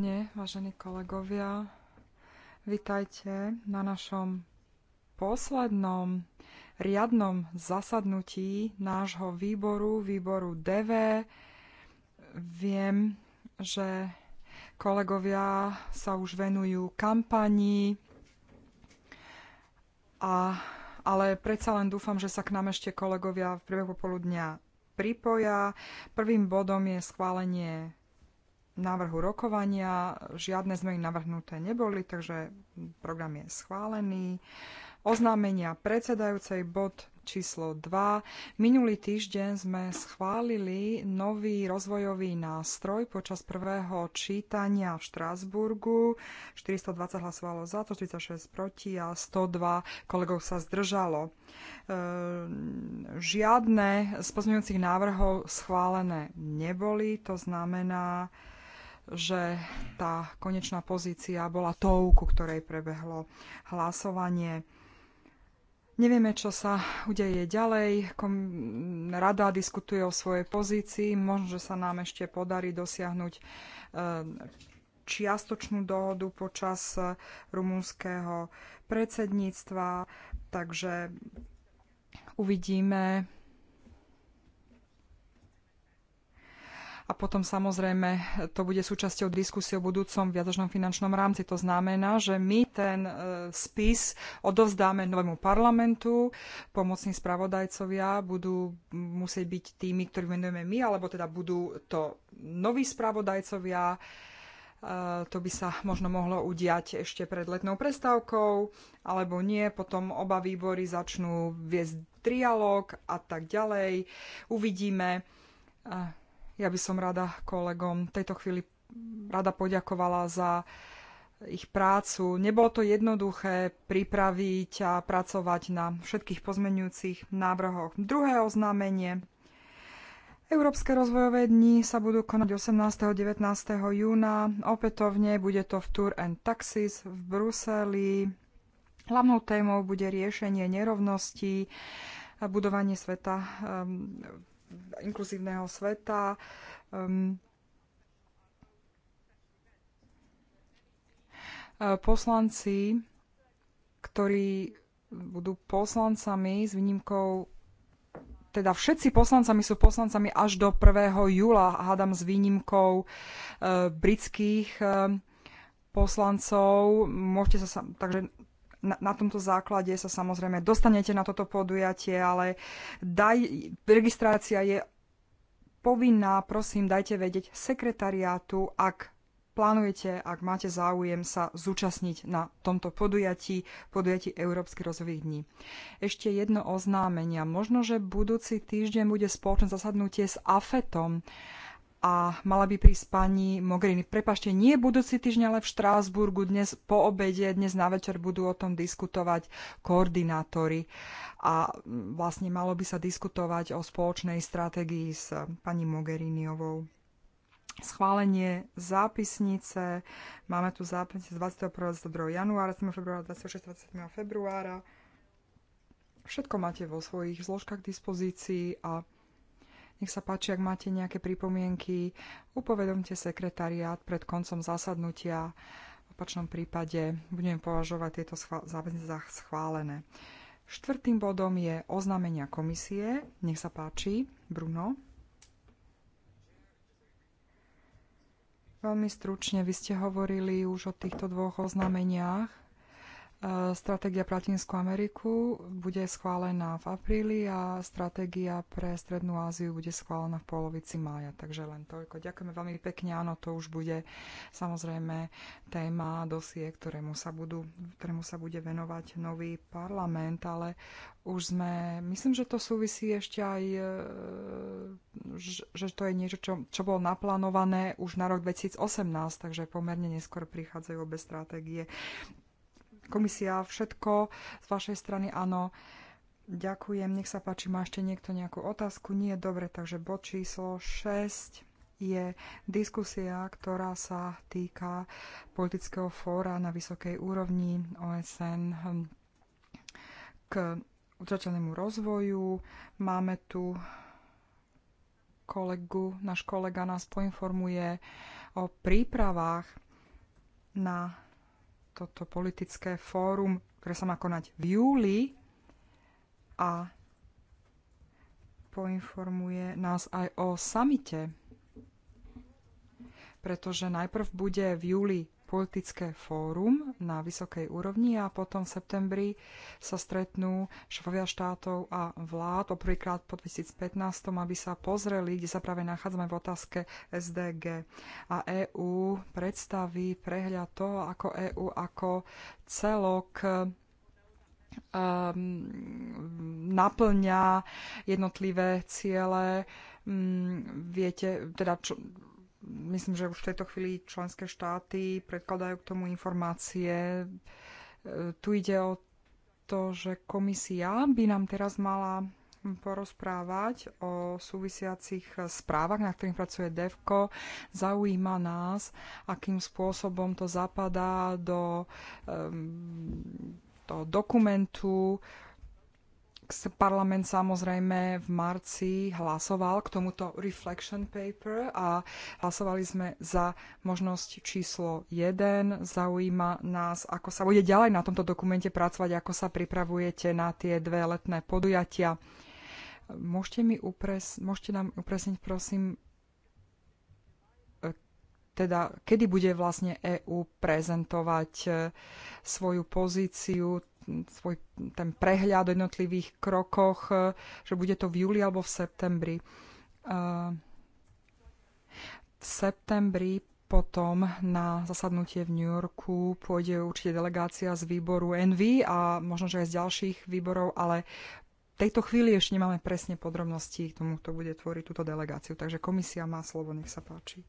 popoludne, vážení kolegovia. Vitajte na našom poslednom riadnom zasadnutí nášho výboru, výboru DV. Viem, že kolegovia sa už venujú kampanii, a, ale predsa len dúfam, že sa k nám ešte kolegovia v priebehu popoludnia pripoja. Prvým bodom je schválenie návrhu rokovania. Žiadne zmeny navrhnuté neboli, takže program je schválený. Oznámenia predsedajúcej bod číslo 2. Minulý týždeň sme schválili nový rozvojový nástroj počas prvého čítania v Štrásburgu. 420 hlasovalo za, 36 proti a 102 kolegov sa zdržalo. E, žiadne z pozmeňujúcich návrhov schválené neboli, to znamená, že tá konečná pozícia bola tou, ku ktorej prebehlo hlasovanie. Nevieme, čo sa udeje ďalej. Rada diskutuje o svojej pozícii. Možno, že sa nám ešte podarí dosiahnuť e, čiastočnú dohodu počas e, rumúnskeho predsedníctva. Takže uvidíme, a potom samozrejme to bude súčasťou diskusie o budúcom viadočnom finančnom rámci. To znamená, že my ten e, spis odovzdáme novému parlamentu, pomocní spravodajcovia budú musieť byť tými, ktorí venujeme my, alebo teda budú to noví spravodajcovia, e, to by sa možno mohlo udiať ešte pred letnou prestávkou, alebo nie, potom oba výbory začnú viesť trialóg a tak ďalej. Uvidíme. E, ja by som rada kolegom v tejto chvíli rada poďakovala za ich prácu. Nebolo to jednoduché pripraviť a pracovať na všetkých pozmenujúcich návrhoch. Druhé oznámenie. Európske rozvojové dni sa budú konať 18. a 19. júna. Opätovne bude to v Tour and Taxis v Bruseli. Hlavnou témou bude riešenie nerovností, budovanie sveta ehm, inkluzívneho sveta. Um, poslanci, ktorí budú poslancami s výnimkou teda všetci poslancami sú poslancami až do 1. júla, hádam s výnimkou e, britských e, poslancov. Môžete sa, takže na, na tomto základe sa samozrejme dostanete na toto podujatie, ale daj, registrácia je povinná. Prosím, dajte vedieť sekretariátu, ak plánujete, ak máte záujem sa zúčastniť na tomto podujatí, podujatí Európsky rozvojových dní. Ešte jedno oznámenia. Možno, že budúci týždeň bude spoločné zasadnutie s AFETom a mala by prísť pani Mogherini. Prepašte, nie budúci týždeň, ale v Štrásburgu dnes po obede, dnes na večer budú o tom diskutovať koordinátori a mm, vlastne malo by sa diskutovať o spoločnej stratégii s eh, pani Mogheriniovou. Schválenie zápisnice. Máme tu zápisnice z 21. januára, 7. februára, 26. 27. februára. Všetko máte vo svojich zložkách k dispozícii a nech sa páči, ak máte nejaké pripomienky, upovedomte sekretariát pred koncom zasadnutia. V opačnom prípade budem považovať tieto záväzne za schválené. Štvrtým bodom je oznámenia komisie. Nech sa páči, Bruno. Veľmi stručne, vy ste hovorili už o týchto dvoch oznámeniach. E, stratégia pre Latinskú Ameriku bude schválená v apríli a stratégia pre Strednú Áziu bude schválená v polovici mája. Takže len toľko. Ďakujeme veľmi pekne. Áno, to už bude samozrejme téma dosie, ktorému sa, budú, ktorému sa bude venovať nový parlament, ale už sme, myslím, že to súvisí ešte aj, e, že to je niečo, čo, čo bolo naplánované už na rok 2018, takže pomerne neskôr prichádzajú obe stratégie komisia všetko z vašej strany, áno. Ďakujem, nech sa páči, má ešte niekto nejakú otázku? Nie, dobre, takže bod číslo 6 je diskusia, ktorá sa týka politického fóra na vysokej úrovni OSN k udržateľnému rozvoju. Máme tu kolegu, náš kolega nás poinformuje o prípravách na toto politické fórum, ktoré sa má konať v júli a poinformuje nás aj o samite, pretože najprv bude v júli politické fórum na vysokej úrovni a potom v septembri sa stretnú šefovia štátov a vlád poprvýkrát po 2015, aby sa pozreli, kde sa práve nachádzame v otázke SDG. A EÚ predstaví prehľad toho, ako EÚ ako celok um, naplňa jednotlivé ciele. Um, viete, teda čo, myslím, že už v tejto chvíli členské štáty predkladajú k tomu informácie. E, tu ide o to, že komisia by nám teraz mala porozprávať o súvisiacich správach, na ktorých pracuje DEVKO. Zaujíma nás, akým spôsobom to zapadá do, um, do dokumentu, parlament samozrejme v marci hlasoval k tomuto reflection paper a hlasovali sme za možnosť číslo 1. Zaujíma nás, ako sa bude ďalej na tomto dokumente pracovať, ako sa pripravujete na tie dve letné podujatia. Môžete, mi upres, môžete nám upresniť, prosím, teda kedy bude vlastne EÚ prezentovať eh, svoju pozíciu svoj ten prehľad o jednotlivých krokoch, e, že bude to v júli alebo v septembri. E, v septembri potom na zasadnutie v New Yorku pôjde určite delegácia z výboru NV a možno, že aj z ďalších výborov, ale v tejto chvíli ešte nemáme presne podrobnosti k tomu, kto bude tvoriť túto delegáciu. Takže komisia má slovo, nech sa páči.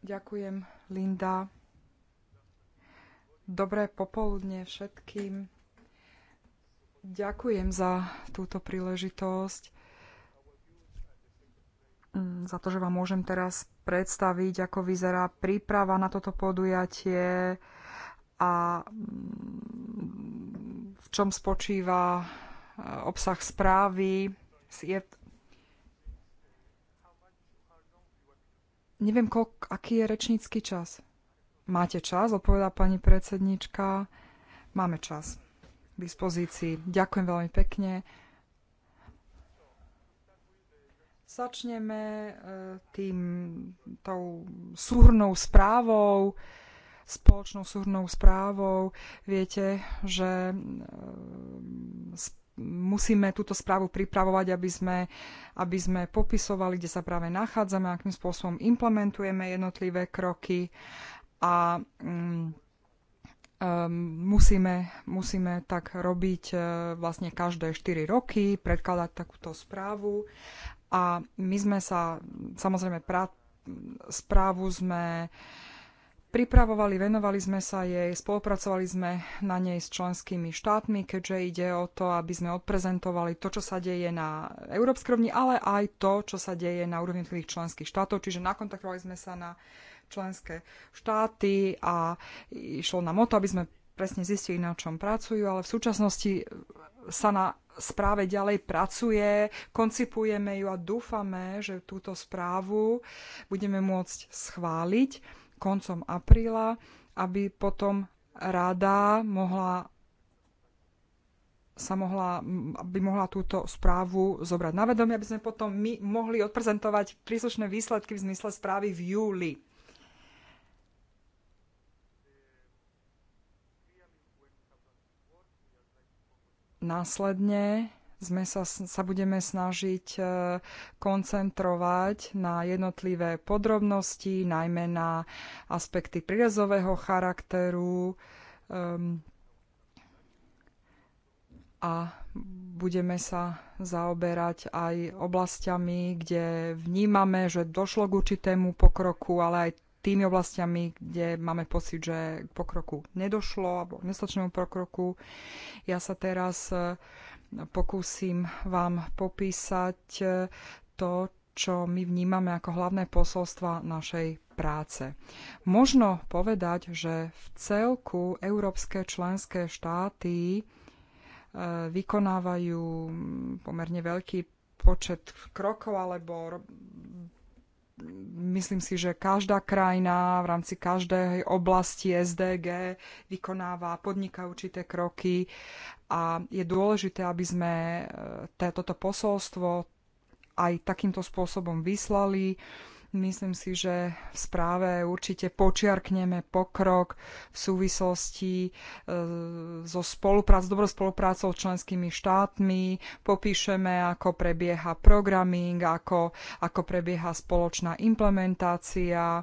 Ďakujem, Linda. Dobré popoludne všetkým. Ďakujem za túto príležitosť, mm, za to, že vám môžem teraz predstaviť, ako vyzerá príprava na toto podujatie a mm, v čom spočíva e, obsah správy. Neviem, aký je rečnícky čas. Máte čas, odpovedá pani predsednička. Máme čas k dispozícii. Ďakujem veľmi pekne. Začneme eh, tým tou súhrnou správou, spoločnou súhrnou správou. Viete, že eh, musíme túto správu pripravovať, aby sme, aby sme popisovali, kde sa práve nachádzame, akým spôsobom implementujeme jednotlivé kroky a um, musíme, musíme tak robiť eh, vlastne každé 4 roky, predkladať takúto správu. A my sme sa, samozrejme, pra, správu sme pripravovali, venovali sme sa jej, spolupracovali sme na nej s členskými štátmi, keďže ide o to, aby sme odprezentovali to, čo sa deje na európskej rovni, ale aj to, čo sa deje na úrovni tých členských štátov. Čiže nakontaktovali sme sa na členské štáty a išlo nám o to, aby sme presne zistili, na čom pracujú, ale v súčasnosti sa na správe ďalej pracuje, koncipujeme ju a dúfame, že túto správu budeme môcť schváliť koncom apríla, aby potom rada mohla sa mohla, aby mohla túto správu zobrať na vedomie, aby sme potom my mohli odprezentovať príslušné výsledky v zmysle správy v júli. následne sme sa, sa budeme snažiť e, koncentrovať na jednotlivé podrobnosti, najmä na aspekty prirezového charakteru um, a budeme sa zaoberať aj oblastiami, kde vnímame, že došlo k určitému pokroku, ale aj tými oblastiami, kde máme pocit, že k pokroku nedošlo alebo k nestačnému pokroku. Ja sa teraz e, pokúsim vám popísať e, to, čo my vnímame ako hlavné posolstva našej práce. Možno povedať, že v celku európske členské štáty e, vykonávajú mm, pomerne veľký počet krokov alebo myslím si, že každá krajina v rámci každej oblasti SDG vykonáva, podniká určité kroky a je dôležité, aby sme e, toto posolstvo aj takýmto spôsobom vyslali. Myslím si, že v správe určite počiarkneme pokrok v súvislosti e, so spoluprác, dobrou spoluprácou s členskými štátmi. Popíšeme, ako prebieha programming, ako, ako prebieha spoločná implementácia. E,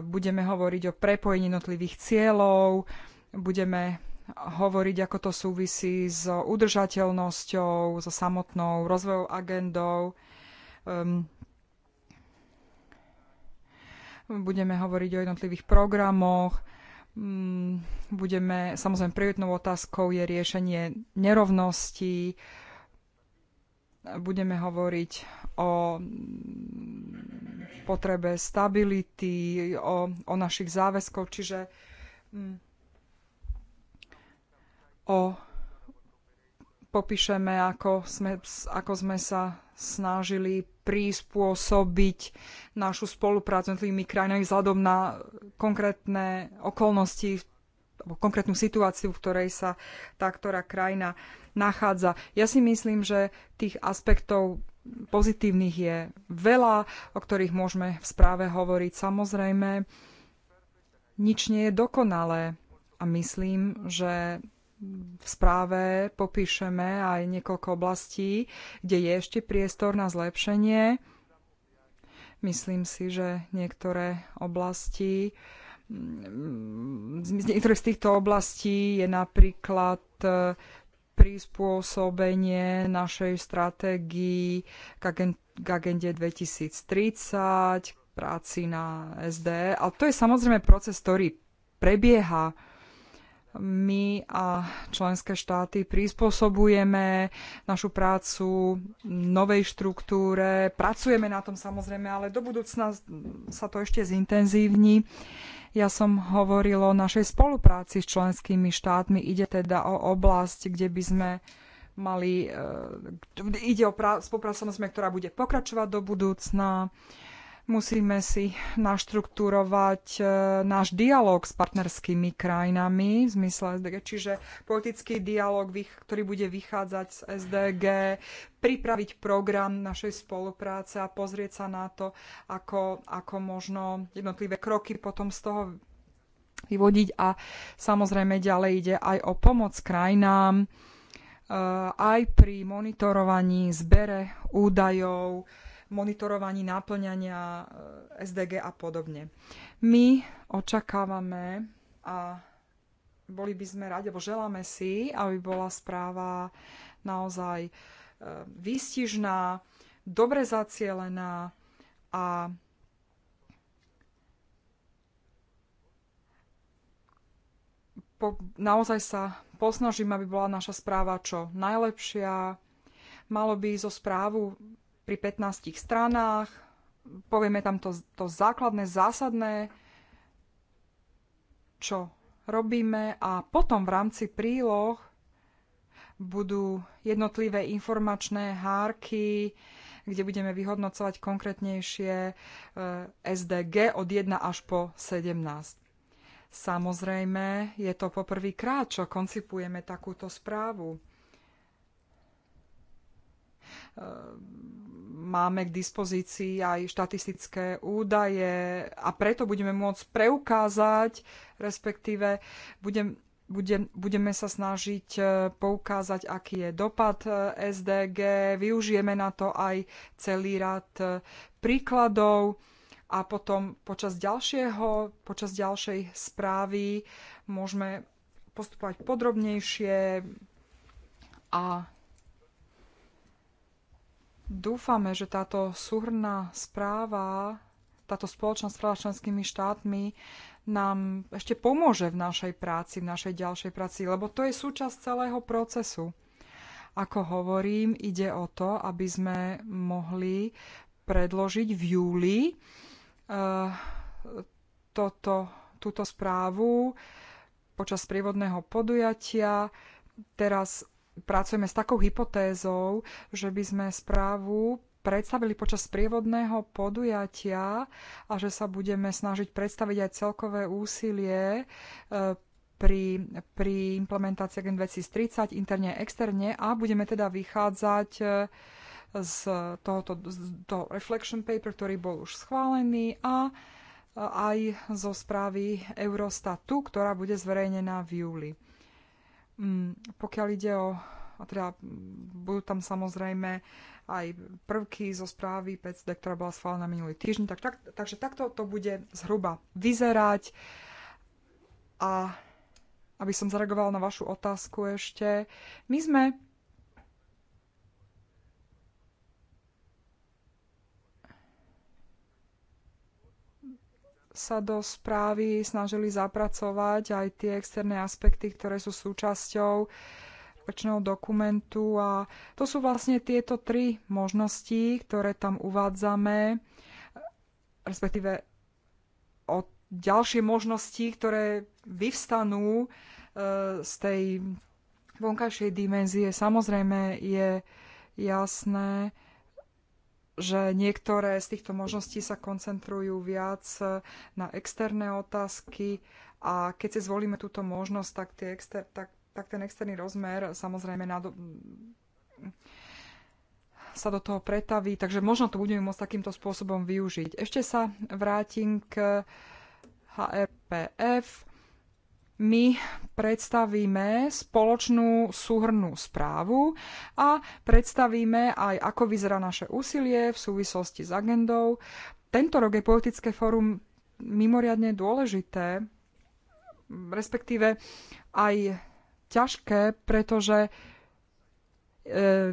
budeme hovoriť o prepojení jednotlivých cieľov. Budeme hovoriť, ako to súvisí s udržateľnosťou, so samotnou rozvojovou agendou. Ehm, budeme hovoriť o jednotlivých programoch, mm, budeme, samozrejme, prioritnou otázkou je riešenie nerovností, budeme hovoriť o mm, potrebe stability, o, o našich záväzkoch, čiže mm, o popíšeme, ako sme, ako sme sa snažili prispôsobiť našu spoluprácu tými krajinami vzhľadom na konkrétne okolnosti alebo konkrétnu situáciu, v ktorej sa tá ktorá krajina nachádza. Ja si myslím, že tých aspektov pozitívnych je veľa, o ktorých môžeme v správe hovoriť. Samozrejme, nič nie je dokonalé a myslím, že v správe popíšeme aj niekoľko oblastí, kde je ešte priestor na zlepšenie. Myslím si, že niektoré oblasti mm, z niektorých z týchto oblastí je napríklad e, prispôsobenie našej stratégii k, agende 2030, práci na SD. A to je samozrejme proces, ktorý prebieha my a členské štáty prispôsobujeme našu prácu novej štruktúre, pracujeme na tom samozrejme, ale do budúcna sa to ešte zintenzívni. Ja som hovoril o našej spolupráci s členskými štátmi. Ide teda o oblasť, kde by sme mali... E, ide o spoluprácu, ktorá bude pokračovať do budúcna. Musíme si naštruktúrovať e, náš dialog s partnerskými krajinami v zmysle SDG, čiže politický dialog, ktorý bude vychádzať z SDG, pripraviť program našej spolupráce a pozrieť sa na to, ako, ako možno jednotlivé kroky potom z toho vyvodiť a samozrejme ďalej ide aj o pomoc krajinám, e, aj pri monitorovaní, zbere údajov, monitorovaní náplňania e, SDG a podobne. My očakávame a boli by sme radi, alebo želáme si, aby bola správa naozaj e, výstižná, dobre zacielená a po, naozaj sa posnažím, aby bola naša správa čo najlepšia. Malo by zo správu pri 15 stranách, povieme tam to, to základné, zásadné, čo robíme a potom v rámci príloh budú jednotlivé informačné hárky, kde budeme vyhodnocovať konkrétnejšie e, SDG od 1 až po 17. Samozrejme, je to poprvýkrát, čo koncipujeme takúto správu e, máme k dispozícii aj štatistické údaje a preto budeme môcť preukázať, respektíve budem, budem, budeme sa snažiť e, poukázať, aký je dopad e, SDG. Využijeme na to aj celý rad e, príkladov a potom počas ďalšieho, počas ďalšej správy môžeme postupovať podrobnejšie a Dúfame, že táto súhrná správa, táto spoločná správa členskými štátmi nám ešte pomôže v našej práci, v našej ďalšej práci, lebo to je súčasť celého procesu. Ako hovorím, ide o to, aby sme mohli predložiť v júli uh, toto, túto správu počas prívodného podujatia. Teraz pracujeme s takou hypotézou, že by sme správu predstavili počas prievodného podujatia a že sa budeme snažiť predstaviť aj celkové úsilie e, pri, pri implementácii Agenda 2030 interne a externe a budeme teda vychádzať e, z tohoto z toho reflection paper, ktorý bol už schválený a aj zo správy Eurostatu, ktorá bude zverejnená v júli. Mm, pokiaľ ide o a teda budú tam samozrejme aj prvky zo správy PCD, ktorá bola schválená minulý týždeň. Tak, tak, takže takto to bude zhruba vyzerať. A aby som zareagovala na vašu otázku ešte, my sme sa do správy snažili zapracovať aj tie externé aspekty, ktoré sú súčasťou akčného dokumentu a to sú vlastne tieto tri možnosti, ktoré tam uvádzame, respektíve o ďalšie možnosti, ktoré vyvstanú e, z tej vonkajšej dimenzie. Samozrejme je jasné, že niektoré z týchto možností sa koncentrujú viac eh, na externé otázky a keď si zvolíme túto možnosť, tak, tie exter, tak, tak ten externý rozmer samozrejme na do, sa do toho pretaví, takže možno to budeme môcť takýmto spôsobom využiť. Ešte sa vrátim k HRPF my predstavíme spoločnú súhrnú správu a predstavíme aj, ako vyzerá naše úsilie v súvislosti s agendou. Tento rok je politické fórum mimoriadne dôležité, respektíve aj ťažké, pretože e,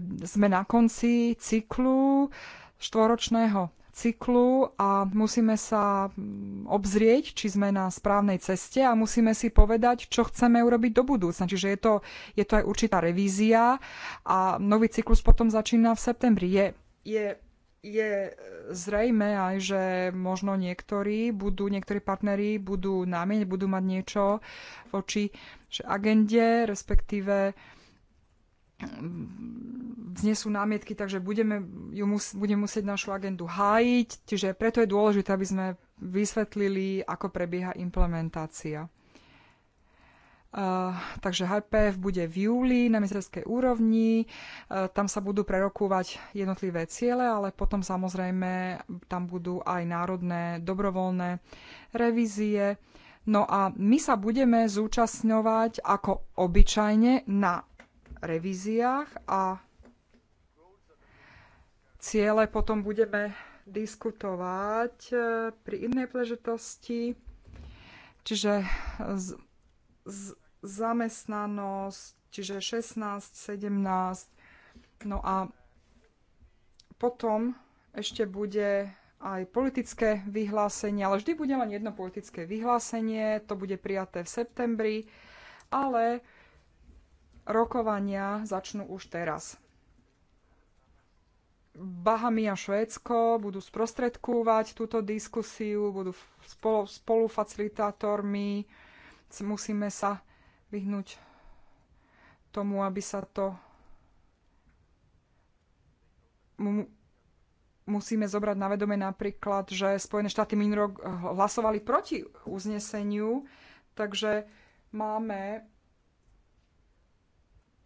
sme na konci cyklu štvoročného cyklu a musíme sa mm, obzrieť, či sme na správnej ceste a musíme si povedať, čo chceme urobiť do budúcna. Čiže je to, je to aj určitá revízia a nový cyklus potom začína v septembri. Je, je je zrejme aj, že možno niektorí budú, niektorí partneri budú námieť, budú mať niečo voči agende, respektíve vznesú námietky, takže budeme, ju mus, budem musieť našu agendu hájiť, čiže preto je dôležité, aby sme vysvetlili, ako prebieha implementácia. Uh, takže HPF bude v júli na ministerskej úrovni, uh, tam sa budú prerokovať jednotlivé ciele, ale potom samozrejme tam budú aj národné dobrovoľné revízie. No a my sa budeme zúčastňovať ako obyčajne na revíziách a ciele potom budeme diskutovať e, pri inej príležitosti, čiže z, z, zamestnanosť, čiže 16, 17. No a potom ešte bude aj politické vyhlásenie, ale vždy bude len jedno politické vyhlásenie, to bude prijaté v septembri, ale Rokovania začnú už teraz. Bahami a Švédsko budú sprostredkúvať túto diskusiu, budú spolu, spolufacilitátormi. Musíme sa vyhnúť tomu, aby sa to... Musíme zobrať na vedome napríklad, že Spojené štáty minulý hlasovali proti uzneseniu, takže máme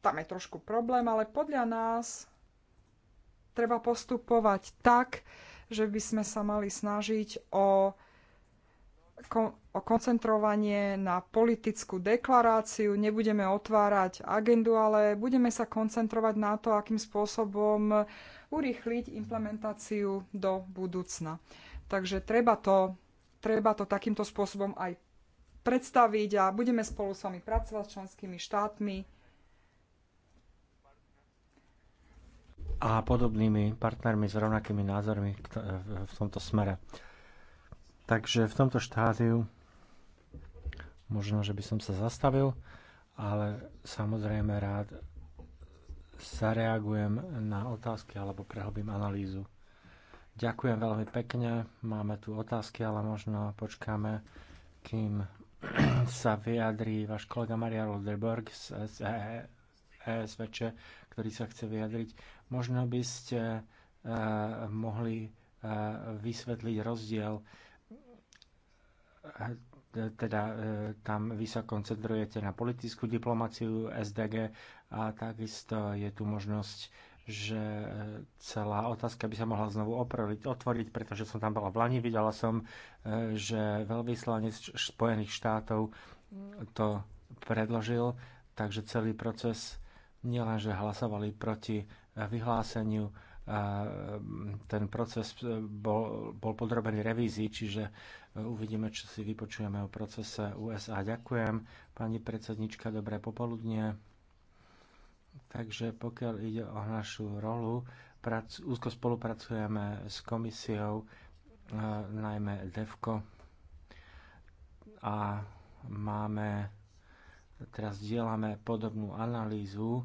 tam je trošku problém, ale podľa nás treba postupovať tak, že by sme sa mali snažiť o, o koncentrovanie na politickú deklaráciu. Nebudeme otvárať agendu, ale budeme sa koncentrovať na to, akým spôsobom urýchliť implementáciu do budúcna. Takže treba to, treba to takýmto spôsobom aj predstaviť a budeme spolu s vami pracovať s členskými štátmi a podobnými partnermi s rovnakými názormi v tomto smere. Takže v tomto štádiu možno, že by som sa zastavil, ale samozrejme rád zareagujem na otázky alebo prehlbím analýzu. Ďakujem veľmi pekne. Máme tu otázky, ale možno počkáme, kým sa vyjadrí váš kolega Maria Lodeborg z SEE e. ESVČ, ktorý sa chce vyjadriť. Možno by ste e, mohli e, vysvetliť rozdiel e, teda tam vy sa koncentrujete na politickú diplomáciu SDG a takisto je tu možnosť, že celá otázka by sa mohla znovu opraviť, otvoriť, pretože som tam bola v Lani, videla som, že veľvyslanec Spojených štátov to predložil, takže celý proces nielenže hlasovali proti eh, vyhláseniu, eh, ten proces eh, bol, bol podrobený revízii, čiže uvidíme, čo si vypočujeme o procese USA. Ďakujem, pani predsednička, dobré popoludnie. Takže pokiaľ ide o našu rolu, prac, úzko spolupracujeme s komisiou, najmä DEVKO a máme teraz dielame podobnú analýzu e,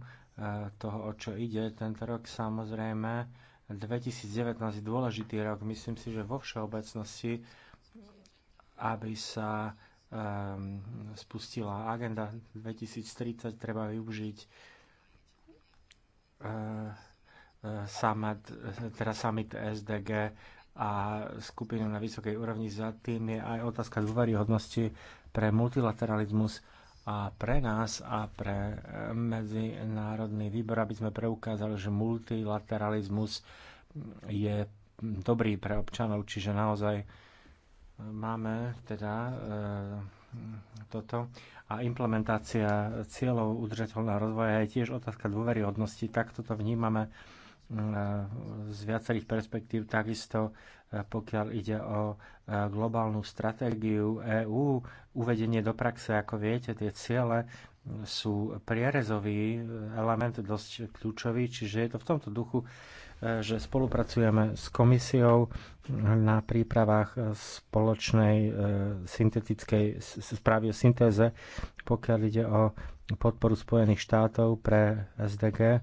toho, o čo ide. Tento rok samozrejme 2019 je dôležitý rok. Myslím si, že vo všeobecnosti, aby sa um, spustila agenda 2030, treba využiť uh, summit, teda summit SDG a skupinu na vysokej úrovni. Za tým je aj otázka dôveryhodnosti pre multilateralizmus a pre nás a pre e, Medzinárodný výbor, aby sme preukázali, že multilateralizmus je dobrý pre občanov, čiže naozaj máme teda e, toto. A implementácia cieľov udržateľného rozvoja je tiež otázka dôveryhodnosti. Takto to vnímame e, z viacerých perspektív. Takisto E, pokiaľ ide o e, globálnu stratégiu EÚ, uvedenie do praxe, ako viete, tie ciele sú prierezový e, element dosť kľúčový, čiže je to v tomto duchu, že spolupracujeme s komisiou na prípravách spoločnej syntetickej správy o syntéze, pokiaľ ide o podporu Spojených štátov pre SDG.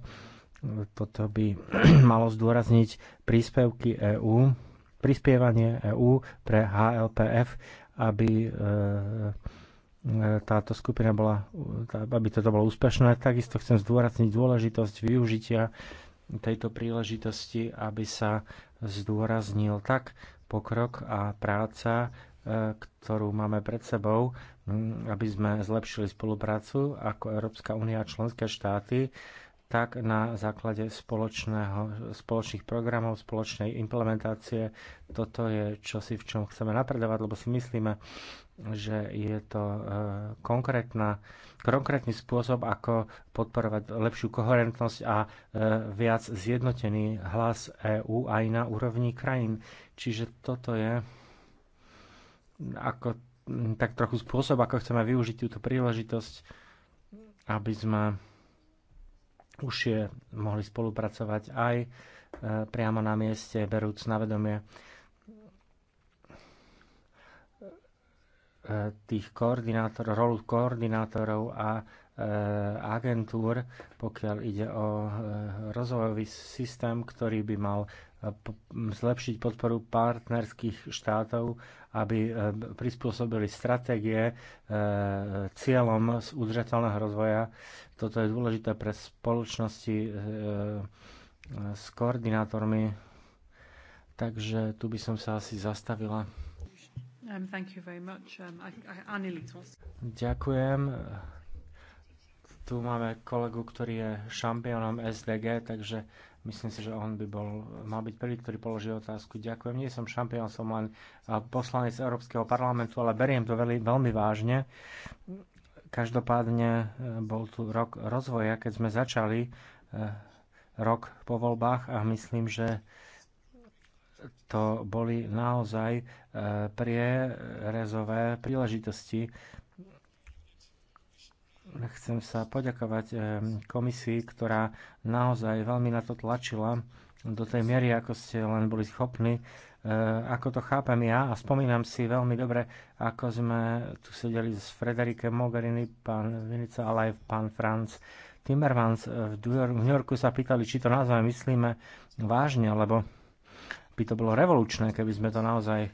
Toto by malo zdôrazniť príspevky EÚ prispievanie EÚ pre HLPF, aby e, e, táto skupina bola, aby toto bolo úspešné. Takisto chcem zdôrazniť dôležitosť využitia tejto príležitosti, aby sa zdôraznil tak pokrok a práca, e, ktorú máme pred sebou, aby sme zlepšili spoluprácu ako Európska únia a členské štáty tak na základe spoločného, spoločných programov, spoločnej implementácie. Toto je čosi, v čom chceme napredovať, lebo si myslíme, že je to e, konkrétna, konkrétny spôsob, ako podporovať lepšiu koherentnosť a e, viac zjednotený hlas EÚ aj na úrovni krajín. Čiže toto je ako, tak trochu spôsob, ako chceme využiť túto príležitosť, aby sme užšie mohli spolupracovať aj e, priamo na mieste, berúc na vedomie e, tých koordinátor, rolu koordinátorov a e, agentúr, pokiaľ ide o rozvojový systém, ktorý by mal zlepšiť podporu partnerských štátov, aby e, prispôsobili stratégie e, cieľom z udržateľného rozvoja. Toto je dôležité pre spoločnosti e, s koordinátormi. Takže tu by som sa asi zastavila. Um, um, I, I, Ďakujem. Tu máme kolegu, ktorý je šampiónom SDG, takže Myslím si, že on by bol, mal byť prvý, ktorý položí otázku. Ďakujem, nie som šampión, som len poslanec Európskeho parlamentu, ale beriem to veľmi, veľmi vážne. Každopádne e, bol tu rok rozvoja, keď sme začali e, rok po voľbách a myslím, že to boli naozaj e, prierezové príležitosti Chcem sa poďakovať eh, komisii, ktorá naozaj veľmi na to tlačila do tej miery, ako ste len boli schopní. Eh, ako to chápem ja a spomínam si veľmi dobre, ako sme tu sedeli s Frederike Mogherini, pán Vinica, ale aj pán Franz Timmermans eh, v New Yorku sa pýtali, či to naozaj myslíme vážne, lebo by to bolo revolučné, keby sme to naozaj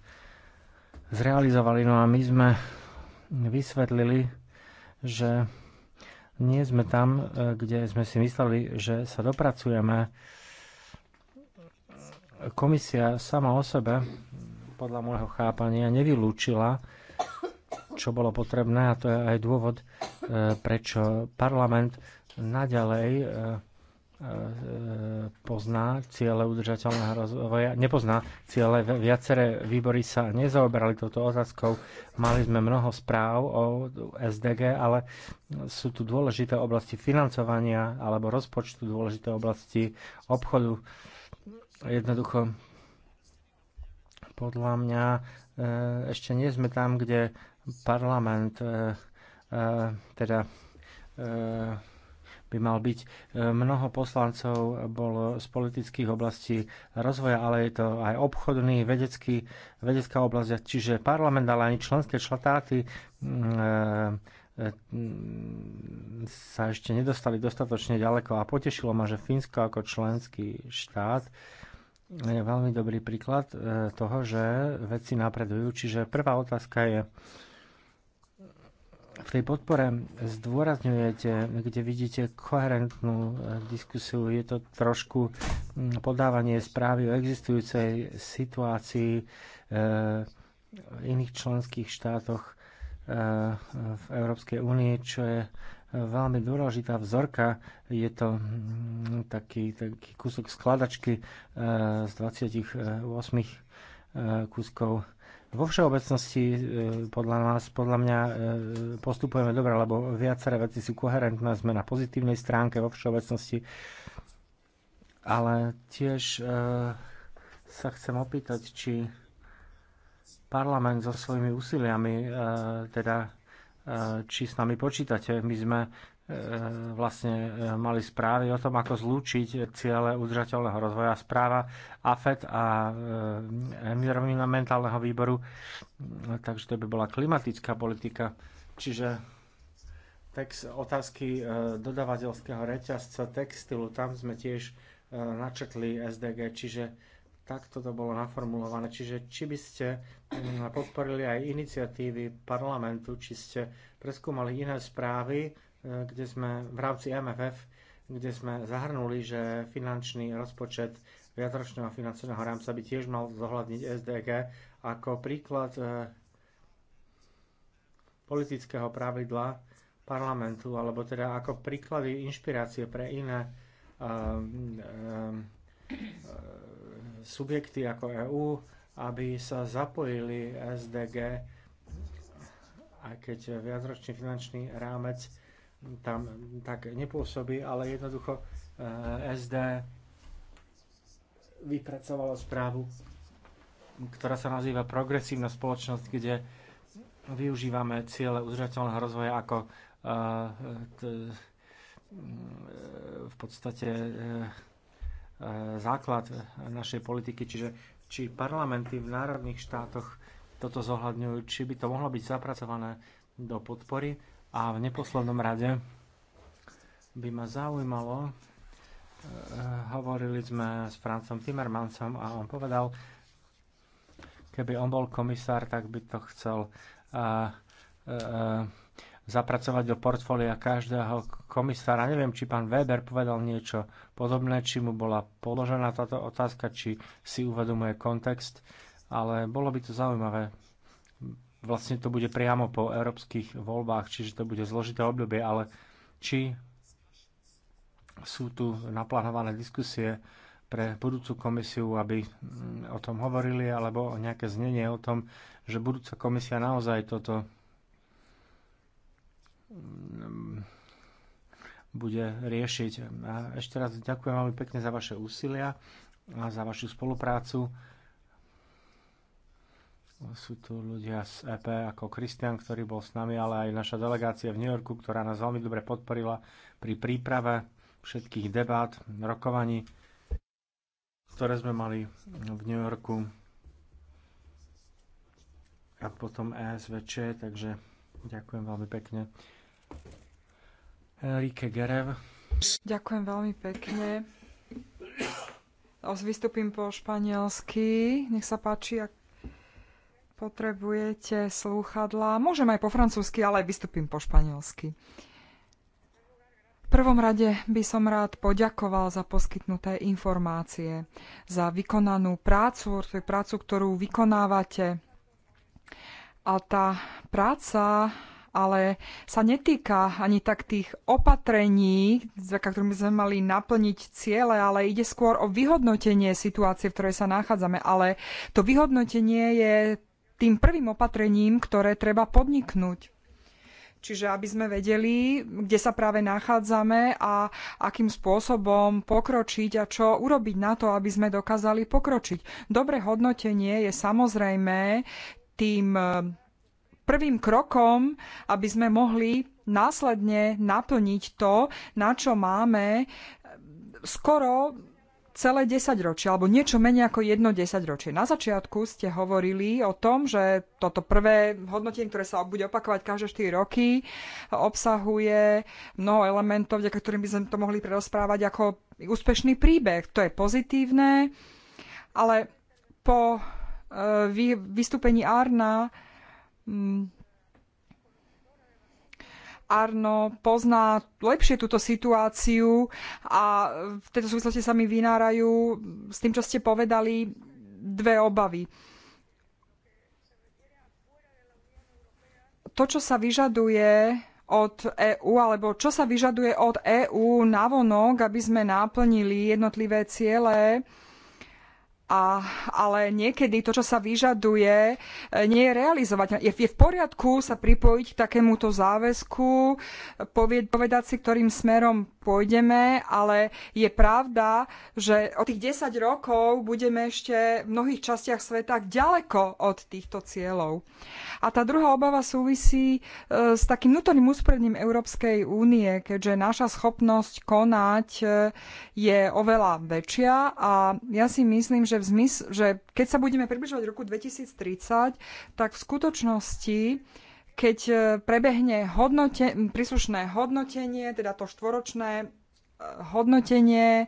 zrealizovali. No a my sme vysvetlili, že nie sme tam, e, kde sme si mysleli, že sa dopracujeme. Komisia sama o sebe, podľa môjho chápania, nevylúčila, čo bolo potrebné a to je aj dôvod, e, prečo parlament naďalej e, E, pozná ciele udržateľného rozvoja, nepozná ciele, viaceré výbory sa nezaoberali touto otázkou. Mali sme mnoho správ o SDG, ale sú tu dôležité oblasti financovania alebo rozpočtu, dôležité oblasti obchodu. Jednoducho, podľa mňa e, ešte nie sme tam, kde parlament e, teda by mal byť. E, mnoho poslancov bolo z politických oblastí rozvoja, ale je to aj obchodný, vedecký, vedecká oblasť, čiže parlament, ale ani členské štáty e, sa ešte nedostali dostatočne ďaleko a potešilo ma, že Fínsko ako členský štát je veľmi dobrý príklad e, toho, že veci napredujú. Čiže prvá otázka je, v tej podpore zdôrazňujete, kde vidíte koherentnú e, diskusiu, je to trošku podávanie správy o existujúcej situácii e, v iných členských štátoch e, v Európskej únii, čo je veľmi dôležitá vzorka. Je to taký, taký kúsok skladačky z 28 kúskov vo všeobecnosti e, podľa nás, podľa mňa e, postupujeme dobre, lebo viaceré veci sú koherentné, sme na pozitívnej stránke vo všeobecnosti, ale tiež e, sa chcem opýtať, či parlament so svojimi úsiliami, teda či s nami počítate. My sme E, vlastne e, mali správy o tom, ako zlúčiť ciele udržateľného rozvoja správa AFET a e, environmentálneho výboru. Takže to by bola klimatická politika. Čiže text otázky dodavateľského reťazca textilu, tam sme tiež načetli SDG, čiže takto to bolo naformulované. Čiže či by ste mm, podporili aj iniciatívy parlamentu, či ste preskúmali iné správy, E, kde sme v rámci MFF, kde sme zahrnuli, že finančný rozpočet viacročného finančného rámca by tiež mal zohľadniť SDG ako príklad e, politického pravidla parlamentu, alebo teda ako príklady inšpirácie pre iné e, subjekty ako EÚ, aby sa zapojili SDG, aj keď viacročný finančný rámec tam tak nepôsobí, ale jednoducho eh, SD vypracovalo správu, ktorá sa nazýva Progresívna spoločnosť, kde využívame ciele udržateľného rozvoja ako eh, eh, v podstate základ našej politiky, čiže či parlamenty v národných štátoch toto zohľadňujú, či by to mohlo byť zapracované do podpory a v neposlednom rade by ma zaujímalo, e, hovorili sme s Francom Timmermansom a on povedal, keby on bol komisár, tak by to chcel a, e, a, e, zapracovať do portfólia každého komisára. Neviem, či pán Weber povedal niečo podobné, či mu bola položená táto otázka, či si uvedomuje kontext, ale bolo by to zaujímavé vlastne to bude priamo po európskych voľbách, čiže to bude zložité obdobie, ale či sú tu naplánované diskusie pre budúcu komisiu, aby mm, o tom hovorili, alebo nejaké znenie o tom, že budúca komisia naozaj toto mm, bude riešiť. A ešte raz ďakujem veľmi pekne za vaše úsilia a za vašu spoluprácu. Sú tu ľudia z EP ako Kristian, ktorý bol s nami, ale aj naša delegácia v New Yorku, ktorá nás veľmi dobre podporila pri príprave všetkých debát, rokovaní, ktoré sme mali v New Yorku a potom ESVČ, takže ďakujem veľmi pekne. Enrique Gerev. Ďakujem veľmi pekne. Vystúpim po španielsky. Nech sa páči, ak Potrebujete slúchadlá. Môžem aj po francúzsky, ale vystúpim po španielsky. V prvom rade by som rád poďakoval za poskytnuté informácie, za vykonanú prácu, prácu, ktorú vykonávate. A tá práca ale sa netýka ani tak tých opatrení, za ktorými sme mali naplniť ciele, ale ide skôr o vyhodnotenie situácie, v ktorej sa nachádzame. Ale to vyhodnotenie je tým prvým opatrením, ktoré treba podniknúť. Čiže aby sme vedeli, kde sa práve nachádzame a akým spôsobom pokročiť a čo urobiť na to, aby sme dokázali pokročiť. Dobré hodnotenie je samozrejme tým e, prvým krokom, aby sme mohli následne naplniť to, na čo máme skoro celé 10 ročie, alebo niečo menej ako jedno 10 ročie. Na začiatku ste hovorili o tom, že toto prvé hodnotenie, ktoré sa bude opakovať každé 4 roky, obsahuje mnoho elementov, vďaka ktorým by sme to mohli prerozprávať ako úspešný príbeh. To je pozitívne, ale po e, vystúpení Arna mm, Arno pozná lepšie túto situáciu a v tejto súvislosti sa mi vynárajú s tým, čo ste povedali, dve obavy. To, čo sa vyžaduje od EÚ, alebo čo sa vyžaduje od EÚ navonok, aby sme naplnili jednotlivé ciele, a, ale niekedy to, čo sa vyžaduje, nie je realizovať. Je, je v poriadku sa pripojiť k takémuto záväzku, povie, povedať si, ktorým smerom pôjdeme, ale je pravda, že o tých 10 rokov budeme ešte v mnohých častiach sveta ďaleko od týchto cieľov. A tá druhá obava súvisí e, s takým vnútorným úspredním Európskej únie, keďže naša schopnosť konať e, je oveľa väčšia a ja si myslím, že v zmys- že keď sa budeme približovať roku 2030, tak v skutočnosti keď e, prebehne hodnote, príslušné hodnotenie, teda to štvoročné e, hodnotenie e,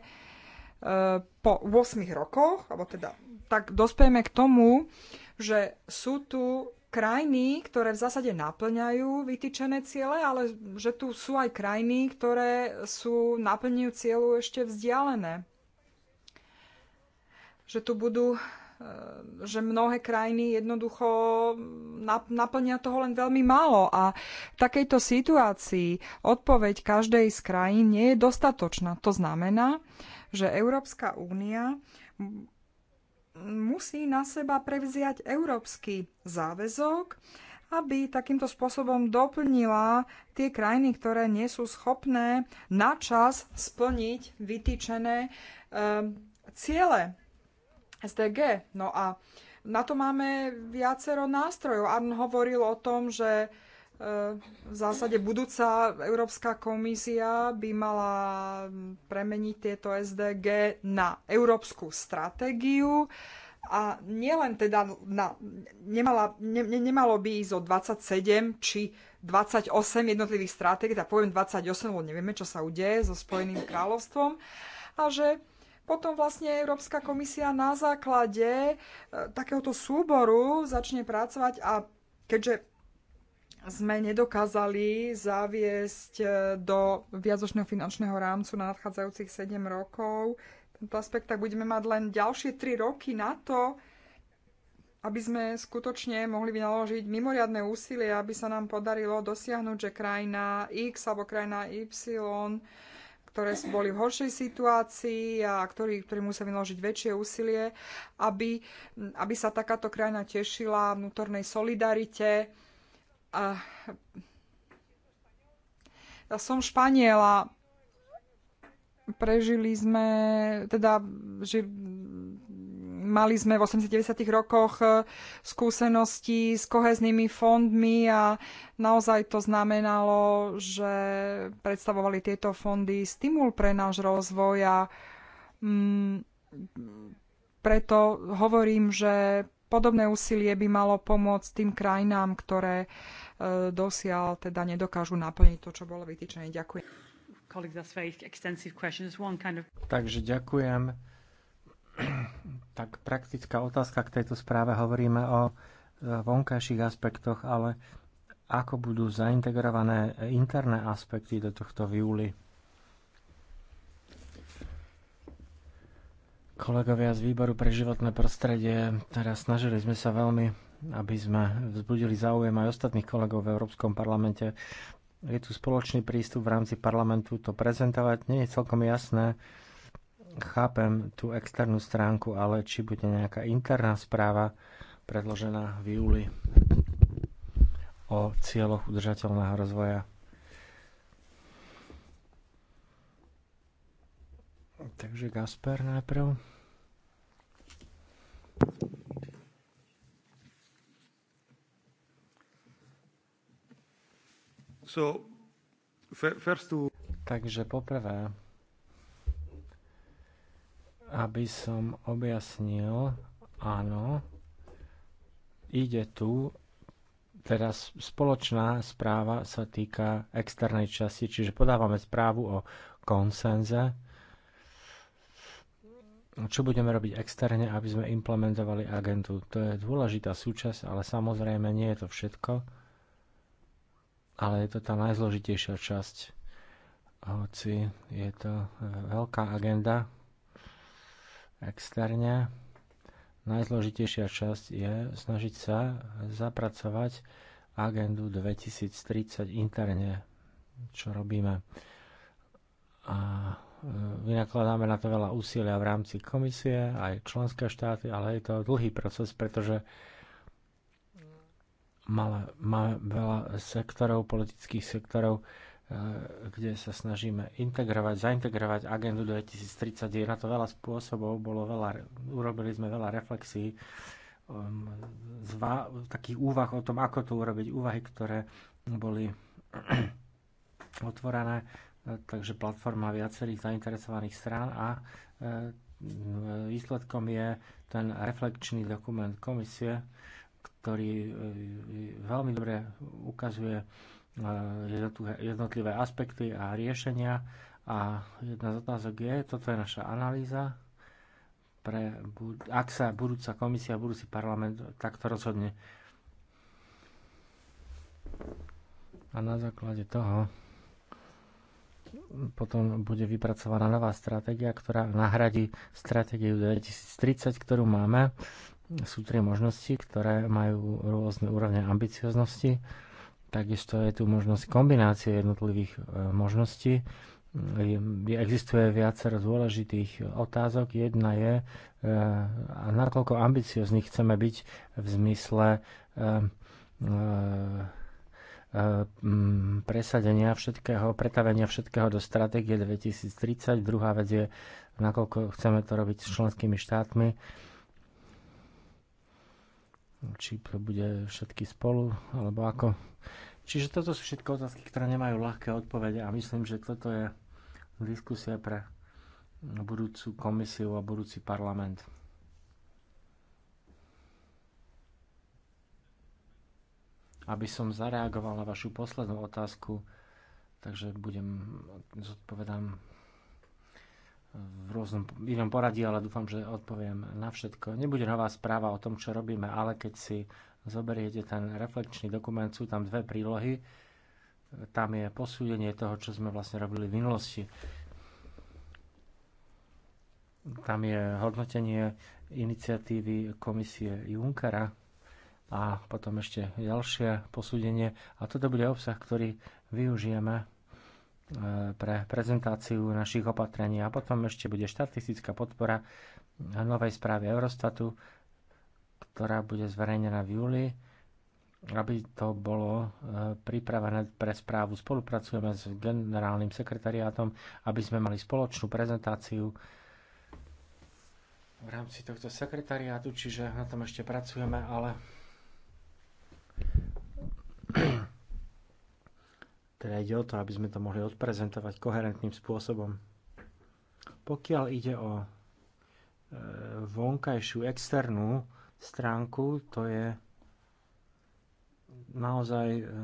po 8 rokoch, alebo teda, tak dospejeme k tomu, že sú tu krajiny, ktoré v zásade naplňajú vytýčené ciele, ale že tu sú aj krajiny, ktoré sú naplňujú cieľu ešte vzdialené že tu budú e, že mnohé krajiny jednoducho naplnia toho len veľmi málo a v takejto situácii odpoveď každej z krajín nie je dostatočná. To znamená, že Európska únia musí na seba prevziať európsky záväzok, aby takýmto spôsobom doplnila tie krajiny, ktoré nie sú schopné načas splniť vytýčené e, ciele SDG. No a na to máme viacero nástrojov. Arn hovoril o tom, že e, v zásade budúca Európska komisia by mala premeniť tieto SDG na európsku stratégiu a nielen teda na, nemala, ne, ne, nemalo by ísť o 27 či 28 jednotlivých stratégií, tak poviem 28, lebo nevieme, čo sa udeje so Spojeným kráľovstvom, a že potom vlastne Európska komisia na základe e, takéhoto súboru začne pracovať a keďže sme nedokázali zaviesť e, do viazočného finančného rámcu na nadchádzajúcich 7 rokov tento aspekt, tak budeme mať len ďalšie 3 roky na to, aby sme skutočne mohli vynaložiť mimoriadne úsilie, aby sa nám podarilo dosiahnuť, že krajina X alebo krajina Y ktoré boli v horšej situácii a ktorí, ktorí museli vynaložiť väčšie úsilie, aby, aby sa takáto krajina tešila vnútornej solidarite. A, ja som Španiela, prežili sme, teda, že mali sme v 80-90 rokoch e, skúsenosti s koheznými fondmi a naozaj to znamenalo, že predstavovali tieto fondy stimul pre náš rozvoj a mm, preto hovorím, že podobné úsilie by malo pomôcť tým krajinám, ktoré e, dosiaľ teda nedokážu naplniť to, čo bolo vytýčené. Ďakujem. Takže ďakujem. Tak praktická otázka k tejto správe. Hovoríme o e, vonkajších aspektoch, ale ako budú zaintegrované interné aspekty do tohto v júli? Kolegovia z výboru pre životné prostredie, teraz snažili sme sa veľmi, aby sme vzbudili záujem aj ostatných kolegov v Európskom parlamente. Je tu spoločný prístup v rámci parlamentu to prezentovať. Nie je celkom jasné, Chápem tú externú stránku, ale či bude nejaká interná správa predložená v júli o cieľoch udržateľného rozvoja. Takže Gasper najprv. So, first to... Takže poprvé aby som objasnil, áno, ide tu, teraz spoločná správa sa týka externej časti, čiže podávame správu o konsenze, čo budeme robiť externe, aby sme implementovali agentu. To je dôležitá súčasť, ale samozrejme nie je to všetko, ale je to tá najzložitejšia časť, hoci je to e, veľká agenda, externe. Najzložitejšia časť je snažiť sa zapracovať agendu 2030 interne, čo robíme. A e, vynakladáme na to veľa úsilia v rámci komisie, aj členské štáty, ale je to dlhý proces, pretože máme veľa sektorov, politických sektorov, Eh, kde sa snažíme integrovať, zaintegrovať agendu 2030. Je na to veľa spôsobov, bolo veľa, urobili sme veľa reflexí, um, zva, takých úvah o tom, ako to urobiť, úvahy, ktoré boli otvorené, eh, takže platforma viacerých zainteresovaných strán a eh, výsledkom je ten reflekčný dokument komisie, ktorý veľmi dobre ukazuje E, jednotlivé aspekty a riešenia. A jedna z otázok je, toto je naša analýza, pre, ak sa budúca komisia, budúci parlament takto rozhodne. A na základe toho potom bude vypracovaná nová stratégia, ktorá nahradí stratégiu 2030, ktorú máme. Sú tri možnosti, ktoré majú rôzne úrovne ambicioznosti. Takisto je tu možnosť kombinácie jednotlivých e, možností. Existuje viacero dôležitých otázok. Jedna je, e, nakoľko ambiciozní chceme byť v zmysle e, presadenia všetkého, pretavenia všetkého do stratégie 2030. Druhá vec je, nakoľko chceme to robiť s členskými štátmi či bude všetky spolu, alebo ako. Čiže toto sú všetko otázky, ktoré nemajú ľahké odpovede a myslím, že toto je diskusia pre budúcu komisiu a budúci parlament. Aby som zareagoval na vašu poslednú otázku, takže budem, zodpovedám v rôznom inom poradí, ale dúfam, že odpoviem na všetko. Nebude nová správa o tom, čo robíme, ale keď si zoberiete ten reflekčný dokument, sú tam dve prílohy. Tam je posúdenie toho, čo sme vlastne robili v minulosti. Tam je hodnotenie iniciatívy komisie Junkera a potom ešte ďalšie posúdenie. A toto bude obsah, ktorý využijeme Eh, pre prezentáciu našich opatrení a potom ešte bude štatistická podpora novej správy Eurostatu, ktorá bude zverejnená v júli, aby to bolo eh, pripravené pre správu. Spolupracujeme s generálnym sekretariátom, aby sme mali spoločnú prezentáciu v rámci tohto sekretariátu, čiže na tom ešte pracujeme, ale teda ide o to, aby sme to mohli odprezentovať koherentným spôsobom. Pokiaľ ide o e, vonkajšiu externú stránku, to je naozaj e,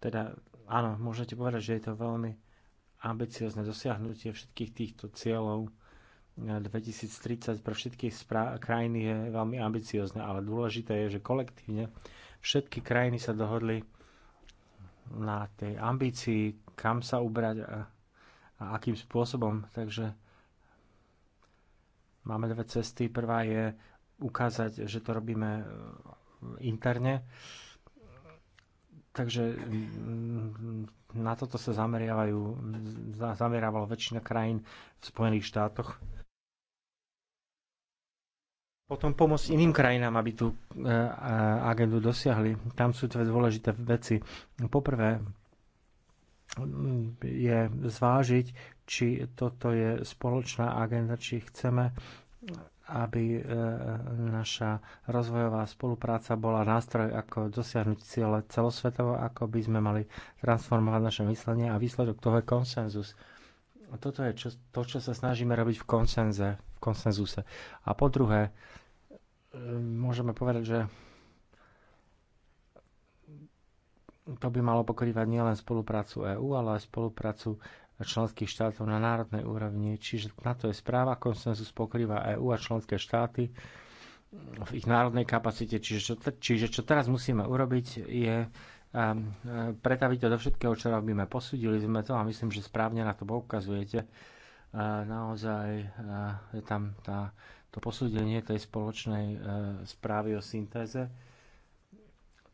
teda áno, môžete povedať, že je to veľmi ambiciozne dosiahnutie všetkých týchto cieľov 2030 e, pre všetky krajiny je veľmi ambiciozne, ale dôležité je, že kolektívne všetky krajiny sa dohodli na tej ambícii, kam sa ubrať a, a akým spôsobom. Takže máme dve cesty. Prvá je ukázať, že to robíme e, interne. Takže mm, na toto sa zameriavajú, zameriavalo väčšina krajín v Spojených štátoch potom pomôcť iným krajinám, aby tú e, agendu dosiahli. Tam sú dve dôležité veci. Poprvé je zvážiť, či toto je spoločná agenda, či chceme, aby e, naša rozvojová spolupráca bola nástroj, ako dosiahnuť ciele celosvetovo, ako by sme mali transformovať naše myslenie a výsledok toho je konsenzus. A toto je čo, to, čo sa snažíme robiť v konsenze, v konsenzuse. A po druhé, môžeme povedať, že to by malo pokrývať nielen spoluprácu EÚ, ale aj spoluprácu členských štátov na národnej úrovni. Čiže na to je správa, konsenzus pokrýva EÚ a členské štáty v ich národnej kapacite. Čiže čo, čiže čo teraz musíme urobiť je um, pretaviť to do všetkého, čo robíme. Posudili sme to a myslím, že správne na to poukazujete. Uh, naozaj uh, je tam tá to posúdenie tej spoločnej e, správy o syntéze.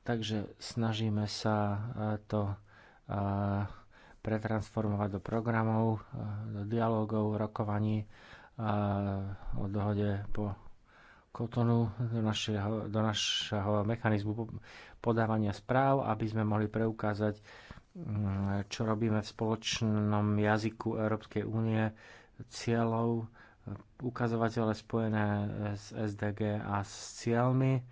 Takže snažíme sa e, to e, pretransformovať do programov, e, do dialogov, rokovaní e, o dohode po kotonu do našeho, do našeho mechanizmu podávania správ, aby sme mohli preukázať, mm, čo robíme v spoločnom jazyku Európskej únie, cieľov, ukazovatele spojené eh, s SDG a s cieľmi,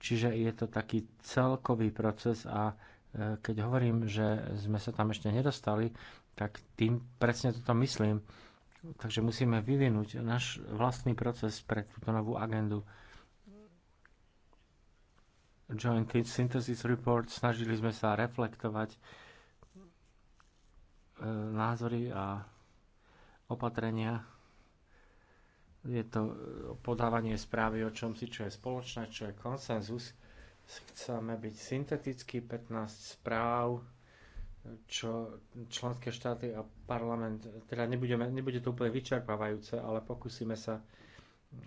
čiže je to taký celkový proces a eh, keď hovorím, že sme sa tam ešte nedostali, tak tým presne toto myslím. Takže musíme vyvinúť náš vlastný proces pre túto novú agendu. Joint Synthesis Report snažili sme sa reflektovať eh, názory a opatrenia je to e, podávanie správy o čom si, čo je spoločné, čo je konsenzus. Chceme byť syntetický, 15 správ, čo členské štáty a parlament, teda nebudeme, nebude to úplne vyčerpávajúce, ale pokúsime sa,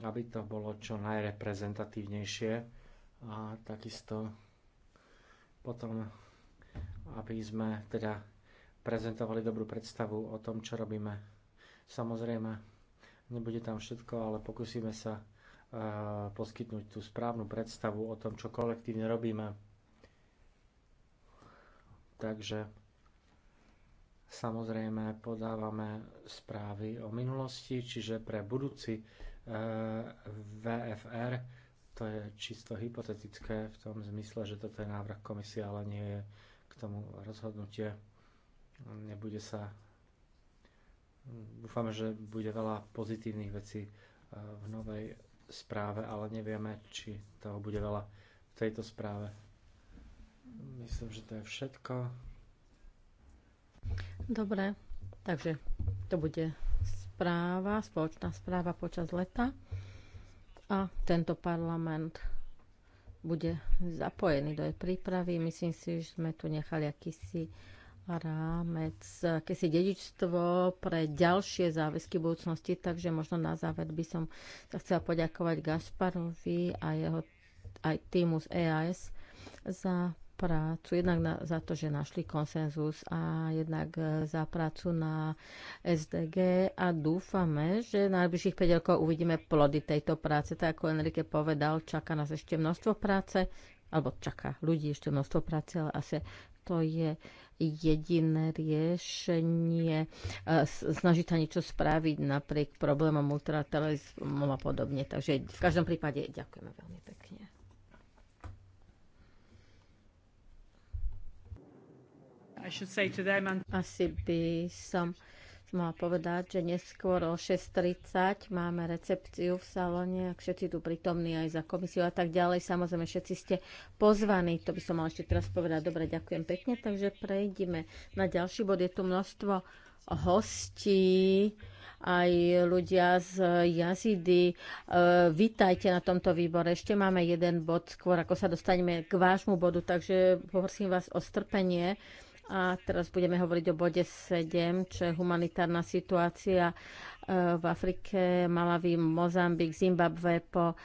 aby to bolo čo najreprezentatívnejšie a takisto potom, aby sme teda prezentovali dobrú predstavu o tom, čo robíme. Samozrejme, Nebude tam všetko, ale pokúsime sa eh, poskytnúť tú správnu predstavu o tom, čo kolektívne robíme. Takže samozrejme podávame správy o minulosti, čiže pre budúci eh, VFR to je čisto hypotetické v tom zmysle, že toto je návrh komisie, ale nie je k tomu rozhodnutie. Nebude sa Dúfame, že bude veľa pozitívnych vecí eh, v novej správe, ale nevieme, či toho bude veľa v tejto správe. Myslím, že to je všetko. Dobre, takže to bude správa, spoločná správa počas leta a tento parlament bude zapojený do jej prípravy. Myslím si, že sme tu nechali akýsi rámec, akési dedičstvo pre ďalšie záväzky budúcnosti, takže možno na záver by som sa chcela poďakovať Gašparovi a jeho aj týmu z EAS za prácu, jednak na, za to, že našli konsenzus a jednak e, za prácu na SDG a dúfame, že na najbližších 5 rokov uvidíme plody tejto práce. Tak ako Enrique povedal, čaká nás ešte množstvo práce, alebo čaká ľudí ešte množstvo práce, ale asi to je jediné riešenie e, snažiť sa niečo spraviť napriek problémom ultratelizmu a podobne. Takže v každom prípade ďakujeme veľmi pekne. Asi by som mala povedať, že neskôr o 6.30 máme recepciu v salóne, ak všetci tu prítomní aj za komisiu a tak ďalej. Samozrejme, všetci ste pozvaní. To by som mal ešte teraz povedať. Dobre, ďakujem pekne. Takže prejdime na ďalší bod. Je tu množstvo hostí, aj ľudia z jazidy. E, vítajte na tomto výbore. Ešte máme jeden bod skôr, ako sa dostaneme k vášmu bodu, takže poprosím vás o strpenie. A teraz budeme hovoriť o bode 7, čo je humanitárna situácia e, v Afrike, Malawi, Mozambik, Zimbabwe po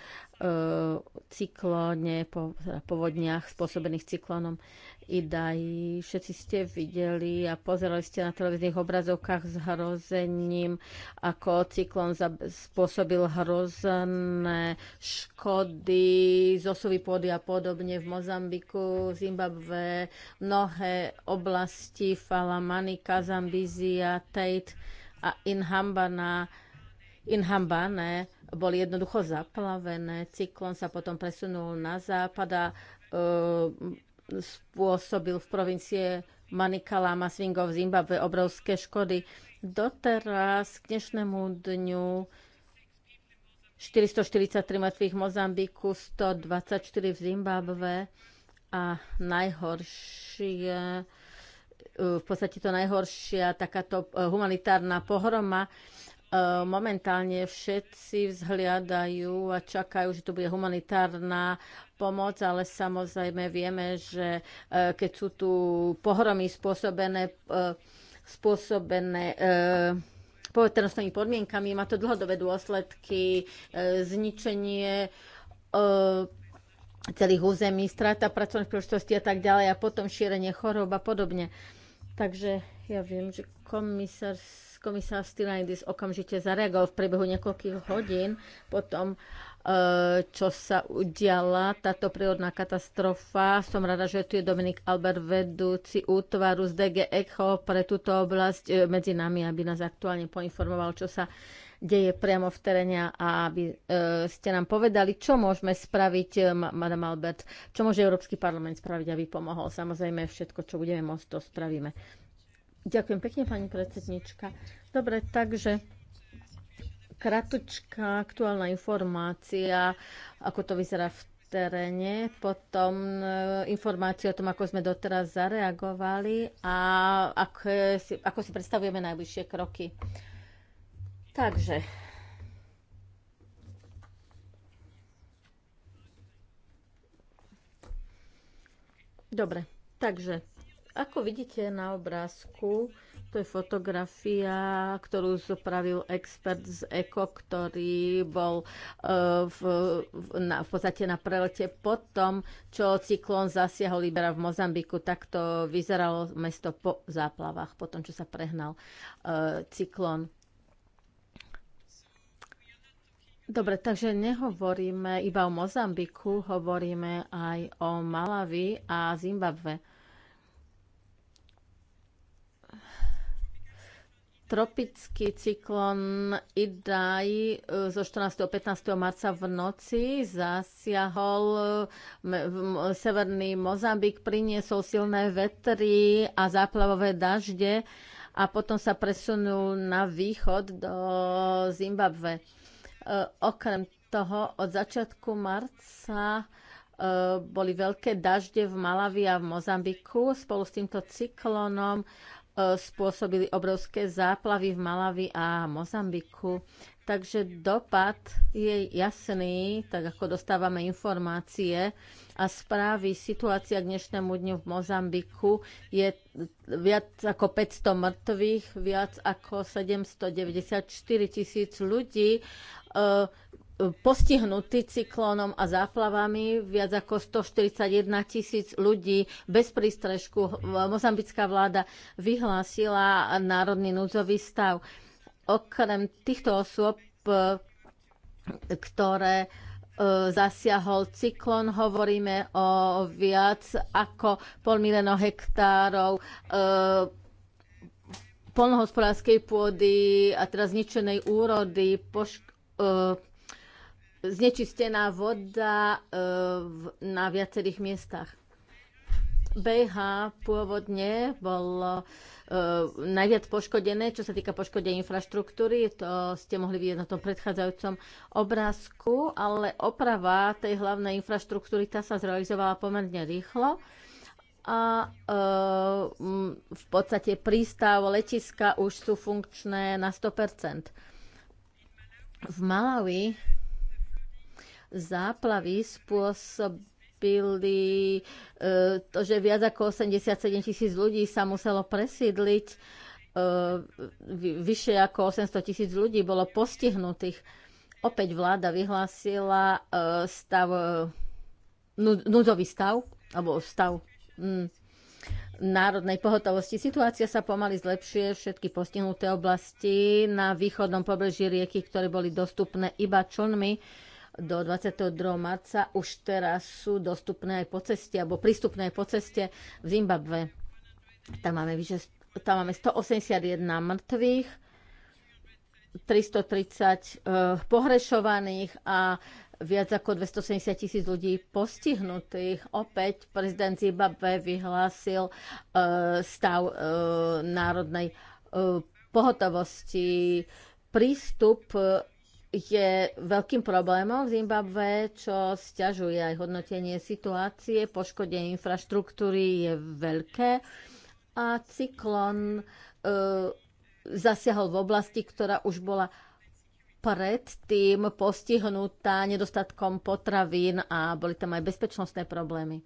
cyklóne, po, teda povodniach spôsobených cyklónom Idai. Všetci ste videli a pozerali ste na televíznych obrazovkách s hrozením, ako cyklón spôsobil hrozné škody, zosuvy pôdy a podobne v Mozambiku, Zimbabve, mnohé oblasti, Falamanika, Zambizia, Tate a Inhambana Inhambane boli jednoducho zaplavené, cyklon sa potom presunul na západ a e, spôsobil v provincie Manikala a Swingov v Zimbabwe obrovské škody. Doteraz k dnešnému dňu 443 mŕtvych v Mozambiku, 124 v Zimbabve a najhoršie, e, v podstate to najhoršia takáto e, humanitárna pohroma Eh, momentálne všetci vzhliadajú a čakajú, že to bude humanitárna pomoc, ale samozrejme vieme, že eh, keď sú tu pohromy spôsobené, eh, spôsobené poveternostnými podmienkami, má to dlhodobé dôsledky, zničenie celých území, strata pracovných príležitostí a tak ďalej a potom šírenie chorób a podobne. Takže ja viem, že komisár komisár Stylianides okamžite zareagoval v priebehu niekoľkých hodín po tom, e, čo sa udiala táto prírodná katastrofa. Som rada, že tu je Dominik Albert, vedúci útvaru z DG ECHO pre túto oblasť e, medzi nami, aby nás aktuálne poinformoval, čo sa deje priamo v teréne a aby e, ste nám povedali, čo môžeme spraviť, madam Albert, čo môže Európsky parlament spraviť, aby pomohol. Samozrejme, všetko, čo budeme môcť, to spravíme. Ďakujem pekne, pani predsednička. Dobre, takže kratučká aktuálna informácia, ako to vyzerá v teréne, potom e, informácie o tom, ako sme doteraz zareagovali a ako si, ako si predstavujeme najbližšie kroky. Takže. Dobre, takže ako vidíte na obrázku, to je fotografia, ktorú zopravil expert z ECO, ktorý bol e, v, v, na, v podstate na prelete po tom, čo cyklón zasiahol Libera v Mozambiku. Takto vyzeralo mesto po záplavách, po tom, čo sa prehnal e, cyklón. Dobre, takže nehovoríme iba o Mozambiku, hovoríme aj o Malavi a Zimbabve. Tropický cyklon Idai e, zo 14. a 15. marca v noci zasiahol e, severný Mozambik, priniesol silné vetry a záplavové dažde a potom sa presunul na východ do Zimbabve. E, okrem toho od začiatku marca boli veľké dažde v Malavi a v Mozambiku. Spolu s týmto cyklónom spôsobili obrovské záplavy v Malavi a Mozambiku. Takže dopad je jasný, tak ako dostávame informácie a správy. Situácia k dnešnému dňu v Mozambiku je viac ako 500 mŕtvych, viac ako 794 tisíc ľudí e, postihnutí cyklónom a záplavami, viac ako 141 tisíc ľudí bez prístrežku. Mozambická vláda vyhlásila národný núdzový stav. Okrem týchto osôb, ktoré e, zasiahol cyklon. Hovoríme o viac ako pol milióna hektárov e, polnohospodárskej pôdy a teraz zničenej úrody, e, znečistená voda e, na viacerých miestach. BH pôvodne bolo e, najviac poškodené, čo sa týka poškodenia infraštruktúry. To ste mohli vidieť na tom predchádzajúcom obrázku, ale oprava tej hlavnej infraštruktúry tá sa zrealizovala pomerne rýchlo a e, v podstate prístav, letiska už sú funkčné na 100%. V Malawi záplavy spôsobili e, to, že viac ako 87 tisíc ľudí sa muselo presídliť. E, vyššie ako 800 tisíc ľudí bolo postihnutých. Opäť vláda vyhlásila e, stav, núdzový stav, alebo stav mm, národnej pohotovosti. Situácia sa pomaly zlepšuje. Všetky postihnuté oblasti na východnom pobreží rieky, ktoré boli dostupné iba člnmi do 22. marca už teraz sú dostupné aj po ceste, alebo prístupné aj po ceste v Zimbabve. Tam máme, vyše, tam máme 181 mŕtvych, 330 uh, e, pohrešovaných a viac ako 270 tisíc ľudí postihnutých. Opäť prezident Zimbabwe vyhlásil uh, stav uh, národnej uh, pohotovosti. Prístup je veľkým problémom v Zimbabve, čo stiažuje aj hodnotenie situácie. Poškodenie infraštruktúry je veľké a cyklon e, zasiahol v oblasti, ktorá už bola predtým postihnutá nedostatkom potravín a boli tam aj bezpečnostné problémy.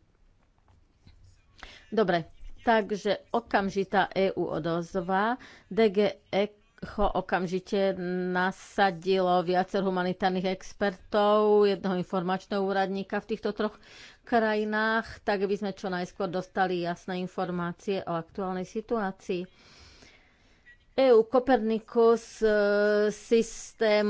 Dobre, takže okamžitá EU odozva. DGEK ho okamžite nasadilo viacer humanitárnych expertov, jednoho informačného úradníka v týchto troch krajinách, tak by sme čo najskôr dostali jasné informácie o aktuálnej situácii. EU Copernicus e, systém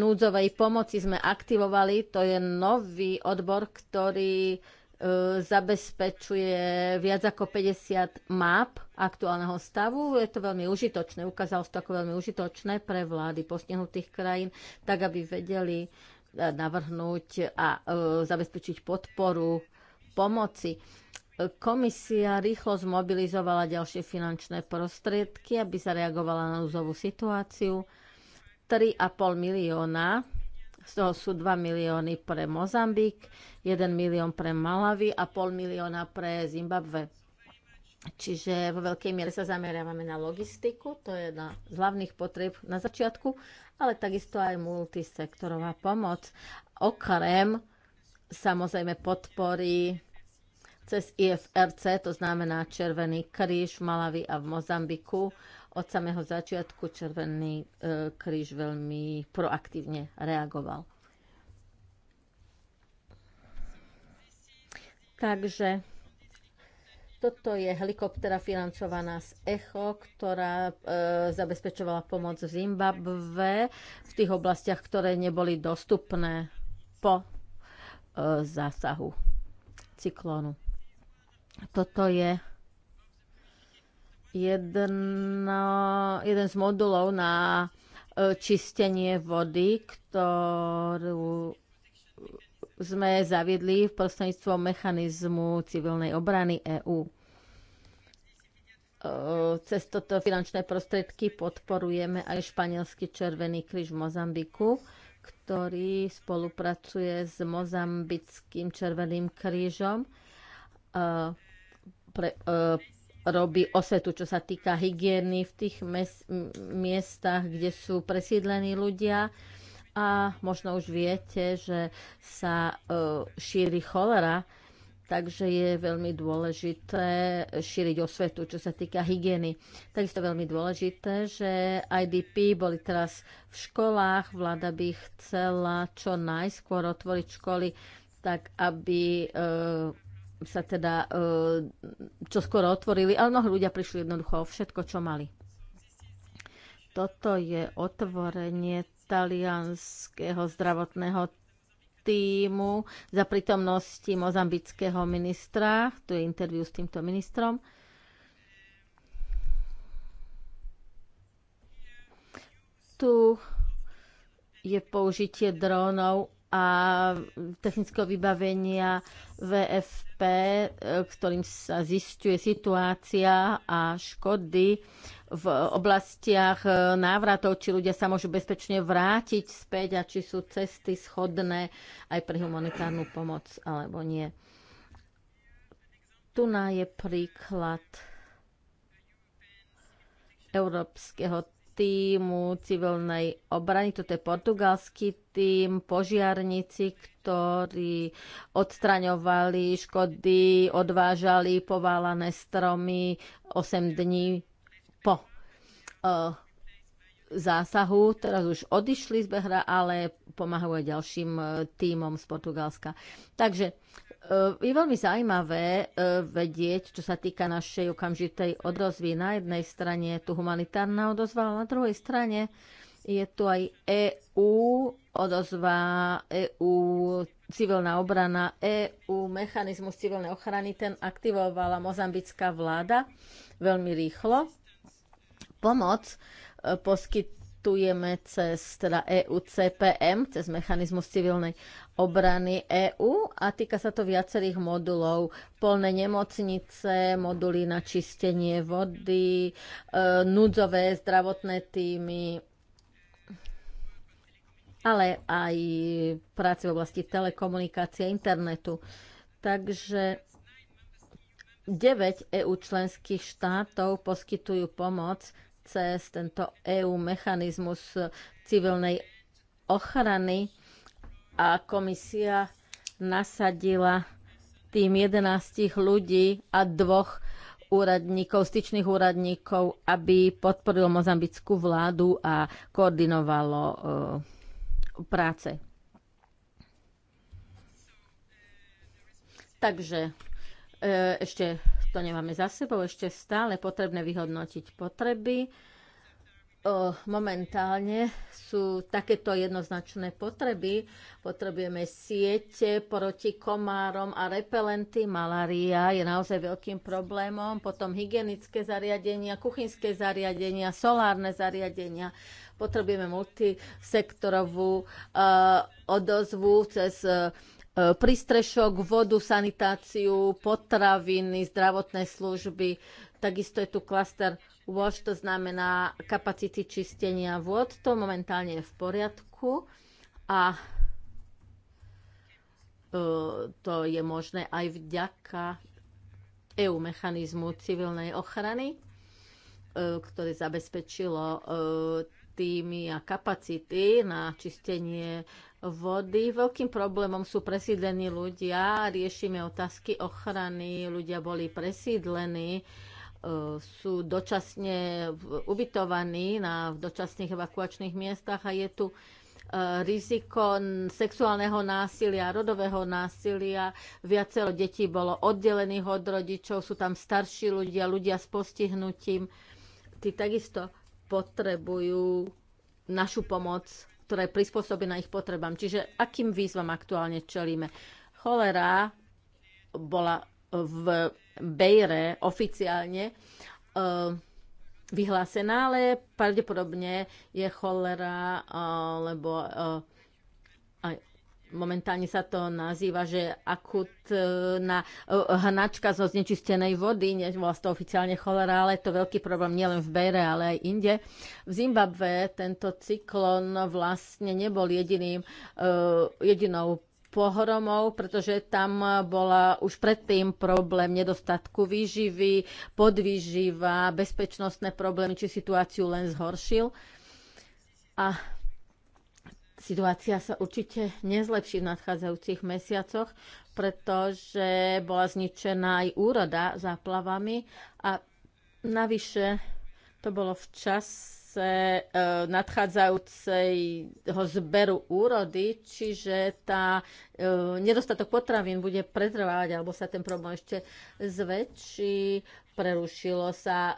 núdzovej pomoci sme aktivovali. To je nový odbor, ktorý E, zabezpečuje viac ako 50 map aktuálneho stavu. Je to veľmi užitočné, ukázalo sa to ako veľmi užitočné pre vlády postihnutých krajín, tak aby vedeli e, navrhnúť a e, zabezpečiť podporu pomoci. Komisia rýchlo zmobilizovala ďalšie finančné prostriedky, aby zareagovala na núzovú situáciu. 3,5 milióna z toho sú 2 milióny pre Mozambik, 1 milión pre Malawi a pol milióna pre Zimbabwe. Čiže vo veľkej miere sa zameriavame na logistiku, to je jedna z hlavných potreb na začiatku, ale takisto aj multisektorová pomoc. Okrem samozrejme podpory cez IFRC, to znamená Červený kríž v Malavi a v Mozambiku od samého začiatku Červený e, kríž veľmi proaktívne reagoval. Takže toto je helikoptera financovaná z ECHO, ktorá e, zabezpečovala pomoc v Zimbabve v tých oblastiach, ktoré neboli dostupné po e, zásahu cyklónu. Toto je jedno, jeden z modulov na e, čistenie vody, ktorú sme zaviedli v prostredníctvom mechanizmu civilnej obrany EÚ. E, cez toto finančné prostriedky podporujeme aj španielský Červený kríž v Mozambiku, ktorý spolupracuje s mozambickým Červeným krížom e, pre robí osvetu, čo sa týka hygieny v tých miestach, kde sú presídlení ľudia. A možno už viete, že sa e, šíri cholera, takže je veľmi dôležité šíriť osvetu, čo sa týka hygieny. Takisto veľmi dôležité, že IDP boli teraz v školách, vláda by chcela čo najskôr otvoriť školy, tak aby e, sa teda eh, čo skoro otvorili, ale mnohí ľudia prišli jednoducho o všetko, čo mali. Toto je otvorenie talianského zdravotného týmu za prítomnosti mozambického ministra. Tu je interviu s týmto ministrom. Tu je použitie drónov a technického vybavenia VFP, e, ktorým sa zistuje situácia a škody v oblastiach e, návratov, či ľudia sa môžu bezpečne vrátiť späť a či sú cesty schodné aj pre humanitárnu pomoc alebo nie. Tu je príklad Európskeho týmu civilnej obrany, toto je portugalský tým, požiarníci, ktorí odstraňovali škody, odvážali poválané stromy 8 dní po uh, zásahu. Teraz už odišli z Behra, ale pomáhajú aj ďalším e, týmom z Portugalska. Takže Eh, je veľmi zaujímavé eh, vedieť, čo sa týka našej okamžitej odozvy. Na jednej strane je tu humanitárna odozva, ale na druhej strane je tu aj EU odozva, EU civilná obrana, EU mechanizmus civilnej ochrany. Ten aktivovala mozambická vláda veľmi rýchlo. Pomoc eh, poskyt adaptujeme cez teda EUCPM, cez mechanizmus civilnej obrany EU a týka sa to viacerých modulov. Polné nemocnice, moduly na čistenie vody, e, núdzové zdravotné týmy, ale aj práce v oblasti telekomunikácie a internetu. Takže 9 EU členských štátov poskytujú pomoc cez tento EU mechanizmus civilnej ochrany a komisia nasadila tým 11 ľudí a dvoch úradníkov, styčných úradníkov, aby podporilo mozambickú vládu a koordinovalo uh, práce. Takže e, ešte to nemáme za sebou, ešte stále potrebné vyhodnotiť potreby. Momentálne sú takéto jednoznačné potreby. Potrebujeme siete proti komárom a repelenty. Malária je naozaj veľkým problémom. Potom hygienické zariadenia, kuchynské zariadenia, solárne zariadenia. Potrebujeme multisektorovú uh, odozvu cez uh, E, prístrešok, vodu, sanitáciu, potraviny, zdravotné služby. Takisto je tu klaster WASH, to znamená kapacity čistenia vôd. To momentálne je v poriadku a e, to je možné aj vďaka EU mechanizmu civilnej ochrany, e, ktoré zabezpečilo týmy a kapacity na čistenie vody. Veľkým problémom sú presídlení ľudia. Riešime otázky ochrany. Ľudia boli presídlení e, sú dočasne ubytovaní na dočasných evakuačných miestach a je tu e, riziko sexuálneho násilia, rodového násilia. Viacero detí bolo oddelených od rodičov, sú tam starší ľudia, ľudia s postihnutím. ty takisto potrebujú našu pomoc, ktorá je prispôsobená ich potrebám. Čiže akým výzvam aktuálne čelíme? Cholera bola v Bejre oficiálne eh, vyhlásená, ale pravdepodobne je cholera alebo eh, eh, momentálne sa to nazýva, že akutná e, hnačka zo znečistenej vody, nebola to oficiálne cholera, ale je to veľký problém nielen v Bere, ale aj inde. V Zimbabve tento cyklon vlastne nebol jediným, e, jedinou pohromov, pretože tam bola už predtým problém nedostatku výživy, podvýživa, bezpečnostné problémy, či situáciu len zhoršil. A Situácia sa určite nezlepší v nadchádzajúcich mesiacoch, pretože bola zničená aj úroda záplavami a navyše to bolo v čase e, nadchádzajúceho zberu úrody, čiže tá e, nedostatok potravín bude pretrvávať alebo sa ten problém ešte zväčší. Prerušilo sa e,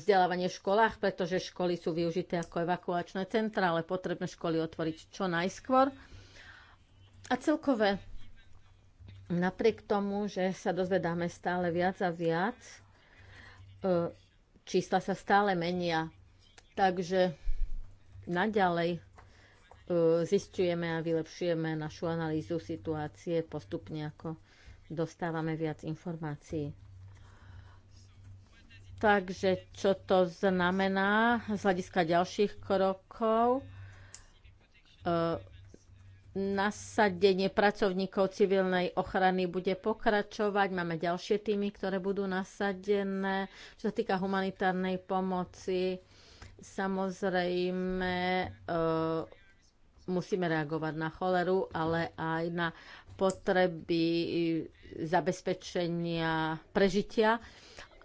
vzdelávanie v školách, pretože školy sú využité ako evakuačné centra, ale potrebné školy otvoriť čo najskôr. A celkové, napriek tomu, že sa dozvedáme stále viac a viac, e, čísla sa stále menia. Takže naďalej e, zistujeme a vylepšujeme našu analýzu situácie postupne, ako dostávame viac informácií. Takže čo to znamená z hľadiska ďalších krokov? E, nasadenie pracovníkov civilnej ochrany bude pokračovať. Máme ďalšie týmy, ktoré budú nasadené. Čo sa týka humanitárnej pomoci, samozrejme e, musíme reagovať na choleru, ale aj na potreby zabezpečenia prežitia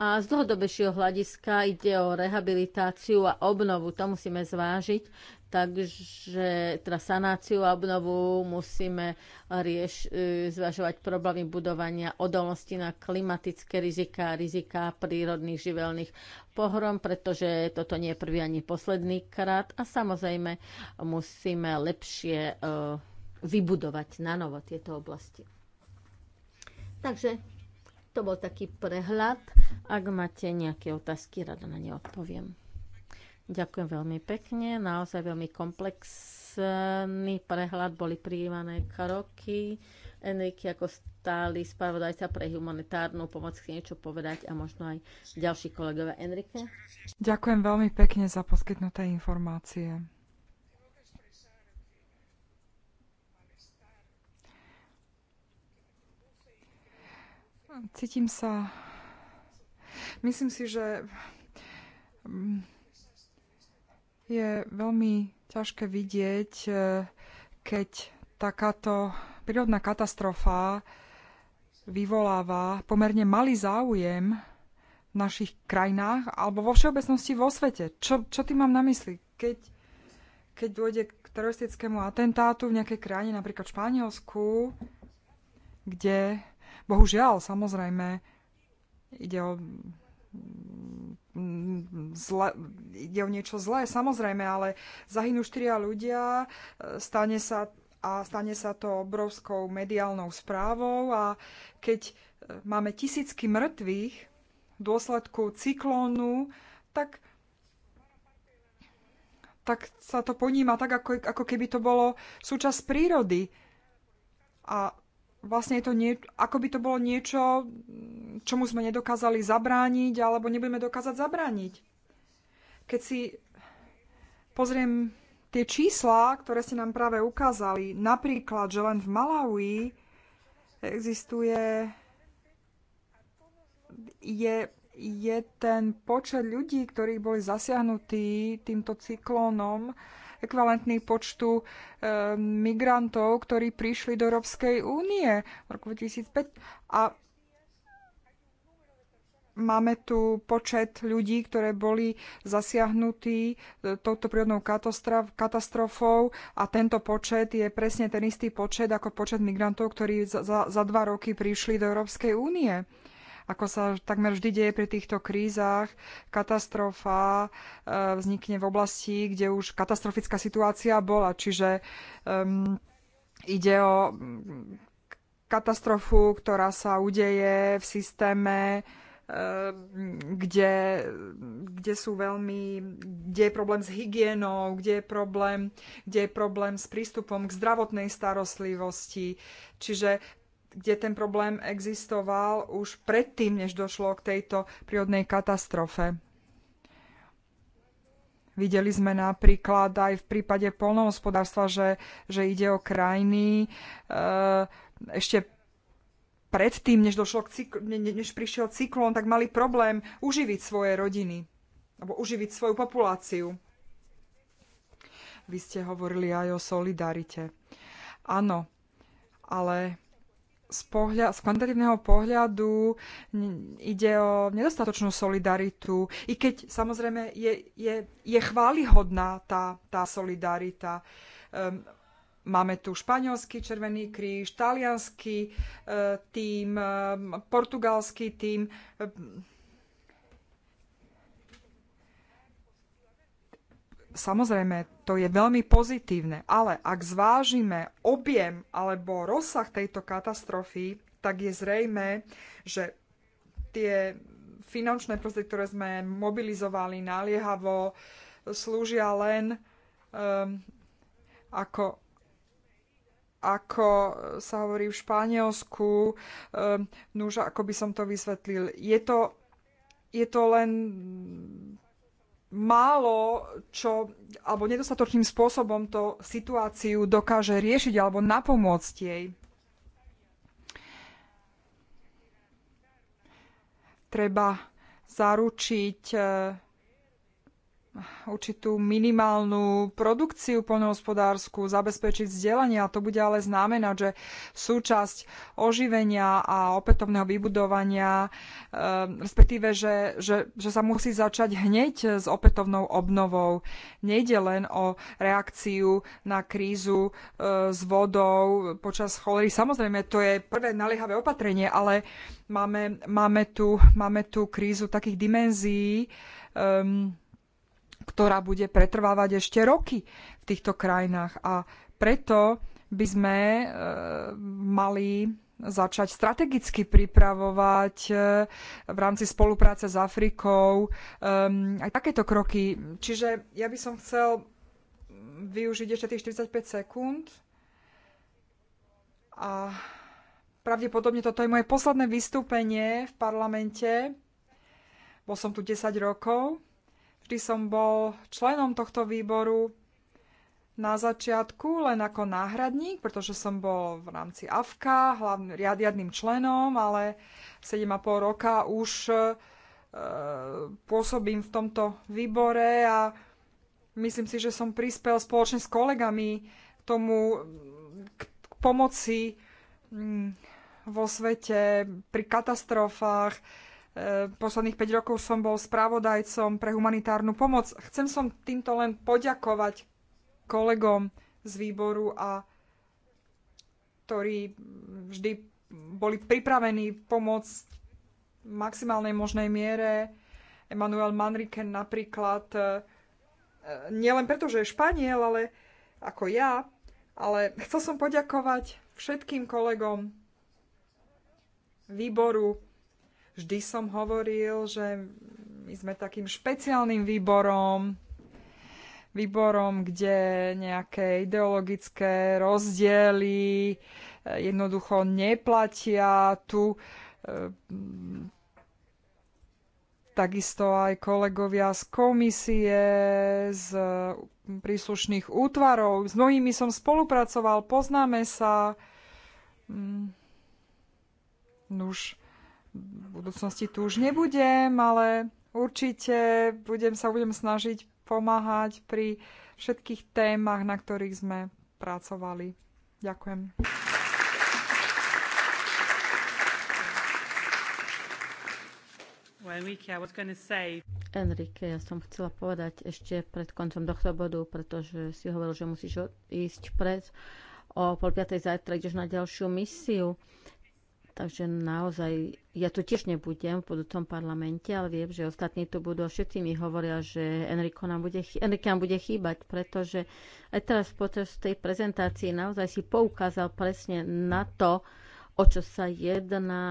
a z dlhodobejšieho hľadiska ide o rehabilitáciu a obnovu. To musíme zvážiť. Takže teda sanáciu a obnovu musíme rieš, e, zvažovať problémy budovania odolnosti na klimatické rizika, rizika prírodných živelných pohrom, pretože toto nie je prvý ani posledný krát. A samozrejme musíme lepšie e, vybudovať na novo tieto oblasti. Takže to bol taký prehľad. Ak máte nejaké otázky, rada na ne odpoviem. Ďakujem veľmi pekne, naozaj veľmi komplexný prehľad, boli prijímané kroky. Enrique ako stály spravodajca pre humanitárnu pomoc chce niečo povedať a možno aj ďalší kolegovia. Enrique? Ďakujem veľmi pekne za poskytnuté informácie. Cítim sa... Myslím si, že mm, je veľmi ťažké vidieť, e, keď takáto prírodná katastrofa vyvoláva pomerne malý záujem v našich krajinách alebo vo všeobecnosti vo svete. Čo, čo tým mám na mysli? Keď, keď dôjde k teroristickému atentátu v nejakej krajine, napríklad v Španielsku, kde Bohužiaľ, samozrejme, ide o mm, zle, ide o niečo zlé, samozrejme, ale zahynú štyria ľudia, stane sa a stane sa to obrovskou mediálnou správou a keď e, máme tisícky mŕtvych v dôsledku cyklónu, tak, tak sa to poníma tak, ako, ako keby to bolo súčasť prírody. A vlastne je to nie, ako by to bolo niečo, mm, čomu sme nedokázali zabrániť alebo nebudeme dokázať zabrániť. Keď si pozriem tie čísla, ktoré ste nám práve ukázali, napríklad, že len v Malawi existuje je, je ten počet ľudí, ktorí boli zasiahnutí týmto cyklónom, ekvalentný počtu e, migrantov, ktorí prišli do Európskej únie v roku 2005. A máme tu počet ľudí, ktoré boli zasiahnutí e, touto prírodnou katastrofou a tento počet je presne ten istý počet ako počet migrantov, ktorí za, za, za dva roky prišli do Európskej únie. Ako sa takmer vždy deje pri týchto krízach, katastrofa e, vznikne v oblasti, kde už katastrofická situácia bola. Čiže um, ide o mm, katastrofu, ktorá sa udeje v systéme, e, kde, kde sú veľmi, kde je problém s hygienou, kde je problém, kde je problém s prístupom k zdravotnej starostlivosti. Čiže kde ten problém existoval už predtým, než došlo k tejto prírodnej katastrofe. Videli sme napríklad aj v prípade polnohospodárstva, že, že ide o krajiny eh, ešte predtým, než, došlo k cykl- ne, než prišiel cyklón, tak mali problém uživiť svoje rodiny alebo uživiť svoju populáciu. Vy ste hovorili aj o solidarite. Áno, ale z, pohľa- z kvantitatívneho pohľadu ide o nedostatočnú solidaritu, i keď samozrejme je, je, je chválihodná tá, tá solidarita. Um, máme tu španielský Červený kríž, talianský uh, e, tým, um, e, portugalský tým. Um, ehm, samozrejme, to je veľmi pozitívne, ale ak zvážime objem alebo rozsah tejto katastrofy, tak je zrejme, že tie finančné prostriedky, ktoré sme mobilizovali naliehavo, slúžia len um, ako ako sa hovorí v Španielsku, um, nuž, ako by som to vysvetlil, je to, je to len málo čo, alebo nedostatočným spôsobom to situáciu dokáže riešiť alebo napomôcť jej. Treba zaručiť eh, určitú minimálnu produkciu poľnohospodárskú, zabezpečiť vzdelanie a to bude ale znamenať, že súčasť oživenia a opätovného vybudovania, e, respektíve, že, že, že sa musí začať hneď s opätovnou obnovou. Nejde len o reakciu na krízu e, s vodou počas cholery. Samozrejme, to je prvé naliehavé opatrenie, ale máme, máme, tu, máme tu krízu takých dimenzií, e, ktorá bude pretrvávať ešte roky v týchto krajinách. A preto by sme e, mali začať strategicky pripravovať e, v rámci spolupráce s Afrikou e, aj takéto kroky. Čiže ja by som chcel využiť ešte tých 45 sekúnd a pravdepodobne toto je moje posledné vystúpenie v parlamente. Bol som tu 10 rokov vždy som bol členom tohto výboru na začiatku len ako náhradník, pretože som bol v rámci AFKA hlavným riadiadným členom, ale 7,5 roka už e, pôsobím v tomto výbore a myslím si, že som prispel spoločne s kolegami k tomu, k, k pomoci m, mm, vo svete pri katastrofách, E, posledných 5 rokov som bol spravodajcom pre humanitárnu pomoc. Chcem som týmto len poďakovať kolegom z výboru a ktorí vždy boli pripravení pomôcť v maximálnej možnej miere. Emanuel Manriken napríklad, e, nielen preto, že je Španiel, ale ako ja, ale chcel som poďakovať všetkým kolegom výboru Vždy som hovoril, že my sme takým špeciálnym výborom, výborom, kde nejaké ideologické rozdiely eh, jednoducho neplatia. Tu eh, takisto aj kolegovia z komisie, z príslušných útvarov. S mnohými som spolupracoval, poznáme sa. Mm. Nuž, v budúcnosti tu už nebudem, ale určite budem sa budem snažiť pomáhať pri všetkých témach, na ktorých sme pracovali. Ďakujem. Enrique, ja som chcela povedať ešte pred koncom tohto bodu, pretože si hovoril, že musíš ísť pred o pol piatej zajtra ideš na ďalšiu misiu. Takže naozaj ja tu tiež nebudem v budúcom parlamente, ale viem, že ostatní tu budú. a Všetci mi hovoria, že Enrico nám bude, Enrico nám bude chýbať, pretože aj teraz počas tej prezentácii naozaj si poukázal presne na to, o čo sa jedná.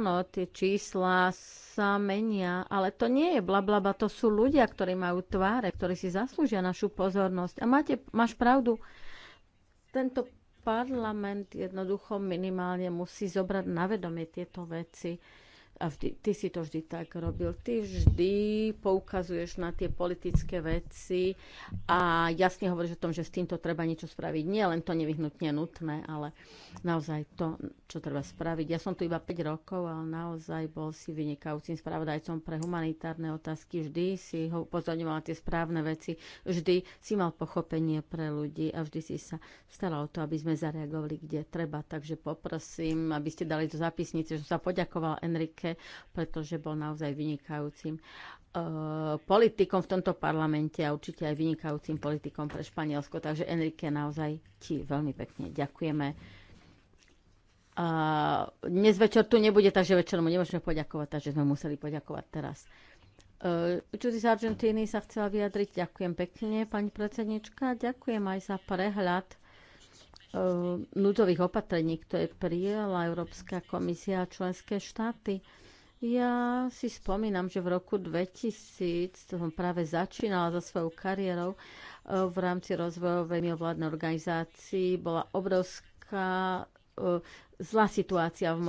Áno, tie čísla sa menia, ale to nie je blablaba, to sú ľudia, ktorí majú tváre, ktorí si zaslúžia našu pozornosť. A máte, máš pravdu, tento parlament jednoducho minimálne musí zobrať na vedomie tieto veci a vždy, ty si to vždy tak robil. Ty vždy poukazuješ na tie politické veci a jasne hovoríš o tom, že s týmto treba niečo spraviť. Nie len to nevyhnutne nutné, ale naozaj to, čo treba spraviť. Ja som tu iba 5 rokov, ale naozaj bol si vynikajúcim spravodajcom pre humanitárne otázky. Vždy si ho upozorňoval na tie správne veci. Vždy si mal pochopenie pre ľudí a vždy si sa staral o to, aby sme zareagovali kde treba. Takže poprosím, aby ste dali do zapisnice, že som sa poďakoval Enrique Danke, pretože bol naozaj vynikajúcim eh, politikom v tomto parlamente a určite aj vynikajúcim politikom pre Španielsko. Takže Enrique, naozaj ti veľmi pekne ďakujeme. dnes večer tu nebude, takže večer mu nemôžeme poďakovať, takže sme museli poďakovať teraz. Uh, Judy z Argentíny sa chcela vyjadriť. Ďakujem pekne, pani predsednička. Ďakujem aj za prehľad Eh, núdzových opatrení, ktoré prijela Európska komisia a členské štáty. Ja si spomínam, že v roku 2000, to som práve začínala za svojou kariérou eh, v rámci rozvojovej mimovládnej organizácii, bola obrovská eh, zlá situácia v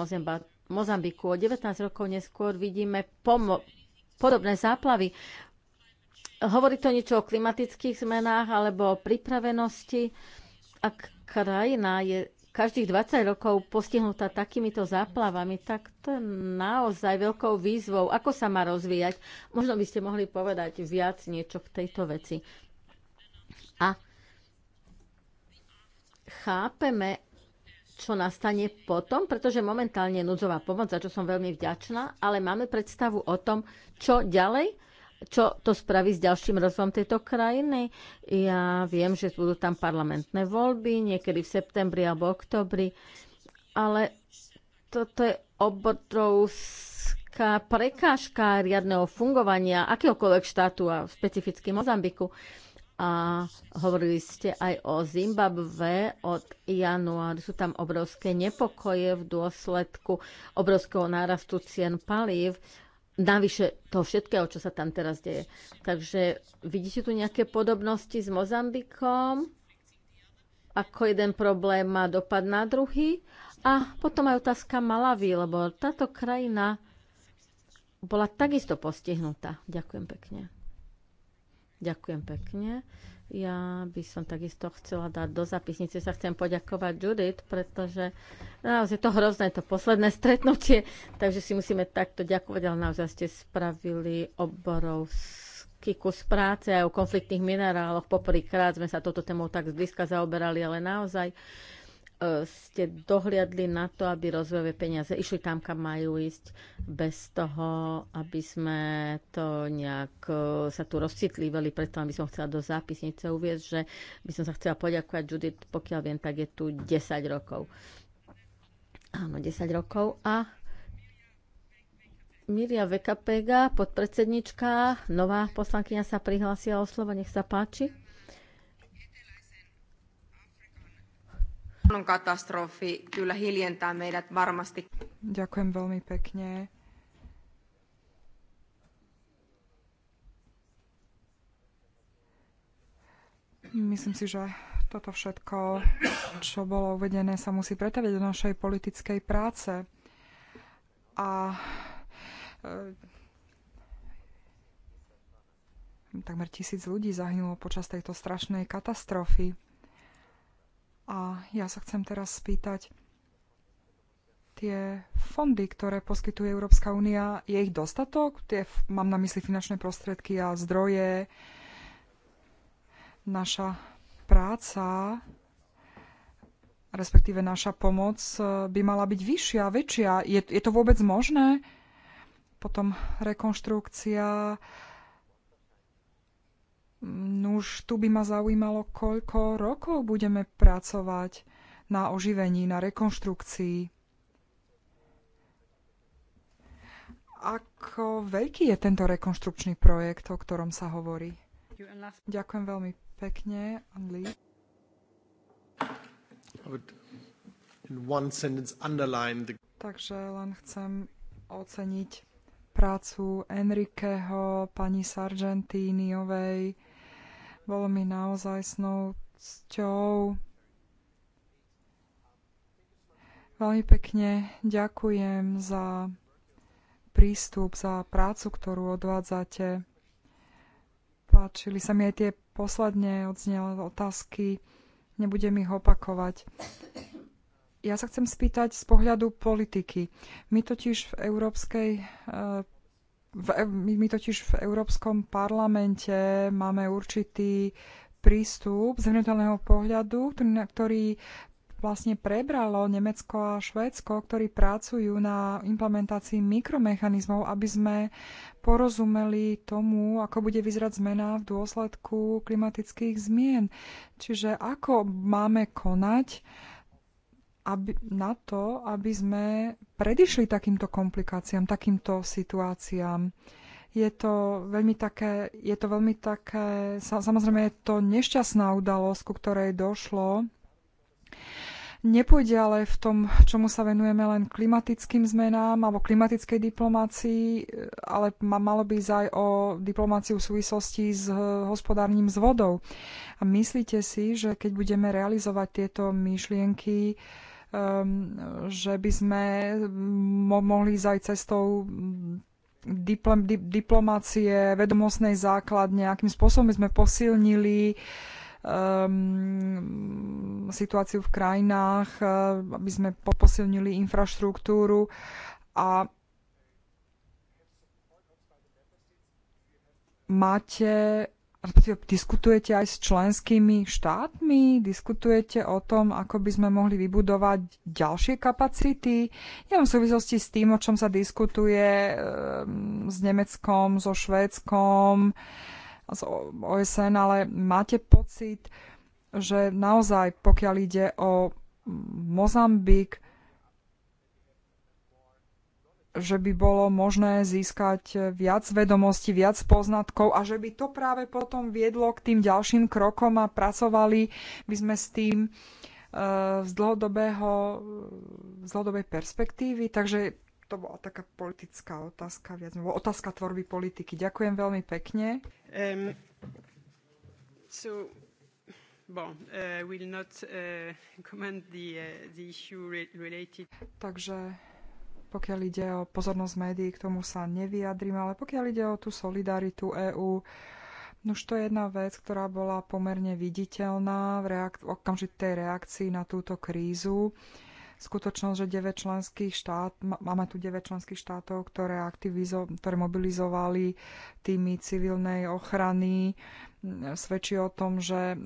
Mozambiku. O 19 rokov neskôr vidíme podobné záplavy. Hovorí to niečo o klimatických zmenách alebo o pripravenosti ak krajina je každých 20 rokov postihnutá takýmito záplavami, tak to je naozaj veľkou výzvou. Ako sa má rozvíjať? Možno by ste mohli povedať viac niečo k tejto veci. A chápeme, čo nastane potom, pretože momentálne je núdzová pomoc, za čo som veľmi vďačná, ale máme predstavu o tom, čo ďalej čo to spraví s ďalším rozvojom tejto krajiny. Ja viem, že budú tam parlamentné voľby niekedy v septembri alebo oktobri, ale toto je obrovská prekážka riadného fungovania akéhokoľvek štátu a špecificky Mozambiku. A hovorili ste aj o Zimbabve od januára. Sú tam obrovské nepokoje v dôsledku obrovského nárastu cien palív. Navyše toho všetkého, čo sa tam teraz deje. Takže vidíte tu nejaké podobnosti s Mozambikom? Ako jeden problém má dopad na druhý? A potom aj otázka Malavy, lebo táto krajina bola takisto postihnutá. Ďakujem pekne. Ďakujem pekne. Ja by som takisto chcela dať do zapisnice, sa chcem poďakovať Judith, pretože naozaj je to hrozné, to posledné stretnutie, takže si musíme takto ďakovať, ale naozaj ste spravili obrovský kus práce aj o konfliktných mineráloch. Poprvýkrát sme sa toto témou tak zblízka zaoberali, ale naozaj ste dohliadli na to, aby rozvojové peniaze išli tam, kam majú ísť, bez toho, aby sme to nejak e, sa tu rozcitlívali. Preto by som chcela do zápisnice uviezť, že by som sa chcela poďakovať Judith, pokiaľ viem, tak je tu 10 rokov. Áno, 10 rokov a Miria Vekapega, podpredsednička, nová poslankyňa sa prihlásila o slovo, nech sa páči. luonnonkatastrofi kyllä hiljentää meidät varmasti. Ďakujem veľmi pekne. Myslím si, že toto všetko, čo bolo uvedené, sa musí pretaviť do našej politickej práce. A e, takmer tisíc ľudí zahynulo počas tejto strašnej katastrofy. A ja sa chcem teraz spýtať, tie fondy, ktoré poskytuje Európska únia, je ich dostatok? Tie, mám na mysli finančné prostriedky a zdroje. Naša práca, respektíve naša pomoc by mala byť vyššia, väčšia. Je, je to vôbec možné? Potom rekonštrukcia Nuž, tu by ma zaujímalo, koľko rokov budeme pracovať na oživení, na rekonštrukcii. Ako veľký je tento rekonštrukčný projekt, o ktorom sa hovorí? Ďakujem veľmi pekne, Anli. Takže len chcem oceniť prácu Enrikeho, pani Sargentiniovej, bolo mi naozaj snou cťou. Veľmi pekne ďakujem za prístup, za prácu, ktorú odvádzate. Páčili sa mi aj tie posledne odznelé otázky. Nebudem ich opakovať. Ja sa chcem spýtať z pohľadu politiky. My totiž v Európskej e, v, my totiž v Európskom parlamente máme určitý prístup z hnutelného pohľadu, ktorý, ktorý vlastne prebralo Nemecko a Švédsko, ktorí pracujú na implementácii mikromechanizmov, aby sme porozumeli tomu, ako bude vyzerať zmena v dôsledku klimatických zmien. Čiže ako máme konať, aby, na to, aby sme predišli takýmto komplikáciám, takýmto situáciám. Je to veľmi také, je to veľmi také, samozrejme je to nešťastná udalosť, ku ktorej došlo. Nepôjde ale v tom, čomu sa venujeme len klimatickým zmenám alebo klimatickej diplomácii, ale malo by ísť aj o diplomáciu v súvislosti s eh, hospodárnym zvodou. A myslíte si, že keď budeme realizovať tieto myšlienky, Ehm, že by sme mm, mo mohli ísť aj cestou mm, diplom, di, diplomácie, vedomostnej základne, akým spôsobom by sme posilnili um, situáciu v krajinách, eh, aby sme posilnili infraštruktúru a máte diskutujete aj s členskými štátmi? Diskutujete o tom, ako by sme mohli vybudovať ďalšie kapacity? Ja v súvislosti s tým, o čom sa diskutuje ehm, s Nemeckom, so Švédskom, s OSN, ale máte pocit, že naozaj, pokiaľ ide o Mozambik, že by bolo možné získať viac vedomostí, viac poznatkov a že by to práve potom viedlo k tým ďalším krokom a pracovali by sme s tým e, z, dlhodobého, z dlhodobej perspektívy. Takže to bola taká politická otázka, viac otázka tvorby politiky. Ďakujem veľmi pekne. Um, so, bon, uh, eh, will not, uh, comment the, uh, the issue re- related. Takže pokiaľ ide o pozornosť médií, k tomu sa nevyjadrím, ale pokiaľ ide o tú solidaritu EÚ, už to je jedna vec, ktorá bola pomerne viditeľná v, reak- v okamžitej reakcii na túto krízu. Uh, skutočnosť, že 9 členských štát, máme tu 9 členských štátov, ktoré, aktivizo, ktoré mobilizovali týmy civilnej ochrany, svedčí o tom, že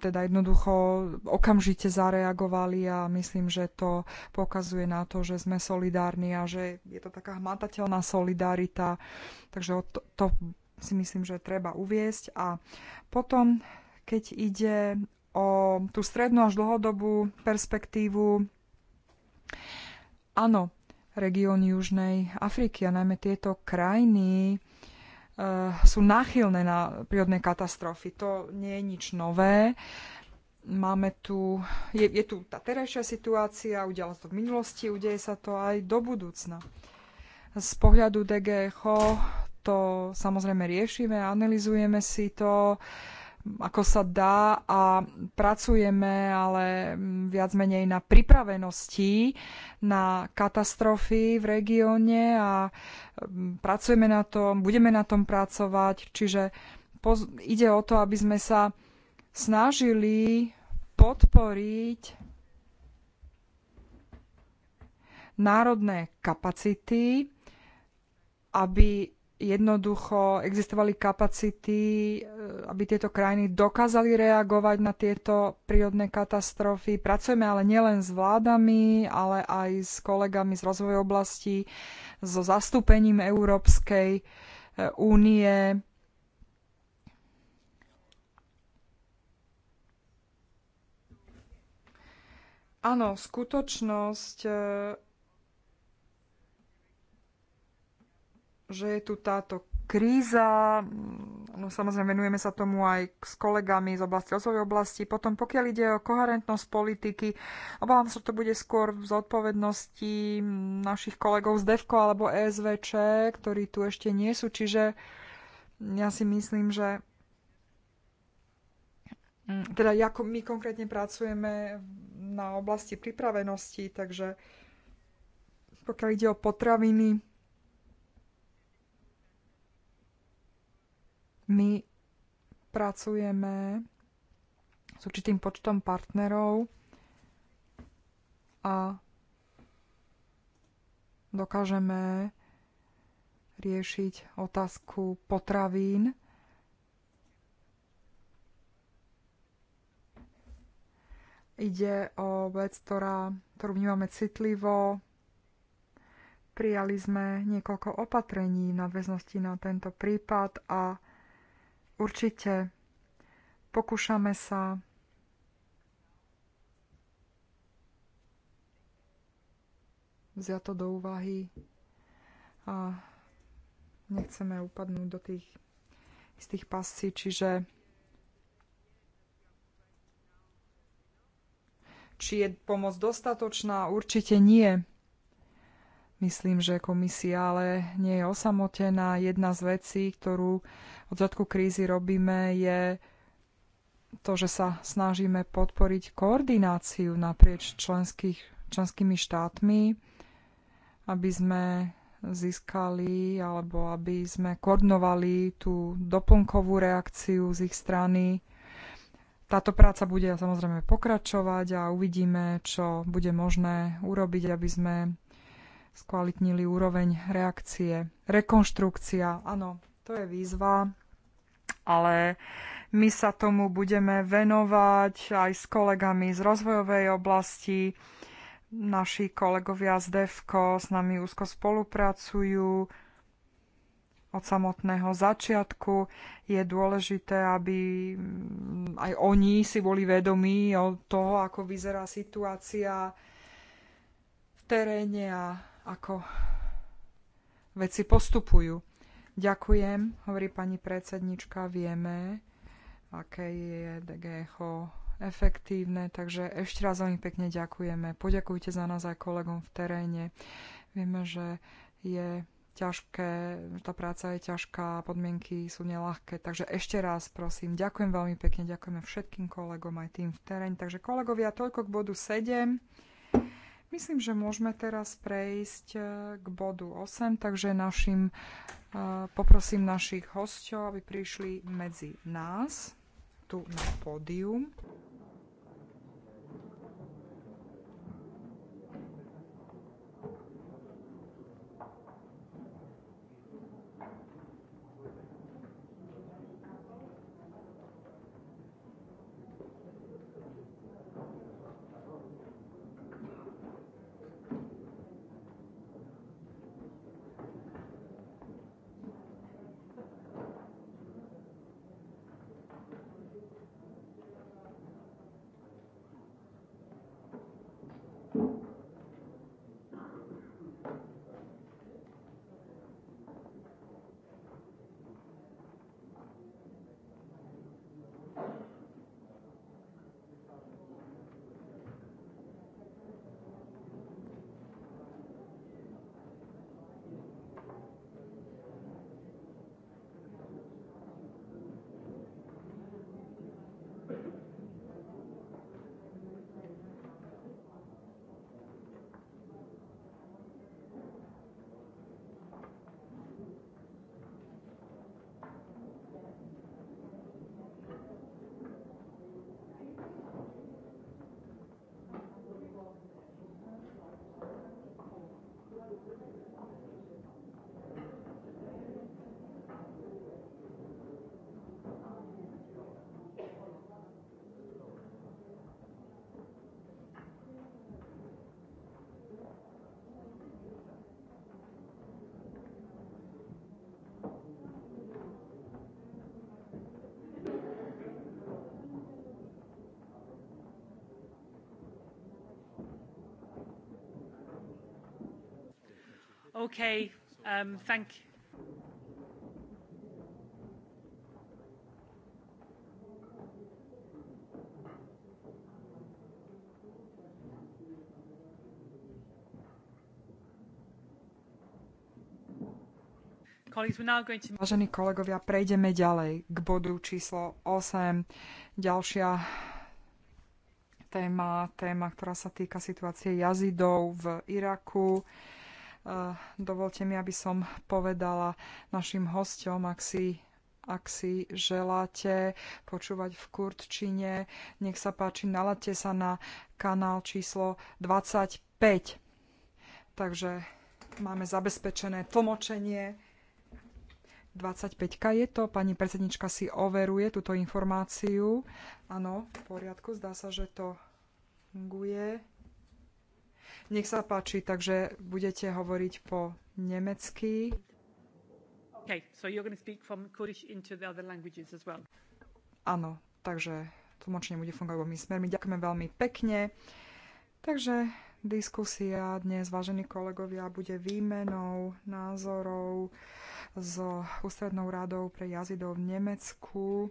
teda jednoducho okamžite zareagovali a myslím, že to pokazuje na to, že sme solidárni a že je to taká hmatateľná solidarita. Takže to, to si myslím, že treba uviesť. A potom, keď ide o tú strednú až dlhodobú perspektívu, Áno, región Južnej Afriky a najmä tieto krajiny eh, sú náchylné na prírodné katastrofy. To nie je nič nové. Máme tu, je, je tu tá terajšia situácia, udialo sa to v minulosti, udeje sa to aj do budúcna. Z pohľadu DGH to samozrejme riešime, analizujeme si to. Uh, ako sa dá a pracujeme ale viac menej na pripravenosti na katastrofy v regióne a mm, pracujeme na tom, budeme na tom pracovať, čiže ide o to, aby sme sa snažili podporiť národné kapacity, aby jednoducho existovali kapacity, eh, aby tieto krajiny dokázali reagovať na tieto prírodné katastrofy. Pracujeme ale nielen s vládami, ale aj s kolegami z rozvojovej oblasti, so zastúpením Európskej eh, únie. Áno, skutočnosť eh, že je tu táto kríza, no samozrejme venujeme sa tomu aj s kolegami z oblasti rozvoj oblasti. Potom pokiaľ ide o koherentnosť politiky, obávam sa, že to bude skôr v zodpovednosti našich kolegov z DEVKO alebo ESVČ, ktorí tu ešte nie sú, čiže ja si myslím, že mm, teda ako my konkrétne pracujeme na oblasti pripravenosti, takže pokiaľ ide o potraviny, My pracujeme s určitým počtom partnerov a dokážeme riešiť otázku potravín. Ide o vec, ktorá, ktorú vnímame citlivo. Prijali sme niekoľko opatrení nadväznosti na tento prípad a Určite pokúšame sa vziať to do úvahy a nechceme upadnúť do tých istých pasí, čiže či je pomoc dostatočná, určite nie. Myslím, že komisia ale nie je osamotená. Jedna z vecí, ktorú od začiatku krízy robíme, je to, že sa snažíme podporiť koordináciu naprieč členských, členskými štátmi, aby sme získali alebo aby sme koordinovali tú doplnkovú reakciu z ich strany. Táto práca bude samozrejme pokračovať a uvidíme, čo bude možné urobiť, aby sme skvalitnili úroveň reakcie. Rekonštrukcia, áno, to je výzva, ale my sa tomu budeme venovať aj s kolegami z rozvojovej oblasti. Naši kolegovia z DEVKO s nami úzko spolupracujú od samotného začiatku. Je dôležité, aby mm, aj oni si boli vedomí o toho, ako vyzerá situácia v teréne a ako veci postupujú. Ďakujem, hovorí pani predsednička, vieme, aké je DGECHO efektívne, takže ešte raz veľmi pekne ďakujeme. Poďakujte za nás aj kolegom v teréne. Vieme, že je ťažké, tá práca je ťažká, podmienky sú nelahké. Takže ešte raz prosím, ďakujem veľmi pekne, ďakujeme všetkým kolegom aj tým v teréne. Takže kolegovia, toľko k bodu 7. Myslím, že môžeme teraz prejsť e, k bodu 8, takže našim, e, poprosím našich hostov, aby prišli medzi nás tu na pódium. Okay, um, thank you. Vážení kolegovia, prejdeme ďalej k bodu číslo 8. Ďalšia téma, téma, ktorá sa týka situácie jazidov v Iraku. Eh, dovolte mi, aby som povedala našim hostom, ak si ak si želáte počúvať v kurtčine, nech sa páči, naladte sa na kanál číslo 25. Takže máme zabezpečené tlmočenie. 25 je to, pani predsednička si overuje túto informáciu. Áno, v poriadku, zdá sa, že to funguje. Nech sa páči, takže budete hovoriť po nemecky. Okay, so you're going to speak from Kurdish into the other languages as well. Áno, takže tlmočenie bude fungovať obomi smermi. Ďakujeme veľmi pekne. Takže diskusia dnes, vážení kolegovia, bude výmenou názorov s ústrednou radou pre jazidov v Nemecku.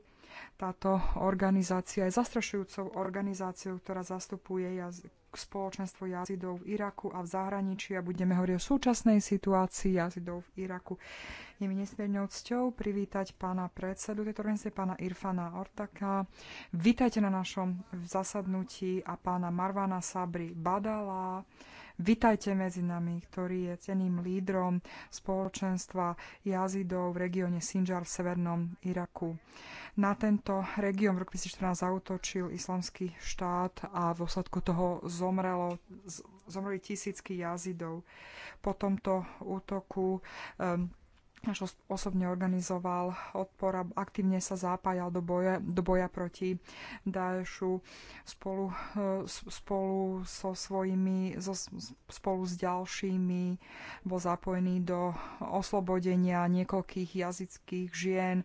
Táto organizácia je zastrašujúcou organizáciou, ktorá zastupuje jaz- spoločenstvo jazidov v Iraku a v zahraničí a budeme hovoriť o súčasnej situácii jazidov v Iraku. Je mi nesmiernou cťou privítať pána predsedu tejto organizácie, pána Irfana Ortaka. Vítajte na našom zasadnutí a pána Marvana Sabri Badala Vitajte medzi nami, ktorý je ceným lídrom spoločenstva jazidov v regióne Sinjar v severnom Iraku. Na tento región v roku 2014 zautočil islamský štát a v dôsledku toho zomrelo, zomreli tisícky jazidov. Po tomto útoku um, až osobne organizoval odpor a aktívne sa zapájal do boja, do boja proti Daešu spolu, spolu so svojimi, so, spolu s ďalšími bol zapojený do oslobodenia niekoľkých jazyckých žien.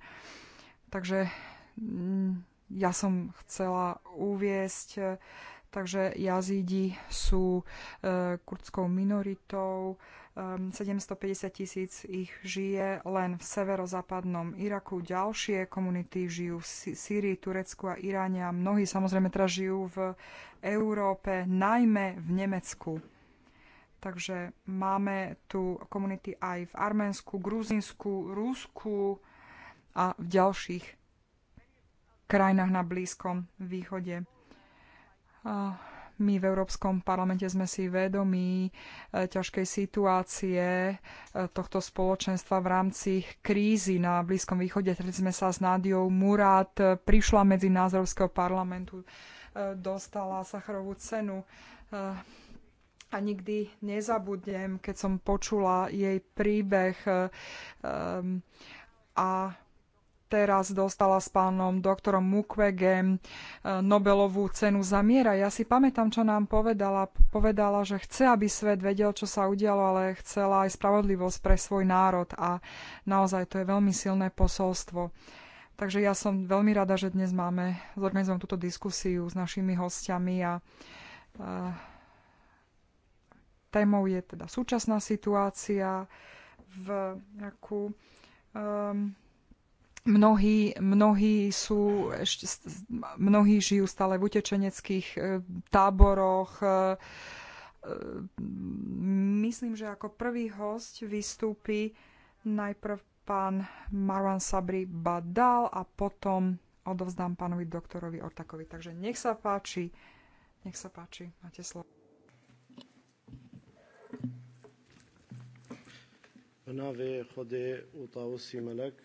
Takže mm, ja som chcela uviesť, takže jazídi sú e, kurdskou minoritou, 750 ehm, tisíc ich žije len v severozápadnom Iraku. Ďalšie komunity žijú v Sýrii, Turecku a Iráne a mnohí samozrejme teraz žijú v Európe, najmä v Nemecku. Takže máme tu komunity aj v Arménsku, Gruzínsku, Rusku a v ďalších krajinách na Blízkom východe my v Európskom parlamente sme si vedomí eh, ťažkej situácie eh, tohto spoločenstva v rámci krízy na Blízkom východe. Teraz sme sa s Nádiou Murát eh, prišla medzi nás Európskeho parlamentu, dostala Sacharovú cenu. A nikdy nezabudnem, keď som počula jej príbeh a teraz dostala s pánom doktorom Mukwegem eh, Nobelovú cenu za miera. Ja si pamätám, čo nám povedala. Povedala, že chce, aby svet vedel, čo sa udialo, ale chcela aj spravodlivosť pre svoj národ a naozaj to je veľmi silné posolstvo. Takže ja som veľmi rada, že dnes máme zorganizovanú túto diskusiu s našimi hostiami a uh, témou je teda súčasná situácia v nejakú um, ehm, mnohí, mnohí, sú, ešte, mnohí žijú stále v utečeneckých e, táboroch. E, e, myslím, že ako prvý host vystúpi najprv pán Marwan Sabri Badal a potom odovzdám pánovi doktorovi Ortakovi. Takže nech sa páči, nech sa páči, máte slovo. بناوي خدي وطاوسي ملك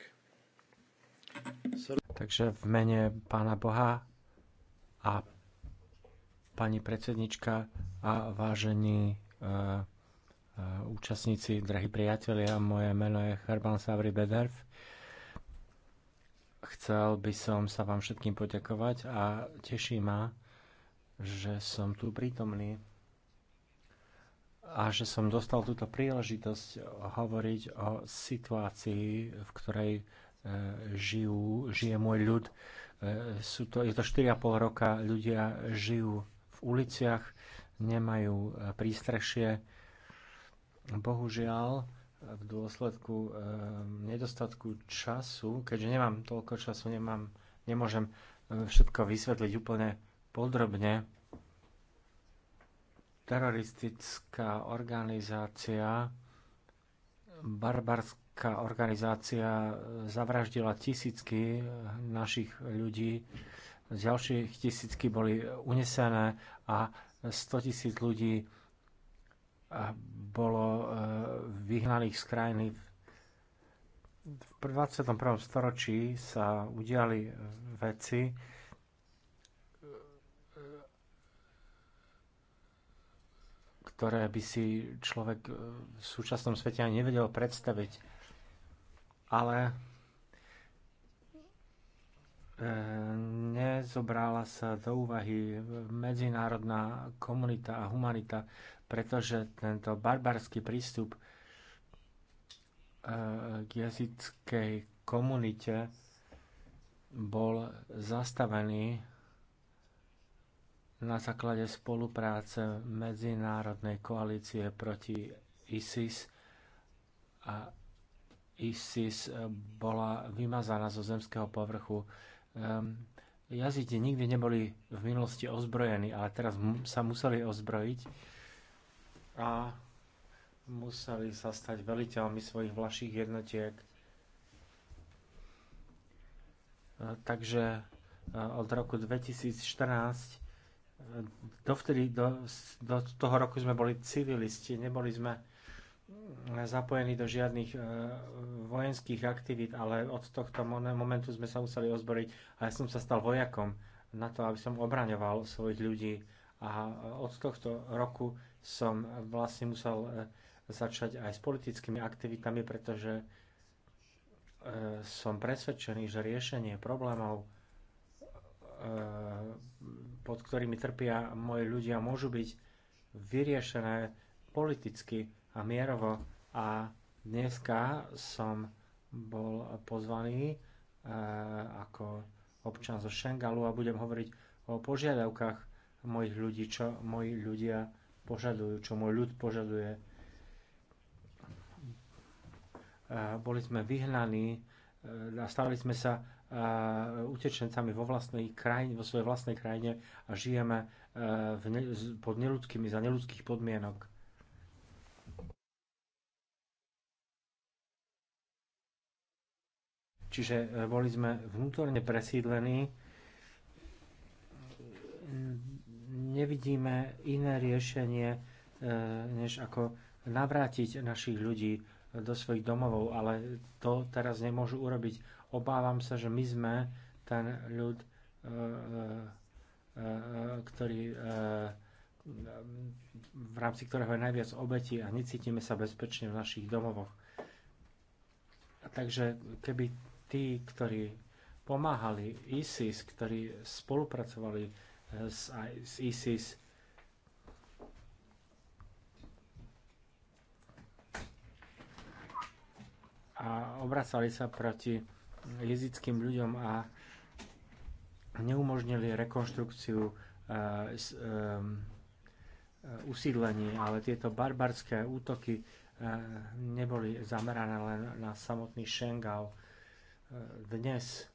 Takže v mene Pána Boha a pani predsednička a vážení uh, uh, účastníci, drahí priatelia, moje meno je Herban Savri Bederv. Chcel by som sa vám všetkým poďakovať a teší ma, že som tu prítomný a že som dostal túto príležitosť hovoriť o situácii, v ktorej E, žijú, žije môj ľud. E, sú to, je to 4,5 roka, ľudia žijú v uliciach, nemajú e, prístrešie. Bohužiaľ, v dôsledku nedostatku času, keďže nemám toľko času, nemám, nemôžem všetko vysvetliť úplne podrobne, teroristická organizácia barbarsk nejaká organizácia zavraždila tisícky našich ľudí, ďalších tisícky boli unesené a 100 tisíc ľudí eh, bolo eh, vyhnaných z krajiny. V 21. storočí sa udiali veci, ktoré by si človek eh, v súčasnom svete ani nevedel predstaviť ale e, nezobrala sa do úvahy medzinárodná komunita a humanita, pretože tento barbarský prístup e, k jazyckej komunite bol zastavený na základe spolupráce Medzinárodnej koalície proti ISIS a ISIS eh, bola vymazaná zo zemského povrchu. Ehm, Jazidi nikdy neboli v minulosti ozbrojení, ale teraz sa museli ozbrojiť a museli sa stať veliteľmi svojich vlaších jednotiek. Eh, takže eh, od roku 2014 dovtedy, do, do toho roku sme boli civilisti, neboli sme zapojení do žiadnych e, vojenských aktivít, ale od tohto momentu sme sa museli ozboriť a ja som sa stal vojakom na to, aby som obraňoval svojich ľudí a od tohto roku som vlastne musel e, začať aj s politickými aktivitami, pretože e, som presvedčený, že riešenie problémov, pod ktorými trpia moji ľudia, môžu byť vyriešené politicky a mierovo. A dneska som bol pozvaný e, ako občan zo Šengalu a budem hovoriť o požiadavkách mojich ľudí, čo moji ľudia požadujú, čo môj ľud požaduje. E, boli sme vyhnaní e, a stali sme sa utečencami vo, vlastnej krajine, vo svojej vlastnej krajine a žijeme pod neludskými, za neludských podmienok. Čiže e, boli sme vnútorne presídlení. Nevidíme iné riešenie, e, než ako navrátiť našich ľudí e, do svojich domovov, ale to teraz nemôžu urobiť. Obávam sa, že my sme ten ľud, ktorý, v rámci ktorého je najviac obetí a necítime sa bezpečne v našich domovoch. Takže keby tí, ktorí pomáhali ISIS, ktorí spolupracovali eh, s, s ISIS, a obracali sa proti jezickým ľuďom a neumožnili rekonštrukciu eh, eh, usídlení, ale tieto barbarské útoky neboli zamerané len na samotný Šengal, dnes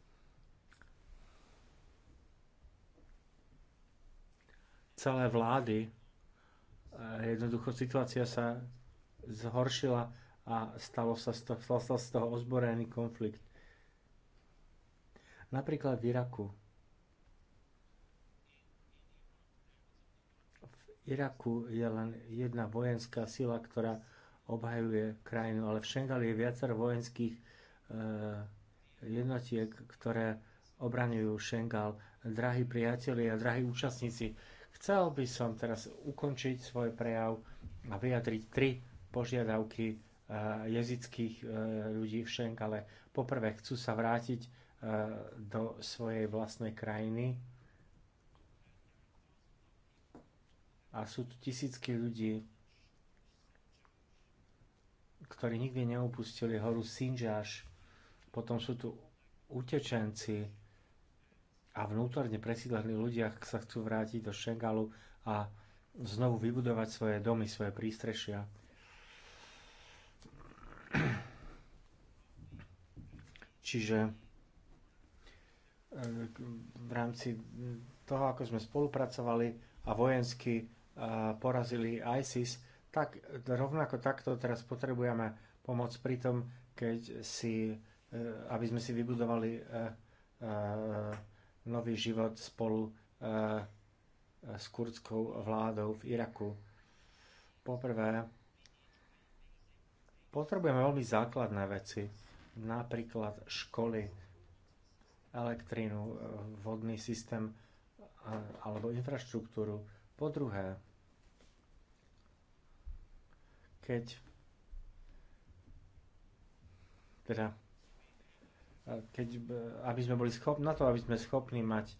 celé vlády. Eh, jednoducho situácia sa zhoršila a stalo sa z toho, sa z toho ozborený konflikt. Napríklad v Iraku. V Iraku je len jedna vojenská sila, ktorá obhajuje krajinu, ale v Šengali je viacero vojenských e, jednotiek, ktoré obraňujú Šengal. Drahí priatelia, a drahí účastníci, chcel by som teraz ukončiť svoj prejav a vyjadriť tri požiadavky eh, jezických eh, ľudí v Šengale. Poprvé, chcú sa vrátiť eh, do svojej vlastnej krajiny a sú tu tisícky ľudí, ktorí nikdy neopustili horu Sinžáš, potom sú tu utečenci a vnútorne presídlení ľudia sa chcú vrátiť do Šengalu a znovu vybudovať svoje domy, svoje prístrešia. Čiže e, v rámci toho, ako sme spolupracovali a vojensky e, porazili ISIS, tak rovnako takto teraz potrebujeme pomoc pri tom, keď si Eh, aby sme si vybudovali eh, eh, nový život spolu s kurdskou vládou v Iraku. Poprvé, potrebujeme veľmi základné veci, napríklad školy, elektrínu, vodný systém alebo infraštruktúru. Po druhé, keď teda keď, aby sme boli schopní, na to, aby sme schopní mať e,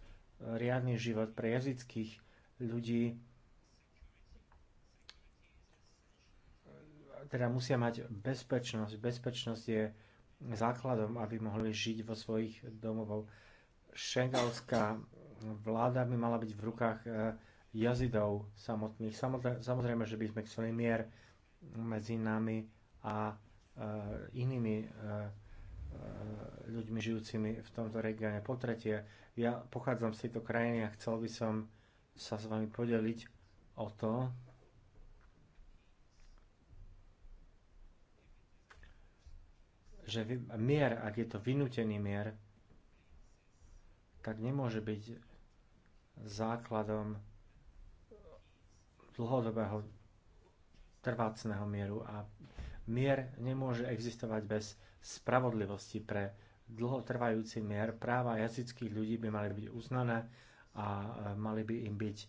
riadny život pre jazyckých ľudí, teda musia mať bezpečnosť. Bezpečnosť je základom, aby mohli žiť vo svojich domovov. Šengalská vláda by mala byť v rukách e, jazidov samotných. Samozrejme, že by sme chceli mier medzi nami a e, inými E, ľuďmi žijúcimi v tomto regióne. Po tretie, ja pochádzam z tejto krajiny a chcel by som sa s vami podeliť o to, že mier, ak je to vynútený mier, tak nemôže byť základom dlhodobého trvácného mieru a mier nemôže existovať bez spravodlivosti pre dlhotrvajúci mier. Práva jazyckých ľudí by mali byť uznané a e, mali by im byť e,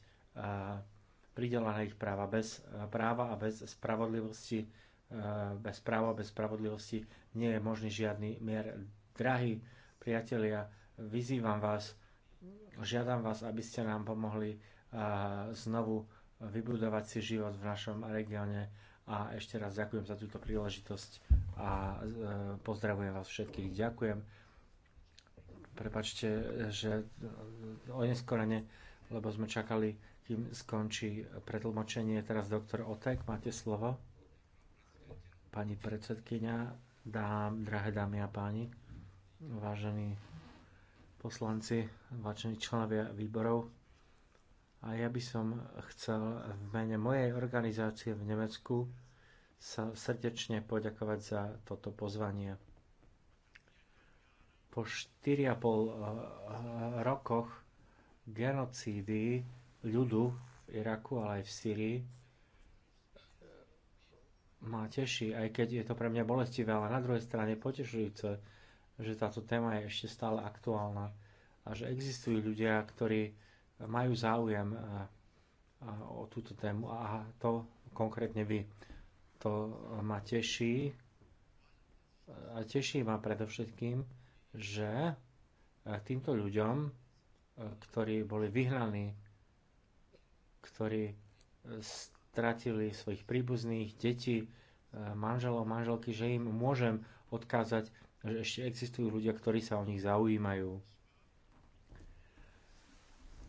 pridelané ich práva. Bez e, práva a bez spravodlivosti, bez práva a bez spravodlivosti nie je možný žiadny mier. Drahí priatelia, vyzývam vás, žiadam vás, aby ste nám pomohli znovu vybudovať si život v našom regióne a ešte raz ďakujem za túto príležitosť a e, pozdravujem vás všetkých. Ďakujem. Prepačte, že e, neskorene, lebo sme čakali, kým skončí predlmočenie. Teraz doktor Otek, máte slovo. Pani predsedkynia, dám, drahé dámy a páni, vážení poslanci, vážení členovia výborov, a ja by som chcel v mene mojej organizácie v Nemecku sa srdečne poďakovať za toto pozvanie. Po 4,5 eh, eh, rokoch genocídy ľudu v Iraku, ale aj v Syrii, ma teší, aj keď je to pre mňa bolestivé, ale na druhej strane potešujúce, že táto téma je ešte stále aktuálna a že existujú ľudia, ktorí majú záujem eh, eh, o túto tému a to konkrétne vy. To ma teší a teší ma predovšetkým, že eh, týmto ľuďom, ktorí boli vyhnaní, ktorí stratili svojich príbuzných, detí, manželov, manželky, že im môžem odkázať, že ešte existujú ľudia, ktorí sa o nich zaujímajú.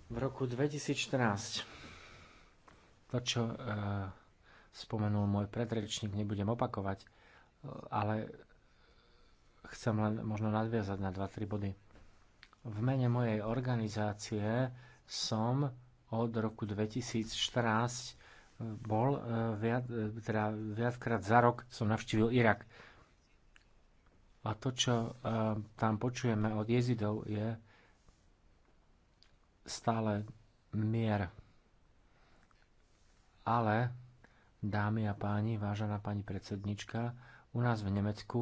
V roku 2014, to čo e, spomenul môj predrečník, nebudem opakovať, e, ale chcem len možno nadviazať na 2-3 body. V mene mojej organizácie som od roku 2014 e, bol e, viac, teda viackrát za rok som navštívil Irak. A to, čo tam počujeme od jezidov, je, stále mier. Ale, dámy a páni, vážená pani predsednička, u nás v Nemecku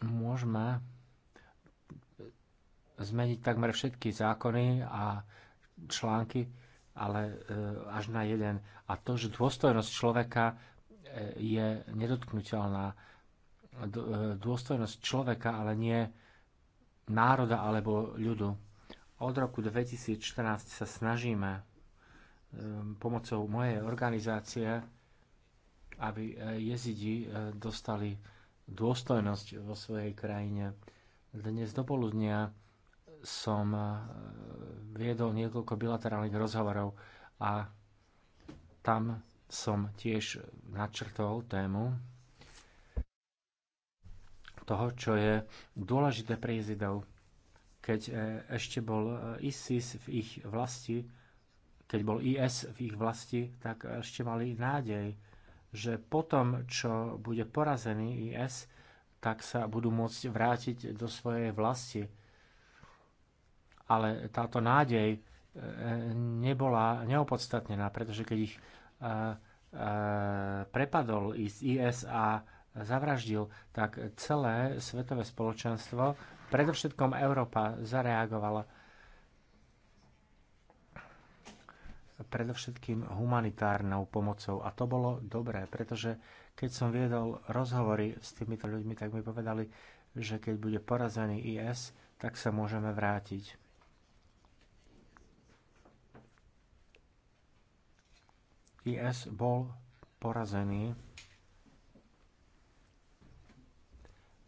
môžeme zmeniť takmer všetky zákony a články, ale e, až na jeden. A to, že dôstojnosť človeka e, je nedotknutelná. E, dôstojnosť človeka, ale nie národa alebo ľudu. Od roku 2014 sa snažíme ehm, pomocou mojej organizácie, aby eh, jezidi eh, dostali dôstojnosť vo svojej krajine. Dnes do poludnia som eh, viedol niekoľko bilaterálnych rozhovorov a tam som tiež načrtol tému toho, čo je dôležité pre Jezidov. Keď e, ešte bol e, ISIS v ich vlasti, keď bol IS v ich vlasti, tak ešte mali nádej, že potom, čo bude porazený IS, tak sa budú môcť vrátiť do svojej vlasti. Ale táto nádej e, nebola neopodstatnená, pretože keď ich prepadol IS a zavraždil, tak celé svetové spoločenstvo, predovšetkom Európa, zareagovala. predovšetkým humanitárnou pomocou. A to bolo dobré, pretože keď som viedol rozhovory s týmito ľuďmi, tak mi povedali, že keď bude porazený IS, tak sa môžeme vrátiť. IS bol porazený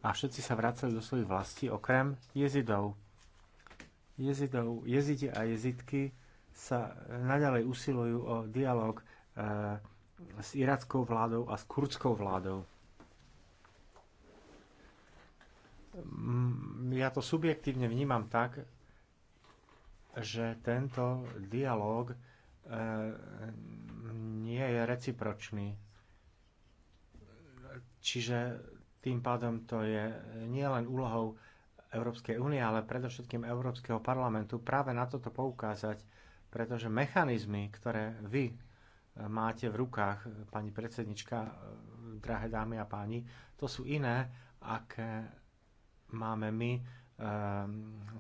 a všetci sa vracali do svojich vlastí okrem jezidov. Jezidov, jezidi a jezidky sa naďalej usilujú o dialog e, s irackou vládou a s kurdskou vládou. Mm, ja to subjektívne vnímam tak, že tento dialog e, nie je recipročný. Čiže tým pádom to je e, nielen úlohou Európskej únie, ale predovšetkým Európskeho parlamentu práve na toto poukázať, pretože mechanizmy, ktoré vy e, máte v rukách, e, pani predsednička, drahé dámy a páni, to sú iné, aké máme my,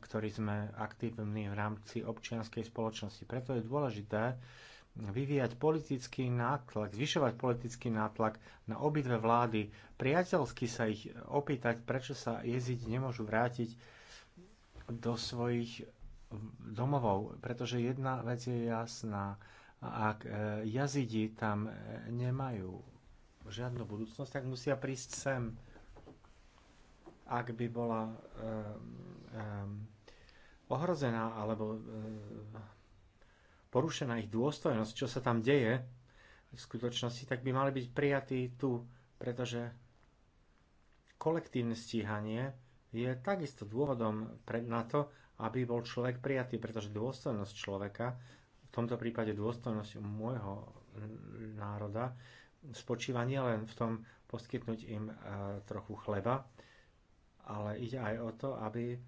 ktorí sme aktívni v rámci občianskej spoločnosti. Preto je dôležité, vyvíjať politický nátlak, zvyšovať politický nátlak na obidve vlády, priateľsky sa ich opýtať, prečo sa jezidi nemôžu vrátiť do svojich domovov, pretože jedna vec je jasná, ak e, jazidi tam e, nemajú žiadnu budúcnosť, tak musia prísť sem. Ak by bola um, um, ohrozená alebo um, porušená ich dôstojnosť, čo sa tam deje v skutočnosti, tak by mali byť prijatí tu, pretože kolektívne stíhanie je takisto dôvodom pre, na to, aby bol človek prijatý, pretože dôstojnosť človeka, v tomto prípade dôstojnosť môjho národa, spočíva nielen v tom poskytnúť im e, trochu chleba, ale ide aj o to, aby e,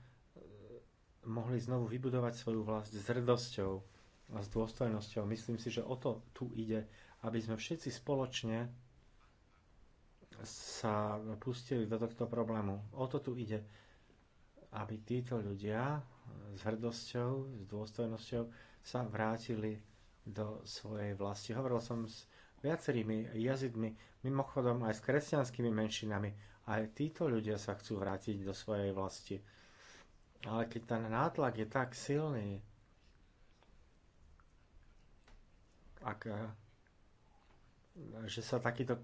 mohli znovu vybudovať svoju vlast s hrdosťou a s dôstojnosťou. Myslím si, že o to tu ide, aby sme všetci spoločne sa pustili do tohto problému. O to tu ide, aby títo ľudia s hrdosťou, s dôstojnosťou sa vrátili do svojej vlasti. Hovoril som s viacerými jazidmi, mimochodom aj s kresťanskými menšinami. Aj títo ľudia sa chcú vrátiť do svojej vlasti. Ale keď ten nátlak je tak silný, ak eh, že sa takýto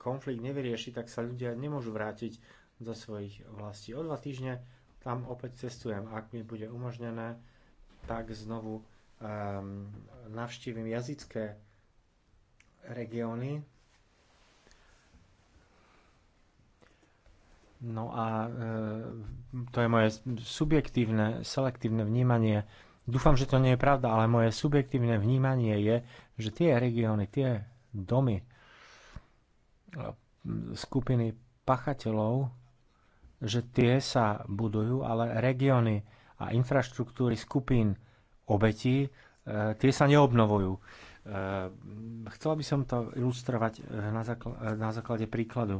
konflikt nevyrieši, tak sa ľudia nemôžu vrátiť do svojich vlastí. O dva týždne tam opäť cestujem. Ak mi bude umožnené, tak znovu um, navštívim jazycké regióny. No a e, to je moje subjektívne, selektívne vnímanie Dúfam, že to nie je pravda, ale moje subjektívne vnímanie je, že tie regióny, tie domy, e, skupiny pachateľov, že tie sa budujú, ale regióny a infraštruktúry skupín obetí, e, tie sa neobnovujú. E, chcela by som to ilustrovať na, na základe príkladu.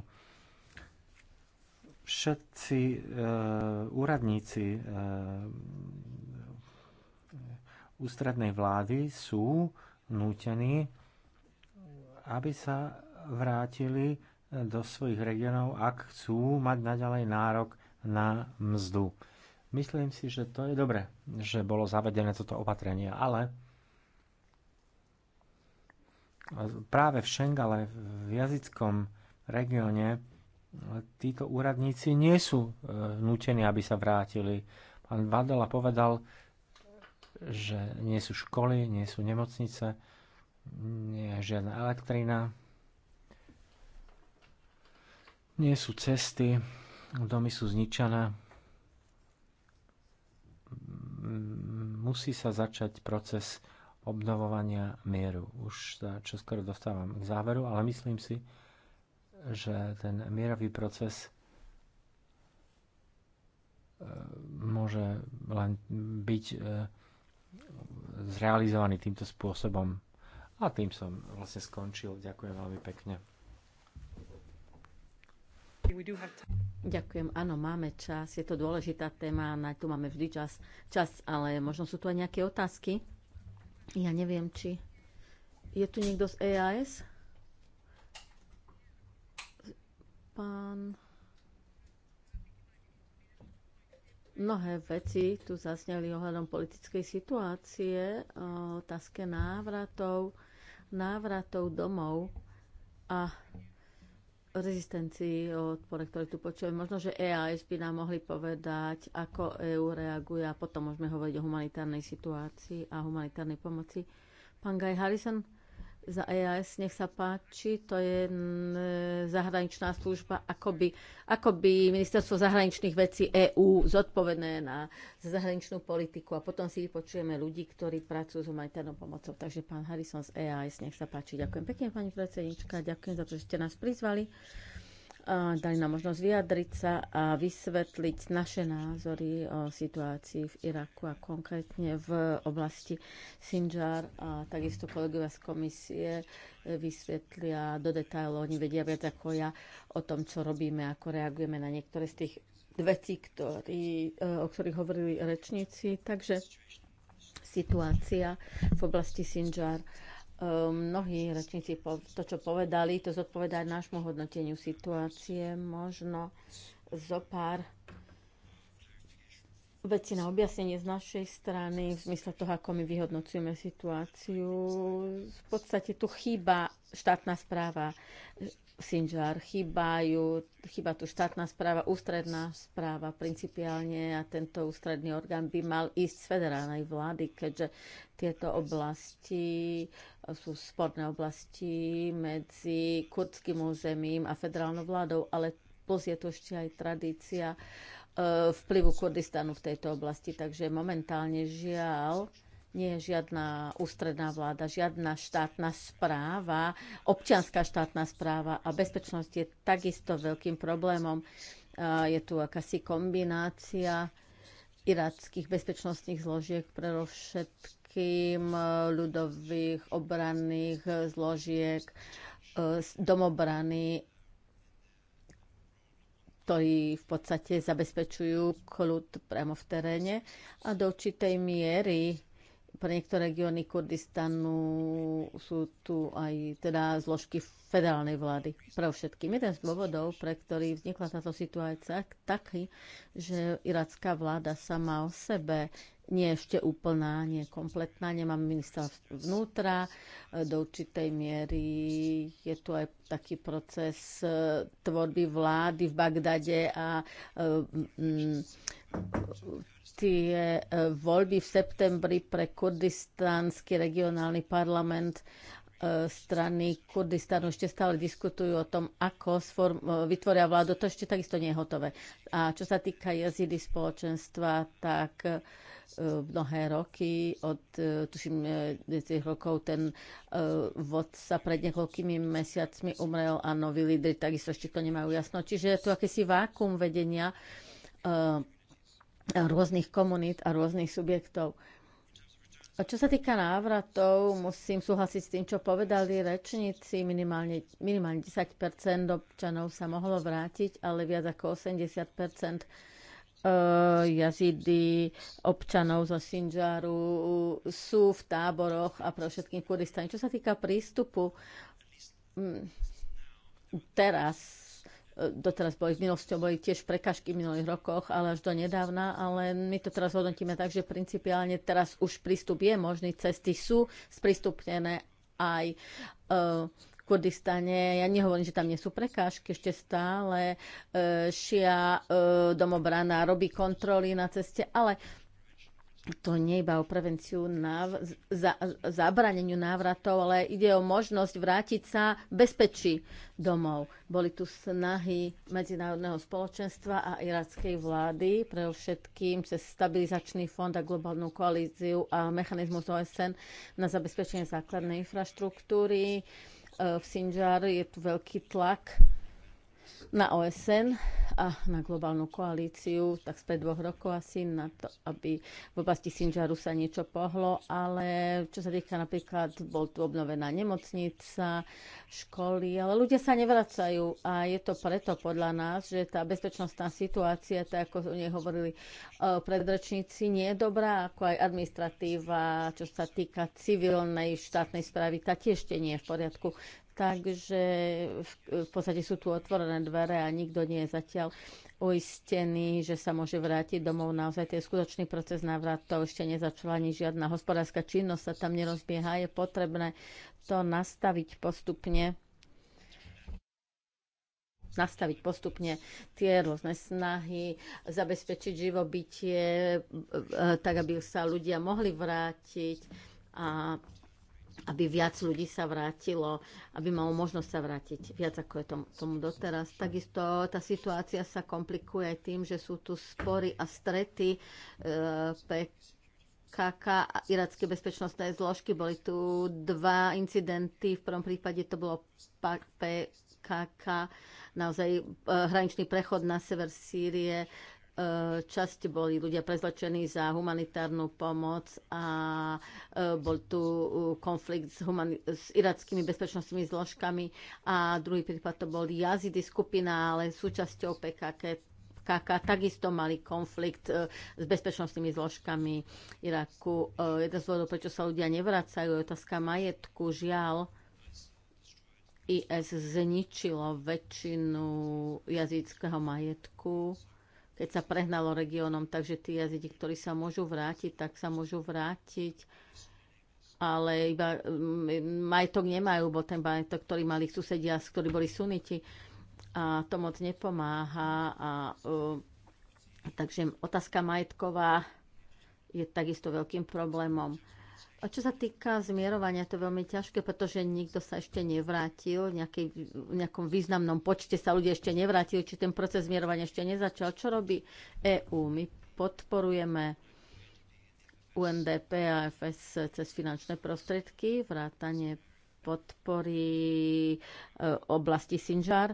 Všetci e, úradníci e, ústrednej vlády sú nútení, aby sa vrátili do svojich regionov, ak chcú mať naďalej nárok na mzdu. Myslím si, že to je dobre, že bolo zavedené toto opatrenie, ale práve v Šengale, v jazyckom regióne, títo úradníci nie sú e, nútení, aby sa vrátili. Pán Vadela povedal, že nie sú školy, nie sú nemocnice, nie je žiadna elektrina, nie sú cesty, domy sú zničené. Musí sa začať proces obnovovania mieru. Už sa čoskoro dostávam k záveru, ale myslím si, že ten mierový proces e, môže len byť e, zrealizovaný týmto spôsobom. A tým som vlastne skončil. Ďakujem veľmi pekne. Ďakujem, áno, máme čas. Je to dôležitá téma, na tu máme vždy čas, čas, ale možno sú tu aj nejaké otázky. Ja neviem, či je tu niekto z EAS? Pán... Mnohé veci tu zazneli ohľadom politickej situácie, o otázke návratov, návratov domov a rezistencii, o odpore, ktoré tu počujem. Možno, že EAS by nám mohli povedať, ako EÚ reaguje a potom môžeme hovoriť o humanitárnej situácii a humanitárnej pomoci. Pán Guy Harrison, za EAS, nech sa páči, to je zahraničná služba, akoby, akoby ministerstvo zahraničných vecí EÚ zodpovedné na zahraničnú politiku a potom si vypočujeme ľudí, ktorí pracujú s humanitárnou pomocou. Takže pán Harrison z EAS, nech sa páči. Ďakujem pekne, pani predsednička, ďakujem za to, že ste nás prizvali dali nám možnosť vyjadriť sa a vysvetliť naše názory o situácii v Iraku a konkrétne v oblasti Sinjar. A takisto kolegovia z komisie vysvetlia do detailov, oni vedia viac ako ja o tom, čo robíme, ako reagujeme na niektoré z tých vecí, ktorý, e, o ktorých hovorili rečníci. Takže situácia v oblasti Sinjar Ehm, mnohí rečníci to, čo povedali, to zodpovedá nášmu hodnoteniu situácie. Možno zo pár veci na objasnenie z našej strany v zmysle toho, ako my vyhodnocujeme situáciu. V podstate tu chýba štátna správa Sinjar, chýbajú, chýba tu štátna správa, ústredná správa principiálne a tento ústredný orgán by mal ísť z federálnej vlády, keďže tieto oblasti e, sú sporné oblasti medzi kurdským územím a federálnou vládou, ale plus je to ešte aj tradícia e, vplyvu Kurdistanu v tejto oblasti. Takže momentálne žiaľ, nie je žiadna ústredná vláda, žiadna štátna správa, občianská štátna správa a bezpečnosť je takisto veľkým problémom. Je tu akási kombinácia irackých bezpečnostných zložiek pre všetkým e, ľudových obranných zložiek, e, domobrany, ktorí v podstate zabezpečujú kľud priamo v teréne a do určitej miery pre niektoré regióny Kurdistanu sú tu aj teda zložky federálnej vlády. Pre všetkým. Jeden z dôvodov, pre ktorý vznikla táto situácia, taký, že iracká vláda sama o sebe nie je ešte úplná, nie je kompletná, nemám ministra vnútra. Do určitej miery je tu aj taký proces eh, tvorby vlády v Bagdade a eh, tie e, voľby v septembri pre kurdistánsky regionálny parlament e, strany Kurdistanu ešte stále diskutujú o tom, ako sform, e, vytvoria vládu. To ešte takisto nie je hotové. A čo sa týka jazidy spoločenstva, tak mnohé roky, od tuším tých rokov ten vod sa pred niekoľkými mesiacmi umrel a noví lídry takisto ešte to nemajú jasno. Čiže je tu akési vákum vedenia rôznych komunít a rôznych subjektov. A čo sa týka návratov, musím súhlasiť s tým, čo povedali rečníci. Minimálne, minimálne 10 občanov sa mohlo vrátiť, ale viac ako 80 e, jazidy občanov zo Sinžaru sú v táboroch a pre všetkým Kurdistane. Čo sa týka prístupu, mm, teraz doteraz boli, v minulosti boli tiež prekažky v minulých rokoch, ale až do nedávna, ale my to teraz hodnotíme tak, že principiálne teraz už prístup je možný, cesty sú sprístupnené aj eh, Kurdistane, ja nehovorím, že tam nie sú prekážky, ešte stále eh, šia eh, domobrana robí kontroly na ceste, ale to nie iba o prevenciu náv- za- zabraneniu návratov, ale ide o možnosť vrátiť sa bezpečí domov. Boli tu snahy medzinárodného spoločenstva a irackej vlády, pre všetkým cez stabilizačný fond a globálnu koalíciu a mechanizmus OSN na zabezpečenie základnej infraštruktúry. E, v Sinjar je tu veľký tlak na OSN a na globálnu koalíciu, tak späť dvoch rokov asi na to, aby v oblasti Sinjaru sa niečo pohlo, ale čo sa týka napríklad, bol tu obnovená nemocnica, školy, ale ľudia sa nevracajú a je to preto podľa nás, že tá bezpečnostná situácia, tak ako o nej hovorili e, predrečníci, nie je dobrá, ako aj administratíva, čo sa týka civilnej štátnej správy, tá tiež nie je v poriadku takže v, v podstate sú tu otvorené dvere a nikto nie je zatiaľ uistený, že sa môže vrátiť domov. Naozaj ten skutočný proces návratov ešte nezačal ani žiadna hospodárska činnosť sa tam nerozbieha. Je potrebné to nastaviť postupne nastaviť postupne tie rôzne snahy, zabezpečiť živobytie, e, e, tak aby sa ľudia mohli vrátiť a aby viac ľudí sa vrátilo, aby malo možnosť sa vrátiť viac ako je tomu, tomu doteraz. Takisto tá situácia sa komplikuje aj tým, že sú tu spory a strety e, PKK a iracké bezpečnostné zložky. Boli tu dva incidenty, v prvom prípade to bolo PKK, naozaj e, hraničný prechod na sever Sýrie, E, Časti boli ľudia prezlačení za humanitárnu pomoc a e, bol tu e, konflikt s, humani- s irackými bezpečnostnými zložkami a druhý prípad to bol jazidy skupina, ale súčasťou PKK KK takisto mali konflikt s bezpečnostnými zložkami Iraku. jeden z dôvodov, prečo sa ľudia nevracajú, je otázka majetku. Žiaľ, IS zničilo väčšinu jazyckého majetku keď sa prehnalo regiónom, takže tí jazidi, ktorí sa môžu vrátiť, tak sa môžu vrátiť ale iba mm, majetok nemajú, bo ten majetok, ktorý mali susedia, ktorí boli suniti, a to moc nepomáha. A, uh, takže otázka majetková je takisto veľkým problémom. A čo sa týka zmierovania, to je veľmi ťažké, pretože nikto sa ešte nevrátil, nejakej, v nejakom významnom počte sa ľudia ešte nevrátili, či ten proces zmierovania ešte nezačal. Čo robí EÚ? My podporujeme UNDP a FS cez finančné prostriedky, vrátanie podpory e, oblasti Sinžar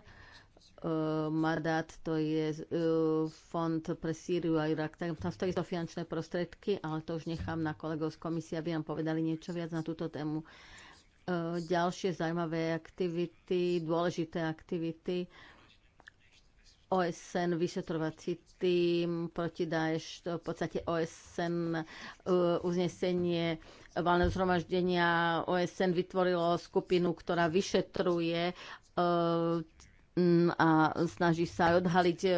Eh, Mardat, to je eh, fond pre Sýriu a Irak. Tam stojí to finančné prostriedky, ale to už nechám na kolegov z komisie, aby nám povedali niečo viac na túto tému. Eh, ďalšie zaujímavé aktivity, dôležité aktivity. OSN vyšetrovací tým proti Daesh, to v podstate OSN uznesenie valného zhromaždenia OSN vytvorilo skupinu, ktorá vyšetruje Mm, a snaží sa odhaliť e,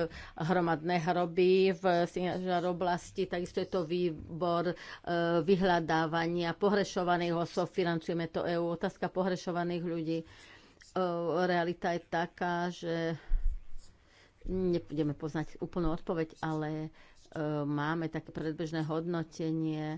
hromadné hroby v Sinažar oblasti. Takisto je to výbor e, vyhľadávania pohrešovaných osob, financujeme to EU. Otázka pohrešovaných ľudí. E, realita je taká, že nebudeme poznať úplnú odpoveď, ale máme také predbežné hodnotenie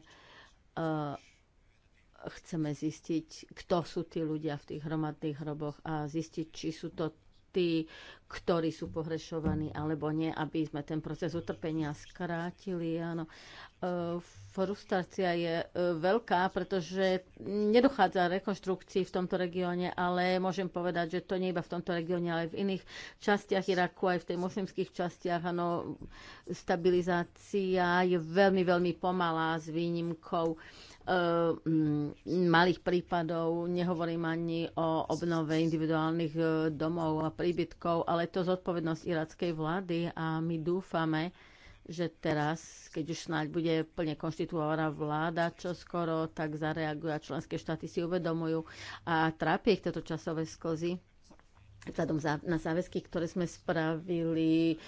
chceme zistiť, kto sú tí ľudia v tých hromadných hroboch a zistiť, či sú to tí, ktorí sú pohrešovaní alebo nie, aby sme ten proces utrpenia skrátili. Áno. E, frustrácia je e, veľká, pretože nedochádza rekonštrukcii v tomto regióne, ale môžem povedať, že to nie iba v tomto regióne, ale aj v iných častiach Iraku, aj v tej moslimských častiach. Áno, stabilizácia je veľmi, veľmi pomalá s výnimkou Ehm, malých prípadov, nehovorím ani o obnove individuálnych e, domov a príbytkov, ale to zodpovednosť irackej vlády a my dúfame, že teraz, keď už snáď bude plne konštituovaná vláda, čo skoro, tak zareaguje a členské štáty si uvedomujú a trápie ich toto časové sklzy vzhľadom na záväzky, ktoré sme spravili eh,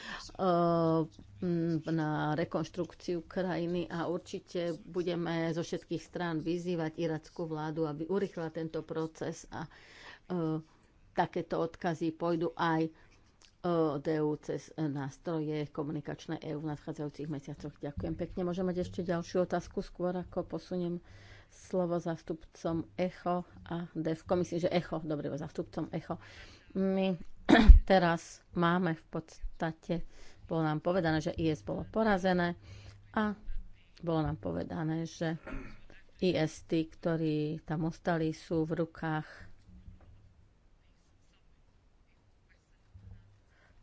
na rekonštrukciu krajiny a určite budeme zo všetkých strán vyzývať irackú vládu, aby urychla tento proces a eh, takéto odkazy pôjdu aj od eh, EU cez nástroje komunikačné EU v nadchádzajúcich mesiacoch. Ďakujem pekne. Môžem mať ešte ďalšiu otázku skôr, ako posuniem slovo zástupcom ECHO a DEVKO. Myslím, že ECHO, dobrý, zástupcom ECHO. Uh, my teraz máme v podstate, bolo nám povedané, že IS bolo porazené a bolo nám povedané, že IS, tí, ktorí tam ostali, sú v rukách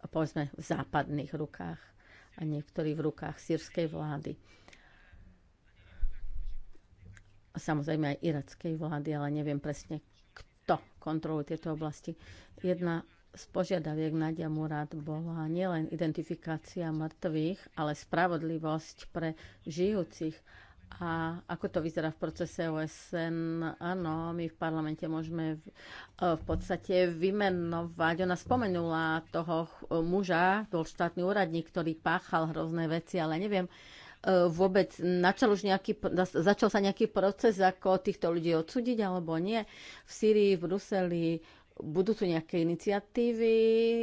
povedzme v západných rukách a niektorí v rukách sírskej vlády. A samozrejme aj irackej vlády, ale neviem presne, kontrolu tieto oblasti. Jedna z požiadaviek Nadia Murad bola nielen identifikácia mŕtvych, ale spravodlivosť pre žijúcich. A ako to vyzerá v procese OSN? Áno, my v parlamente môžeme v, eh, v podstate vymenovať. Ona spomenula toho muža, bol štátny úradník, ktorý páchal hrozné veci, ale neviem, E, vôbec začal, už nejaký, začal sa nejaký proces, ako týchto ľudí odsúdiť alebo nie. V Syrii, v Bruseli, budú tu nejaké iniciatívy,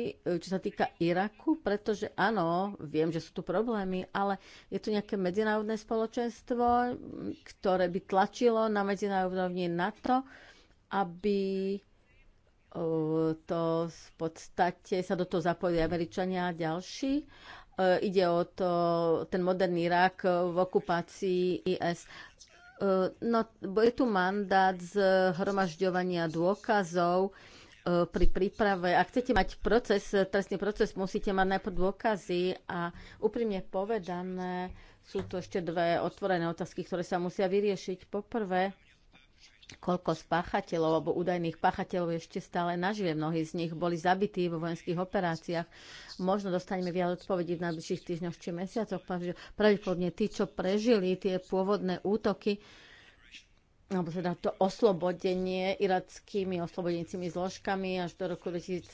e, čo sa týka Iraku, pretože áno, viem, že sú tu problémy, ale je tu nejaké medzinárodné spoločenstvo, ktoré by tlačilo na medzinárodnej na to, aby e, to v podstate sa do toho zapojili Američania a ďalší E, ide o to, ten moderný rak v okupácii IS. E, no, je tu mandát zhromažďovania dôkazov e, pri príprave. Ak chcete mať proces, trestný proces, musíte mať najprv dôkazy a úprimne povedané, sú tu ešte dve otvorené otázky, ktoré sa musia vyriešiť. Poprvé, koľko spáchateľov alebo údajných páchateľov ešte stále nažive. Mnohí z nich boli zabití vo vojenských operáciách. Možno dostaneme viac odpovedí v najbližších týždňoch či mesiacoch. Pravdepodobne tí, čo prežili tie pôvodné útoky, alebo teda to oslobodenie irackými oslobodenícimi zložkami až do roku 2017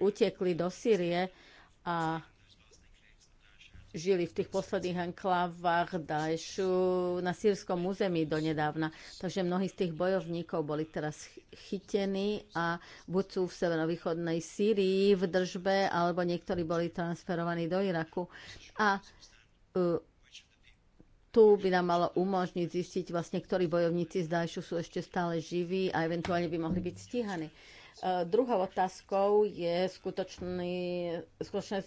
utekli do Sýrie a žili v tých posledných enklávach Daešu na sírskom území donedávna. Takže mnohí z tých bojovníkov boli teraz chytení a buď sú v severovýchodnej Sýrii v držbe, alebo niektorí boli transferovaní do Iraku. A uh, tu by nám malo umožniť zistiť vlastne, ktorí bojovníci z Daešu sú ešte stále živí a eventuálne by mohli byť stíhaní. E, druhou otázkou je skutočný, skutočné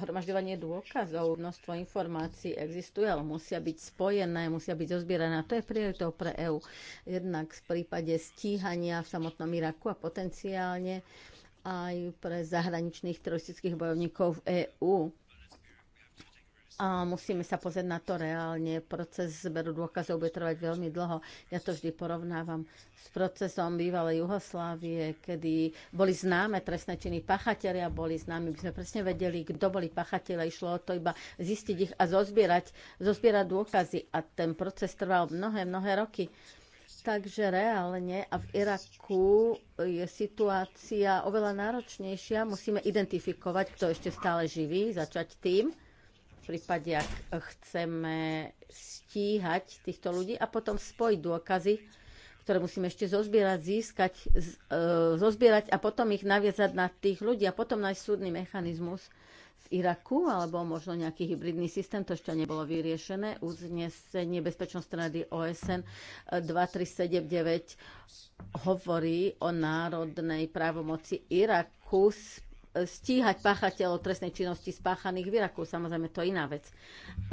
zhromažďovanie e, dôkazov. Množstvo informácií existuje, ale musia byť spojené, musia byť zozbierané. A to je prioritou pre EÚ. Jednak v prípade stíhania v samotnom Iraku a potenciálne aj pre zahraničných teroristických bojovníkov v EÚ a musíme sa pozrieť na to reálne. Proces zberu dôkazov bude trvať veľmi dlho. Ja to vždy porovnávam s procesom bývalej Juhoslávie, kedy boli známe trestné činy pachatelia, boli známi, by sme presne vedeli, kto boli pachatelia, išlo o to iba zistiť ich a zozbierať, zozbierať dôkazy. A ten proces trval mnohé, mnohé roky. Takže reálne a v Iraku je situácia oveľa náročnejšia. Musíme identifikovať, kto ešte stále živý, začať tým prípade, ak chceme stíhať týchto ľudí a potom spojiť dôkazy, ktoré musíme ešte zozbierať, získať, e, zozbierať a potom ich naviazať na tých ľudí a potom nájsť súdny mechanizmus z Iraku alebo možno nejaký hybridný systém, to ešte nebolo vyriešené. Uznesenie Bezpečnosti rady OSN 2379 e, hovorí o národnej právomoci Iraku stíhať páchateľov trestnej činnosti spáchaných v Iraku. Samozrejme, to je iná vec.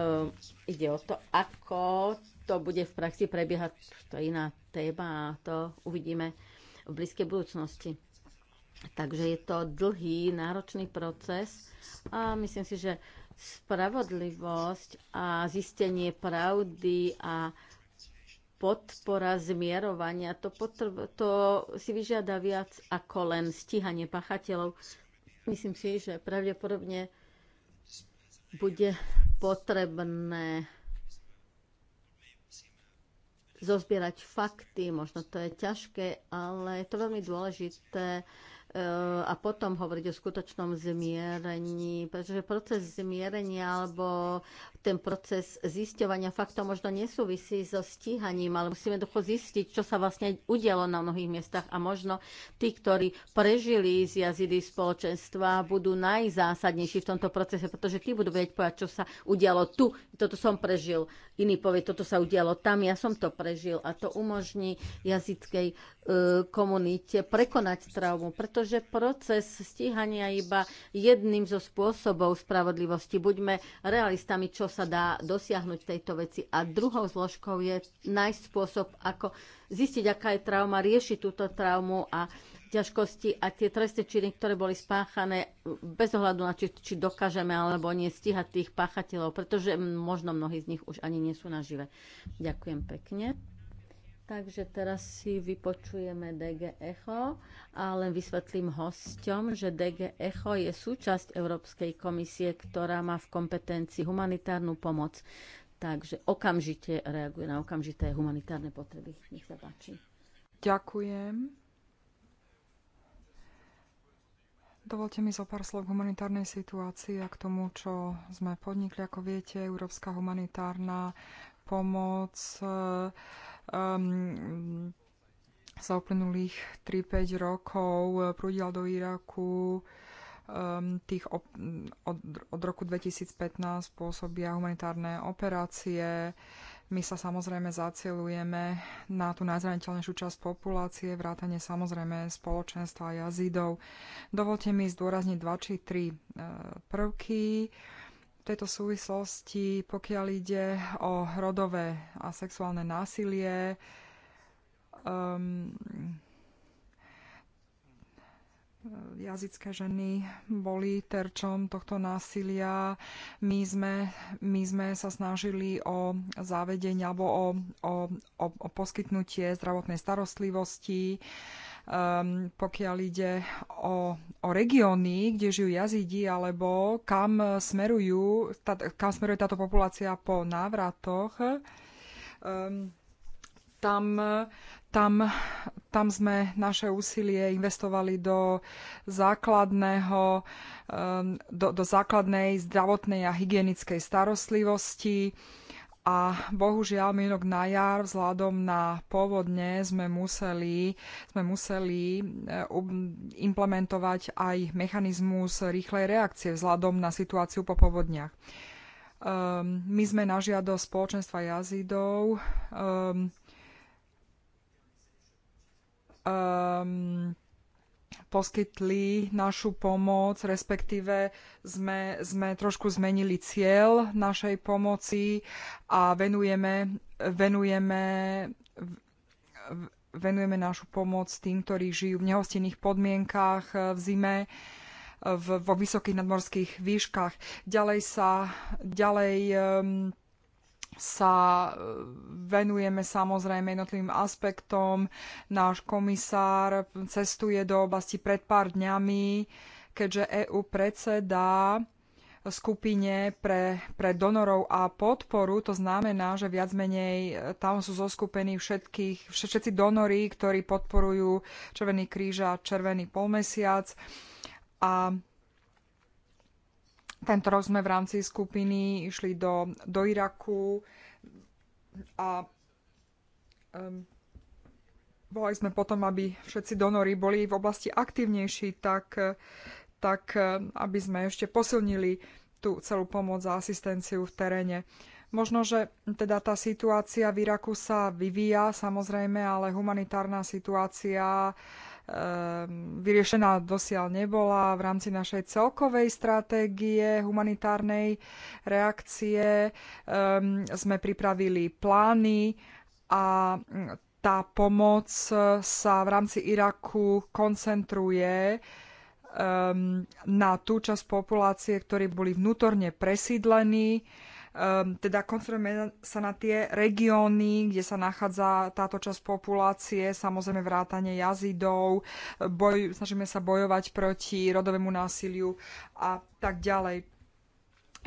Ehm, ide o to, ako to bude v praxi prebiehať. To je iná téma a to uvidíme v blízkej budúcnosti. Takže je to dlhý, náročný proces a myslím si, že spravodlivosť a zistenie pravdy a podpora zmierovania, to, potr- to si vyžiada viac ako len stíhanie pachateľov. Myslím si, že pravdepodobne bude potrebné zozbierať fakty, možno to je ťažké, ale je to veľmi dôležité e, a potom hovoriť o skutočnom zmierení, pretože proces zmierenia alebo ten proces zisťovania faktov možno nesúvisí so stíhaním, ale musíme jednoducho zistiť, čo sa vlastne udialo na mnohých miestach a možno tí, ktorí prežili z jazidy spoločenstva, budú najzásadnejší v tomto procese, pretože tí budú vedieť povedať, čo sa udialo tu, toto som prežil, iný povie, toto sa udialo tam, ja som to prežil a to umožní jazyckej e, komunite prekonať traumu, pretože proces stíhania je iba jedným zo spôsobov spravodlivosti. Buďme realistami, čo sa dá dosiahnuť v tejto veci. A druhou zložkou je nájsť spôsob, ako zistiť, aká je trauma, riešiť túto traumu a ťažkosti a tie trestné činy, ktoré boli spáchané, bez ohľadu na či, či dokážeme alebo nie stíhať tých páchateľov, pretože možno mnohí z nich už ani nie sú nažive. Ďakujem pekne. Takže teraz si vypočujeme DG Echo a len vysvetlím hosťom, že DG Echo je súčasť Európskej komisie, ktorá má v kompetencii humanitárnu pomoc. Takže okamžite reaguje na okamžité humanitárne potreby. Nech sa páči. Ďakujem. Dovolte mi zo pár slov k humanitárnej situácii a k tomu, čo sme podnikli. Ako viete, Európska humanitárna pomoc um, za uplynulých 3-5 rokov eh, prúdila do Iraku um, tých op- od, od roku 2015 pôsobia humanitárne operácie. My sa samozrejme zacielujeme na tú najzraniteľnejšiu časť populácie, vrátane samozrejme spoločenstva jazidov. Dovolte mi zdôrazniť dva či tri eh, prvky tejto súvislosti, pokiaľ ide o rodové a sexuálne násilie, um, jazycké ženy boli terčom tohto násilia. My sme, my sme sa snažili o zavedenie alebo o, o, o, o poskytnutie zdravotnej starostlivosti um, pokiaľ ide o, o regióny, kde žijú jazidi, alebo kam, eh, smerujú, tá, kam smeruje táto populácia po návratoch, um, tam, tam, tam sme naše úsilie investovali do základného, ehm, do, do základnej zdravotnej a hygienickej starostlivosti, a bohužiaľ minulok na jar vzhľadom na povodne sme museli, sme museli e, implementovať aj mechanizmus rýchlej reakcie vzhľadom na situáciu po povodniach. Um, my sme na žiadosť spoločenstva jazidov um, um, poskytli našu pomoc, respektíve sme, sme trošku zmenili cieľ našej pomoci a venujeme, venujeme, venujeme našu pomoc tým, ktorí žijú v nehostinných podmienkách v zime v, vo vysokých nadmorských výškach. Ďalej sa, ďalej um, sa e, venujeme samozrejme jednotlivým aspektom. Náš komisár cestuje do oblasti pred pár dňami, keďže EU predsedá skupine pre, pre donorov a podporu. To znamená, že viac menej e, tam sú zoskupení všetkých, všetci donory, ktorí podporujú Červený kríž a Červený polmesiac. A tento rok sme v rámci skupiny išli do, do Iraku a um, volali sme potom, aby všetci donory boli v oblasti aktívnejší, tak, tak aby sme ešte posilnili tú celú pomoc a asistenciu v teréne. Možno, že teda tá situácia v Iraku sa vyvíja, samozrejme, ale humanitárna situácia Ehm, vyriešená dosiaľ nebola v rámci našej celkovej stratégie humanitárnej reakcie. Ehm, sme pripravili plány a mm, tá pomoc e, sa v rámci Iraku koncentruje ehm, na tú časť populácie, ktorí boli vnútorne presídlení Ehm, teda koncentrujeme sa na tie regióny, kde sa nachádza táto časť populácie, samozrejme vrátanie jazidov, boj, snažíme sa bojovať proti rodovému násiliu a tak ďalej.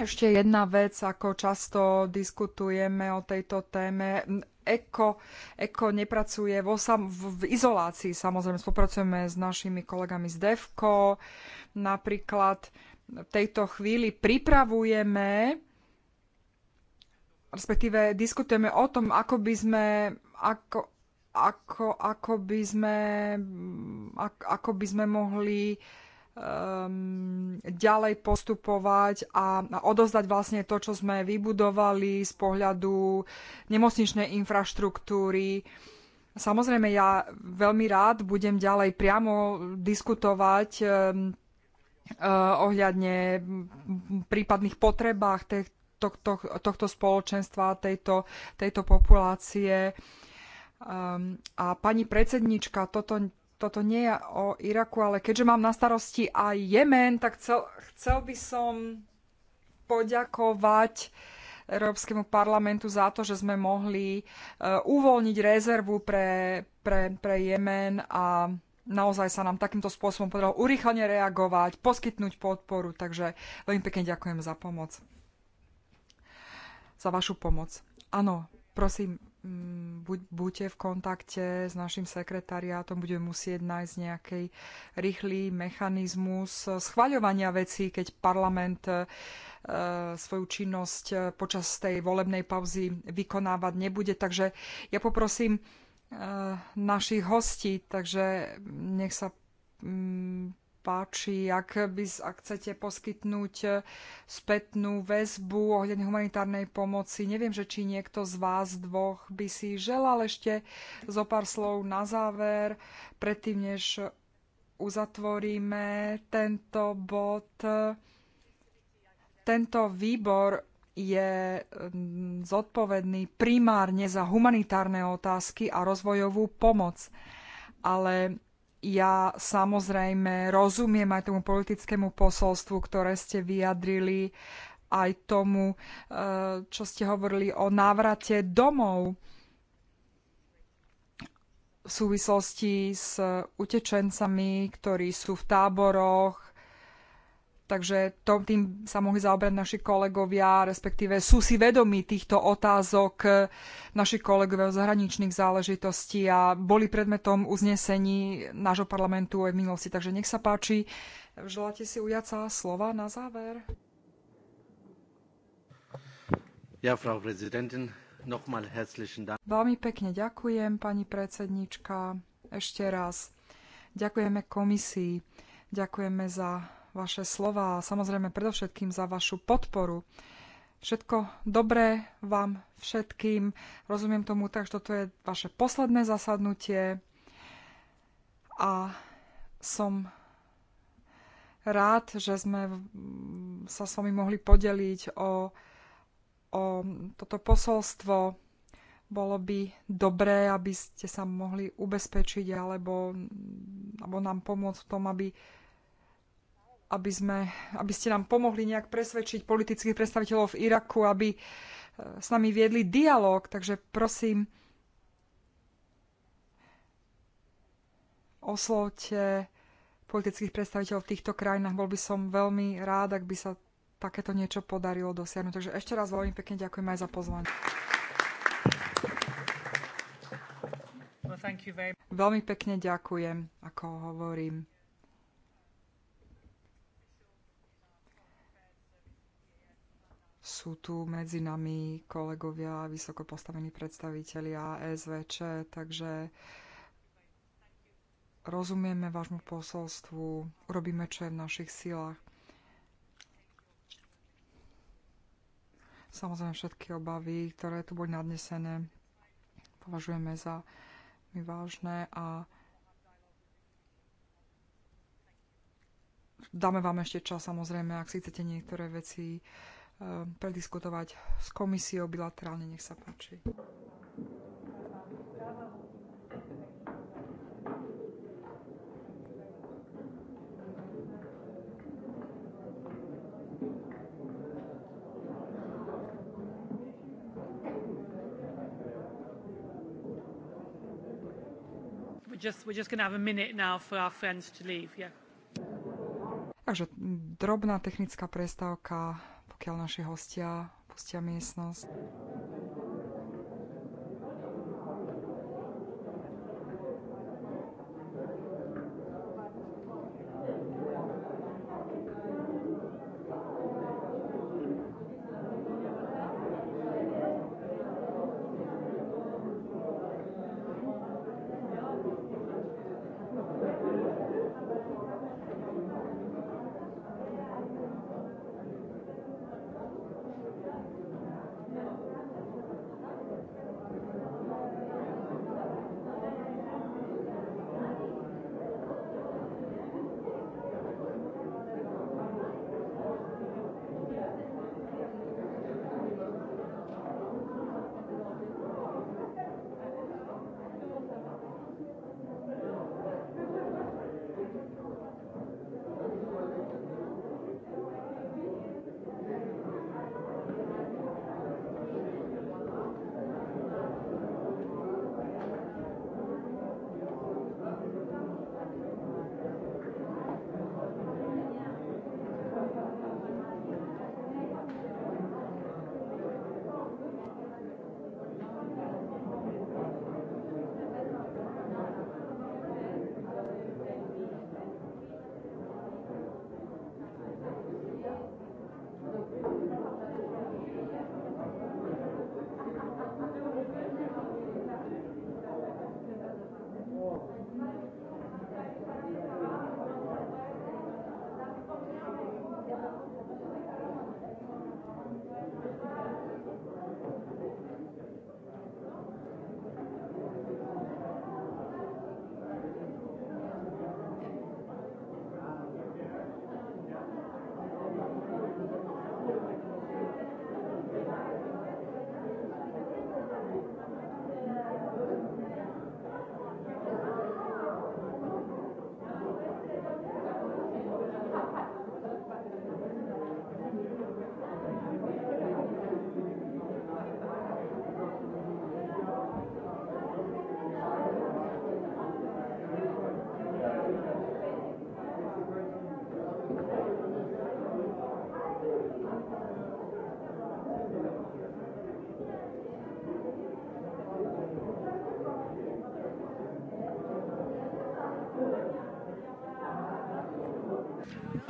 Ešte jedna vec, ako často diskutujeme o tejto téme. Eko, Eko nepracuje vo sam, v, v izolácii, samozrejme, spolupracujeme s našimi kolegami z DEVKO. Napríklad v tejto chvíli pripravujeme respektíve diskutujeme o tom, ako by sme, ako, ako, ako by sme, ako, ako by sme mohli um, ďalej postupovať a, a odozdať vlastne to, čo sme vybudovali z pohľadu nemocničnej infraštruktúry. Samozrejme, ja veľmi rád budem ďalej priamo diskutovať um, ohľadne prípadných potrebách, tohto, tohto spoločenstva, tejto, tejto populácie. Um, a pani predsednička, toto, toto nie je o Iraku, ale keďže mám na starosti aj Jemen, tak chcel, chcel by som poďakovať Európskemu parlamentu za to, že sme mohli uh, uvoľniť rezervu pre, pre, pre Jemen a naozaj sa nám takýmto spôsobom podarilo urýchlene reagovať, poskytnúť podporu, takže veľmi pekne ďakujem za pomoc za vašu pomoc. Áno, prosím, mm, buď, buďte v kontakte s našim sekretariátom, budeme musieť nájsť nejaký rýchly mechanizmus schvaľovania vecí, keď parlament e, svoju činnosť e, počas tej volebnej pauzy vykonávať nebude. Takže ja poprosím e, našich hostí, takže nech sa mm, páči, ak, by, ak chcete poskytnúť eh, spätnú väzbu ohľadne humanitárnej pomoci. Neviem, že či niekto z vás dvoch by si želal ešte zo pár slov na záver, predtým než uzatvoríme tento bod. Tento výbor je mm, zodpovedný primárne za humanitárne otázky a rozvojovú pomoc. Ale ja samozrejme rozumiem aj tomu politickému posolstvu, ktoré ste vyjadrili, aj tomu, e, čo ste hovorili o návrate domov v súvislosti s utečencami, ktorí sú v táboroch, Takže to, tým sa mohli zaobrať naši kolegovia, respektíve sú si vedomí týchto otázok e, naši kolegovia o zahraničných záležitostí a boli predmetom uznesení nášho parlamentu aj v minulosti. Takže nech sa páči, želáte si ujať sa slova na záver? Ja, Frau prezidentin, nochmal herzlichen Dank. Veľmi pekne ďakujem, pani predsednička, ešte raz. Ďakujeme komisii, ďakujeme za vaše slova a samozrejme predovšetkým za vašu podporu. Všetko dobré vám všetkým. Rozumiem tomu tak, že toto je vaše posledné zasadnutie a som rád, že sme sa s vami mohli podeliť o, o toto posolstvo. Bolo by dobré, aby ste sa mohli ubezpečiť alebo, alebo nám pomôcť v tom, aby aby, sme, aby ste nám pomohli nejak presvedčiť politických predstaviteľov v Iraku, aby e, s nami viedli dialog. Takže prosím, oslovte politických predstaviteľov v týchto krajinách. Bol by som veľmi rád, ak by sa takéto niečo podarilo dosiahnuť. Takže ešte raz veľmi pekne ďakujem aj za pozvanie. veľmi pekne ďakujem, ako hovorím. Sú tu medzi nami kolegovia, vysoko postavení predstavitelia SVČ, takže rozumieme vášmu posolstvu, robíme, čo je v našich silách. Samozrejme všetky obavy, ktoré tu boli nadnesené, považujeme za my vážne a dáme vám ešte čas samozrejme, ak si chcete niektoré veci Ehm, prediskutovať s komisiou bilaterálne. Nech sa páči. Just, we're just have a minute now for our friends to leave, yeah. Takže drobná technická prestávka pokiaľ naši hostia pustia miestnosť.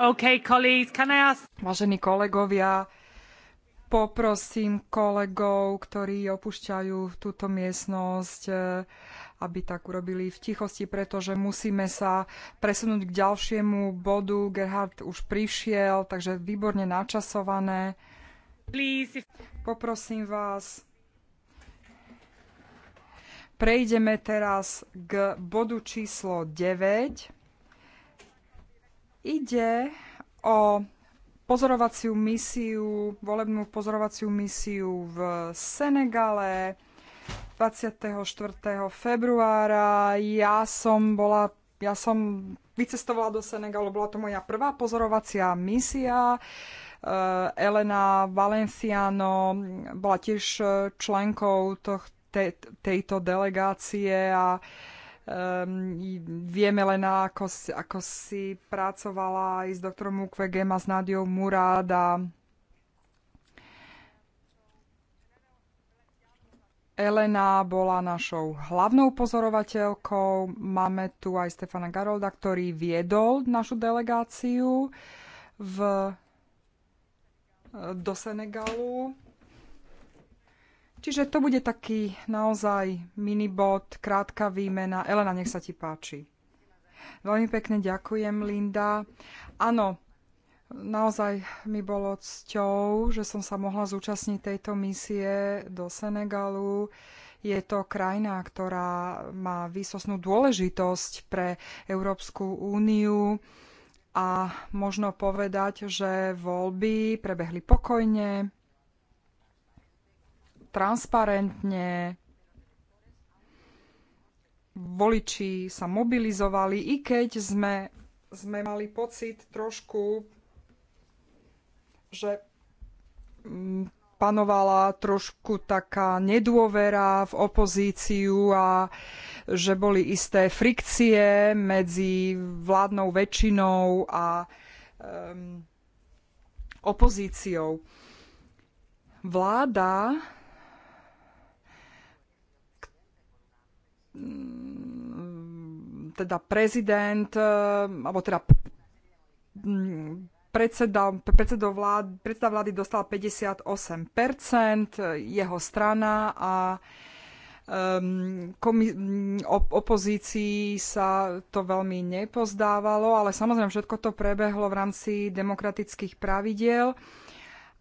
Okay, ask... Vážení kolegovia, poprosím kolegov, ktorí opúšťajú túto miestnosť, eh, aby tak urobili v tichosti, pretože musíme sa presunúť k ďalšiemu bodu. Gerhard už prišiel, takže výborne načasované. Please. Poprosím vás, prejdeme teraz k bodu číslo 9. Ide o pozorovaciu misiu, volebnú pozorovaciu misiu v Senegale 24. februára. Ja som bola ja som vycestovala do Senegalu, bola to moja prvá pozorovacia misia. Eh, Elena Valenciano bola tiež členkou toh, tejto delegácie a uh, Um, vieme len, ako, ako si pracovala aj s doktorom Mukwegem a s Murad Muráda. Elena bola našou hlavnou pozorovateľkou. Máme tu aj Stefana Garolda, ktorý viedol našu delegáciu v, e, do Senegalu. Čiže to bude taký naozaj minibot, krátka výmena. Elena, nech sa ti páči. Veľmi pekne ďakujem, Linda. Áno, naozaj mi bolo cťou, že som sa mohla zúčastniť tejto misie do Senegalu. Je to krajina, ktorá má výsosnú dôležitosť pre Európsku úniu a možno povedať, že voľby prebehli pokojne, transparentne. Voliči sa mobilizovali, i keď sme, sme mali pocit trošku, že mm, panovala trošku taká nedôvera v opozíciu a že boli isté frikcie medzi vládnou väčšinou a um, opozíciou. Vláda Mm, teda prezident, eh, alebo teda mm, predseda, predseda, vlád, predseda vlády dostal 58%, eh, jeho strana a ehm, komi- mm, opozícii sa to veľmi nepozdávalo, ale samozrejme všetko to prebehlo v rámci demokratických pravidiel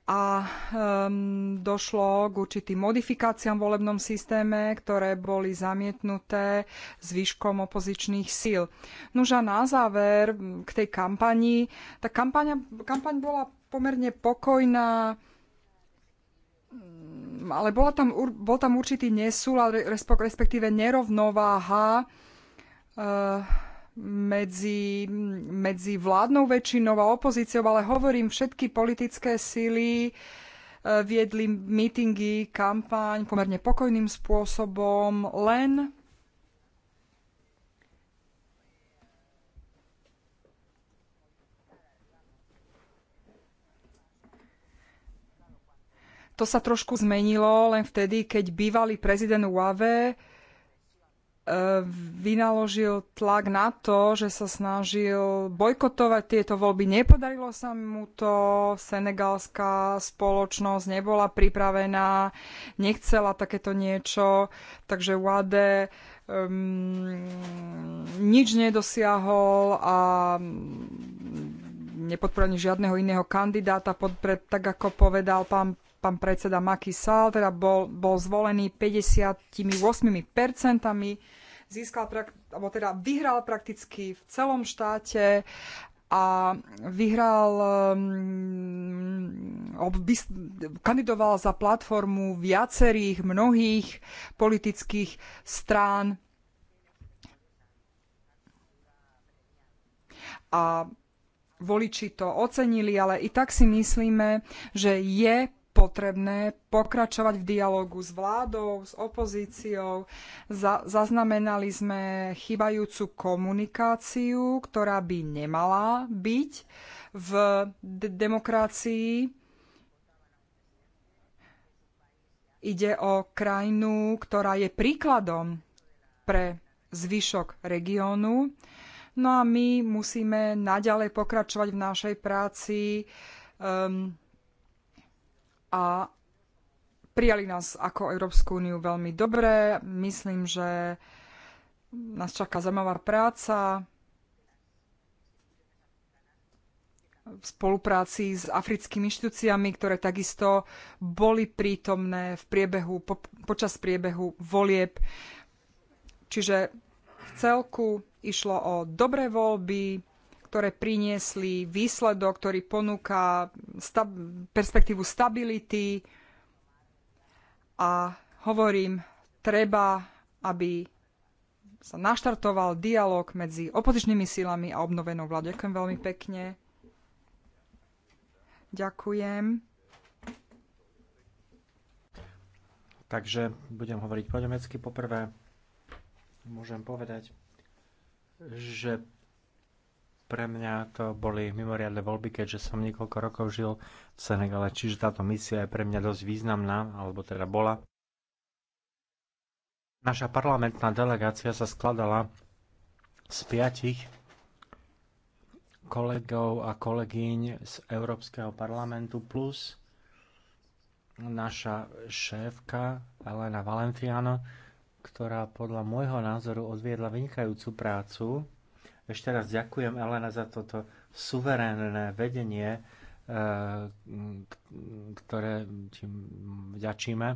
a um, došlo k určitým modifikáciám v volebnom systéme, ktoré boli zamietnuté zvyškom opozičných síl. Nuž a na záver k tej kampani. Tá kampaň, kampaň bola pomerne pokojná, ale bola tam, bol tam určitý nesúlad, respektíve nerovnováha. Uh, medzi, medzi vládnou väčšinou a opozíciou, ale hovorím, všetky politické síly e, viedli mítingy, kampaň pomerne pokojným spôsobom, len To sa trošku zmenilo len vtedy, keď bývalý prezident Uave vynaložil tlak na to, že sa snažil bojkotovať tieto voľby. Nepodarilo sa mu to, senegalská spoločnosť nebola pripravená, nechcela takéto niečo, takže Wade um, nič nedosiahol a nepodporil žiadneho iného kandidáta, tak ako povedal pán pán predseda Macky Sall, teda bol, bol zvolený 58 percentami získal, alebo teda vyhral prakticky v celom štáte a vyhral, um, kandidoval za platformu viacerých, mnohých politických strán. A voliči to ocenili, ale i tak si myslíme, že je potrebné pokračovať v dialogu s vládou, s opozíciou. Za, zaznamenali sme chybajúcu komunikáciu, ktorá by nemala byť v demokracii. Ide o krajinu, ktorá je príkladom pre zvyšok regiónu. No a my musíme naďalej pokračovať v našej práci. Um, a prijali nás ako Európsku úniu veľmi dobre. Myslím, že nás čaká zaujímavá práca v spolupráci s africkými inštitúciami, ktoré takisto boli prítomné v priebehu, po, počas priebehu volieb. Čiže v celku išlo o dobré voľby, ktoré priniesli výsledok, ktorý ponúka stab- perspektívu stability. A hovorím, treba, aby sa naštartoval dialog medzi opozičnými sílami a obnovenou vládou. Ďakujem veľmi pekne. Ďakujem. Takže budem hovoriť po nemecky poprvé. Môžem povedať, že pre mňa to boli mimoriadne voľby, keďže som niekoľko rokov žil v Senegale, čiže táto misia je pre mňa dosť významná, alebo teda bola. Naša parlamentná delegácia sa skladala z piatich kolegov a kolegyň z Európskeho parlamentu plus naša šéfka Elena Valentiano, ktorá podľa môjho názoru odviedla vynikajúcu prácu ešte raz ďakujem Elena za toto suverénne vedenie, e, ktoré ti vďačíme.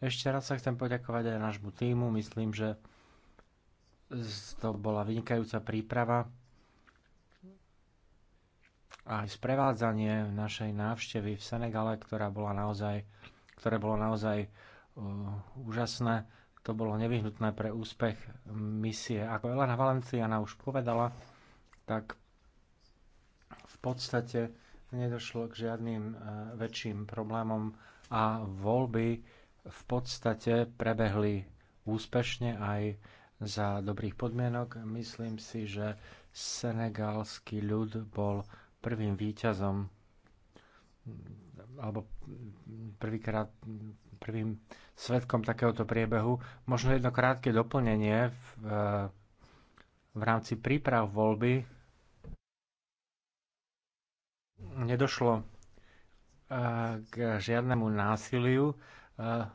Ešte raz sa chcem poďakovať aj nášmu týmu. Myslím, že to bola vynikajúca príprava aj sprevádzanie našej návštevy v Senegale, ktorá bola naozaj, ktoré bolo naozaj uh, úžasné. To bolo nevyhnutné pre úspech misie. Ako Elena Valenciana už povedala, tak v podstate nedošlo k žiadnym e, väčším problémom a voľby v podstate prebehli úspešne aj za dobrých podmienok. Myslím si, že senegalský ľud bol prvým výťazom alebo prvýkrát prvým svetkom takéhoto priebehu. Možno jedno krátke doplnenie v, eh, v rámci príprav voľby nedošlo eh, k žiadnemu násiliu. Eh,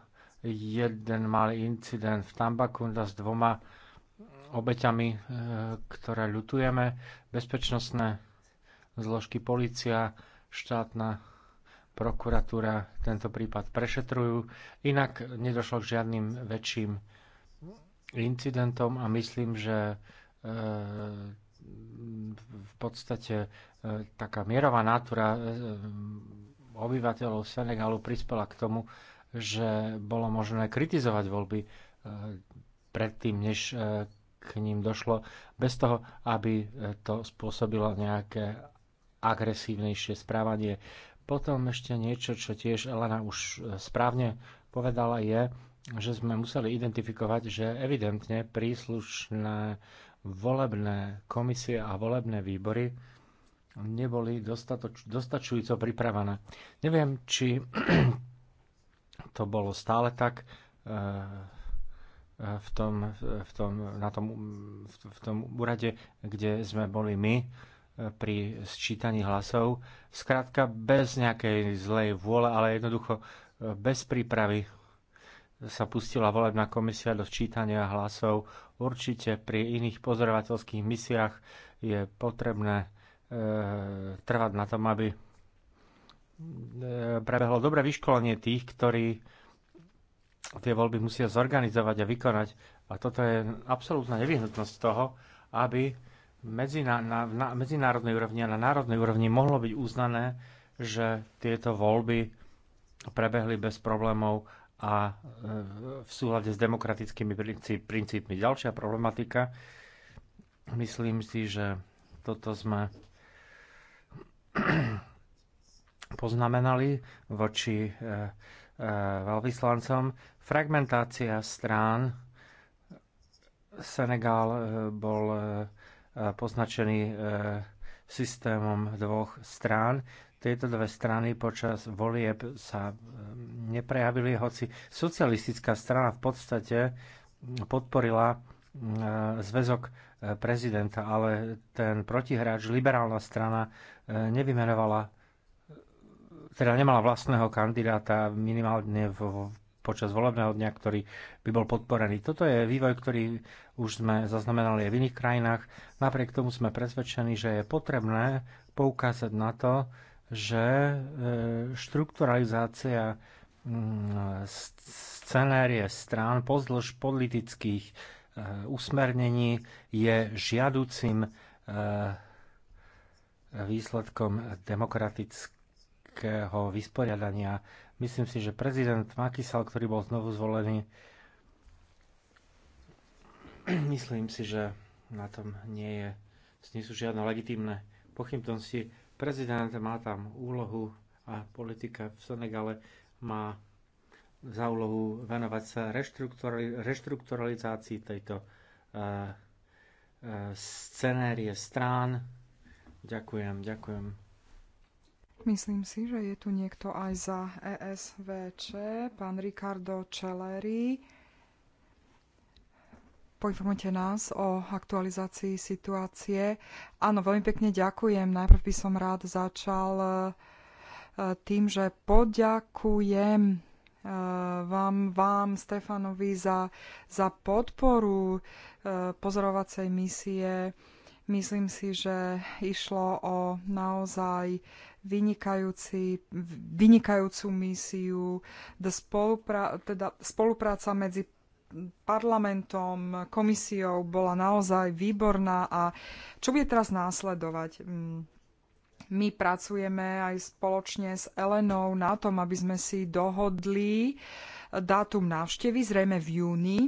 jeden malý incident v Tambakunda s dvoma obeťami, ktoré ľutujeme. Bezpečnostné zložky, policia, štátna prokuratúra tento prípad prešetrujú. Inak nedošlo k žiadnym väčším incidentom a myslím, že e, v podstate e, taká mierová natúra e, obyvateľov Senegalu prispela k tomu, že bolo možné kritizovať voľby predtým, než k ním došlo, bez toho, aby to spôsobilo nejaké agresívnejšie správanie. Potom ešte niečo, čo tiež Elena už e, správne povedala, je, že sme museli identifikovať, že evidentne príslušné volebné komisie a volebné výbory neboli dostatoč, dostačujúco pripravené. Neviem, či to bolo stále tak e, e, v tom, v tom, na tom, v tom úrade, kde sme boli my pri sčítaní hlasov. Skrátka bez nejakej zlej vôle, ale jednoducho e, bez prípravy sa pustila volebná komisia do sčítania hlasov. Určite pri iných pozorovateľských misiách je potrebné e, trvať na tom, aby e, prebehlo dobré vyškolenie tých, ktorí tie voľby musia zorganizovať a vykonať. A toto je absolútna nevyhnutnosť toho, aby na, na medzinárodnej úrovni a na národnej úrovni mohlo byť uznané, že tieto voľby prebehli bez problémov a e, v súhľade s demokratickými princípmi. Ďalšia problematika, myslím si, že toto sme poznamenali voči e, e, veľvyslancom. Fragmentácia strán. Senegal bol Eh, poznačený eh, systémom dvoch strán. Tieto dve strany počas volieb sa eh, neprejavili, hoci socialistická strana v podstate podporila zväzok prezidenta, ale ten protihráč, liberálna strana, nevymenovala, teda nemala vlastného kandidáta minimálne v počas volebného dňa, ktorý by bol podporený. Toto je vývoj, ktorý už sme zaznamenali aj v iných krajinách. Napriek tomu sme presvedčení, že je potrebné poukázať na to, že e, štrukturalizácia mm, scenérie strán pozdĺž politických e, usmernení je žiadúcim e, výsledkom demokratického vysporiadania Myslím si, že prezident Makisal, ktorý bol znovu zvolený, myslím si, že na tom nie je, nie sú žiadne legitímne pochybnosti. Prezident má tam úlohu a politika v Senegale má za úlohu venovať sa reštrukturalizácii tejto uh, uh, scenérie strán. Ďakujem, ďakujem. Myslím si, že je tu niekto aj za ESVČ, pán Ricardo Čelery. Poinformujte nás o aktualizácii situácie. Áno, veľmi pekne ďakujem. Najprv by som rád začal e, e, tým, že poďakujem e, vám, vám Stefanovi, za, za podporu pozorovacej misie Myslím si, že išlo o naozaj vynikajúci, vynikajúcu misiu. Spolupra- teda spolupráca medzi parlamentom, komisiou bola naozaj výborná. A čo bude teraz následovať? Mm, my pracujeme aj spoločne s Elenou na tom, aby sme si dohodli dátum návštevy, zrejme v júni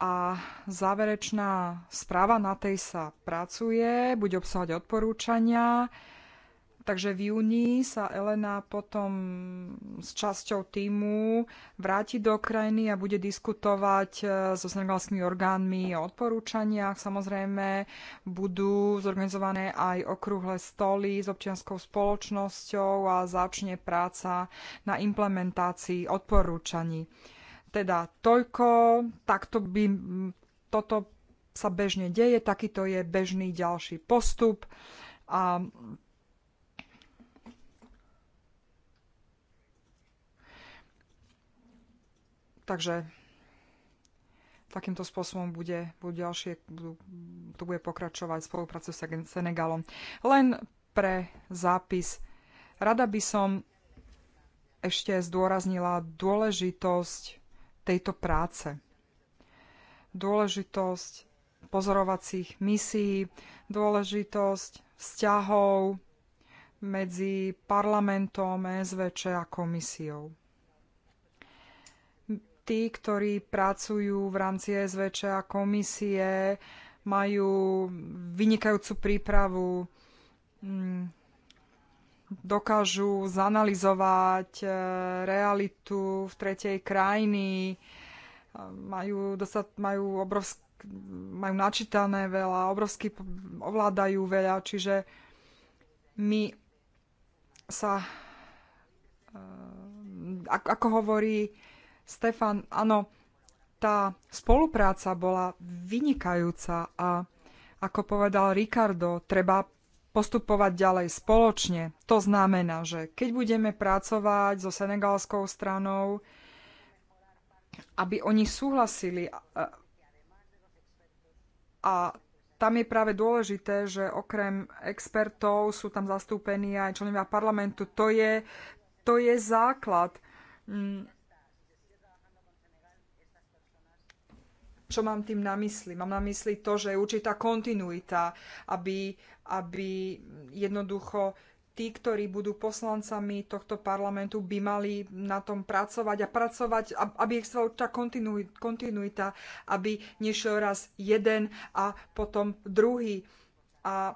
a záverečná správa na tej sa pracuje, bude obsahovať odporúčania. Takže v júni sa Elena potom s časťou týmu vráti do krajiny a bude diskutovať e, so senegalskými orgánmi o odporúčaniach. Samozrejme budú zorganizované aj okrúhle stoly s občianskou spoločnosťou a začne práca na implementácii odporúčaní teda toľko, takto by toto sa bežne deje, takýto je bežný ďalší postup a takže takýmto spôsobom bude, bude ďalšie, budú, to bude pokračovať spoluprácu s Senegalom. Len pre zápis. Rada by som ešte zdôraznila dôležitosť tejto práce. Dôležitosť pozorovacích misií, dôležitosť vzťahov medzi parlamentom, SVČ a komisiou. Tí, ktorí pracujú v rámci SVČ a komisie, majú vynikajúcu prípravu, mm, dokážu zanalizovať e, realitu v tretej krajiny, e, majú, dostat, majú, obrovsk, majú načítané veľa, obrovsky ovládajú veľa, čiže my sa, e, ako hovorí Stefan, áno, tá spolupráca bola vynikajúca a ako povedal Ricardo, treba postupovať ďalej spoločne. To znamená, že keď budeme pracovať so senegalskou stranou, aby oni súhlasili a tam je práve dôležité, že okrem expertov sú tam zastúpení aj členovia parlamentu. To je, to je základ. Mm. Čo mám tým na mysli? Mám na mysli to, že je určitá kontinuita, aby, aby jednoducho tí, ktorí budú poslancami tohto parlamentu, by mali na tom pracovať a pracovať, aby existovala tá kontinuita, aby nešiel raz jeden a potom druhý. A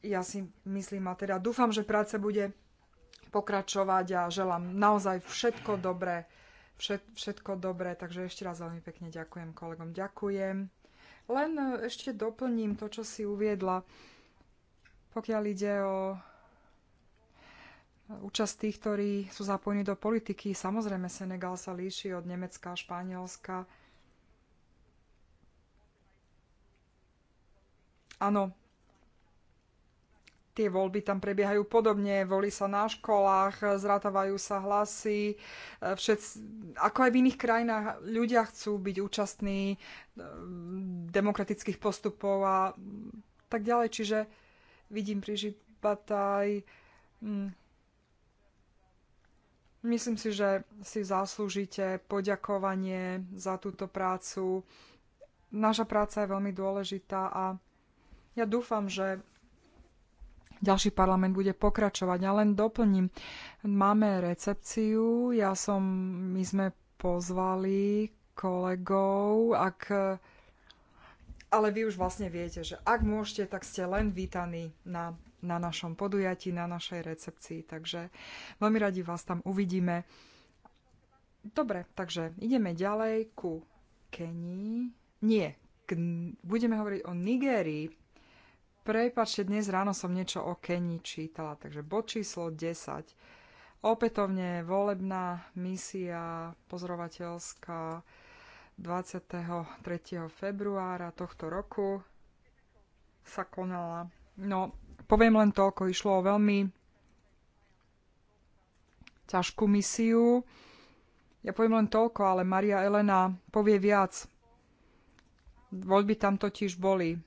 ja si myslím a teda dúfam, že práce bude pokračovať a želám naozaj všetko dobré. všetko dobré, takže ešte raz veľmi pekne ďakujem kolegom. Ďakujem. Len e, ešte doplním to, čo si uviedla. Pokiaľ ide o účasť tých, ktorí sú zapojení do politiky, samozrejme Senegal sa líši od Nemecka a Španielska. Áno, tie voľby tam prebiehajú podobne, volí sa na školách, zrátavajú sa hlasy, všetci, ako aj v iných krajinách ľudia chcú byť účastní ehm, demokratických postupov a tak ďalej. Čiže vidím Prižipataj. Hm, myslím si, že si zaslúžite poďakovanie za túto prácu. Naša práca je veľmi dôležitá a ja dúfam, že ďalší parlament bude pokračovať. Ja len doplním, máme recepciu, ja som, my sme pozvali kolegov, ak ale vy už vlastne viete, že ak môžete, tak ste len vítaní na, na našom podujatí, na našej recepcii. Takže veľmi radi vás tam uvidíme. Dobre, takže ideme ďalej ku Kenii. Nie, k, budeme hovoriť o Nigérii. Prepačte, dnes ráno som niečo o Kenii čítala, takže bod číslo 10. Opätovne volebná misia pozorovateľská 23. februára tohto roku sa konala. No, poviem len toľko, išlo o veľmi ťažkú misiu. Ja poviem len toľko, ale Maria Elena povie viac. Voľby tam totiž boli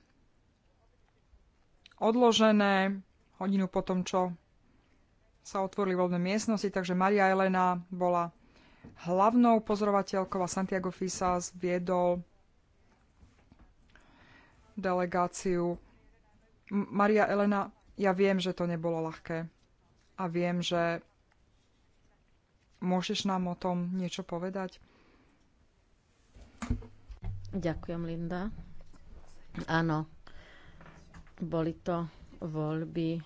odložené hodinu potom, čo sa otvorili voľné miestnosti, takže Maria Elena bola hlavnou pozorovateľkou a Santiago Fisas viedol delegáciu. Maria Elena, ja viem, že to nebolo ľahké a viem, že môžeš nám o tom niečo povedať. Ďakujem, Linda. Áno, boli to voľby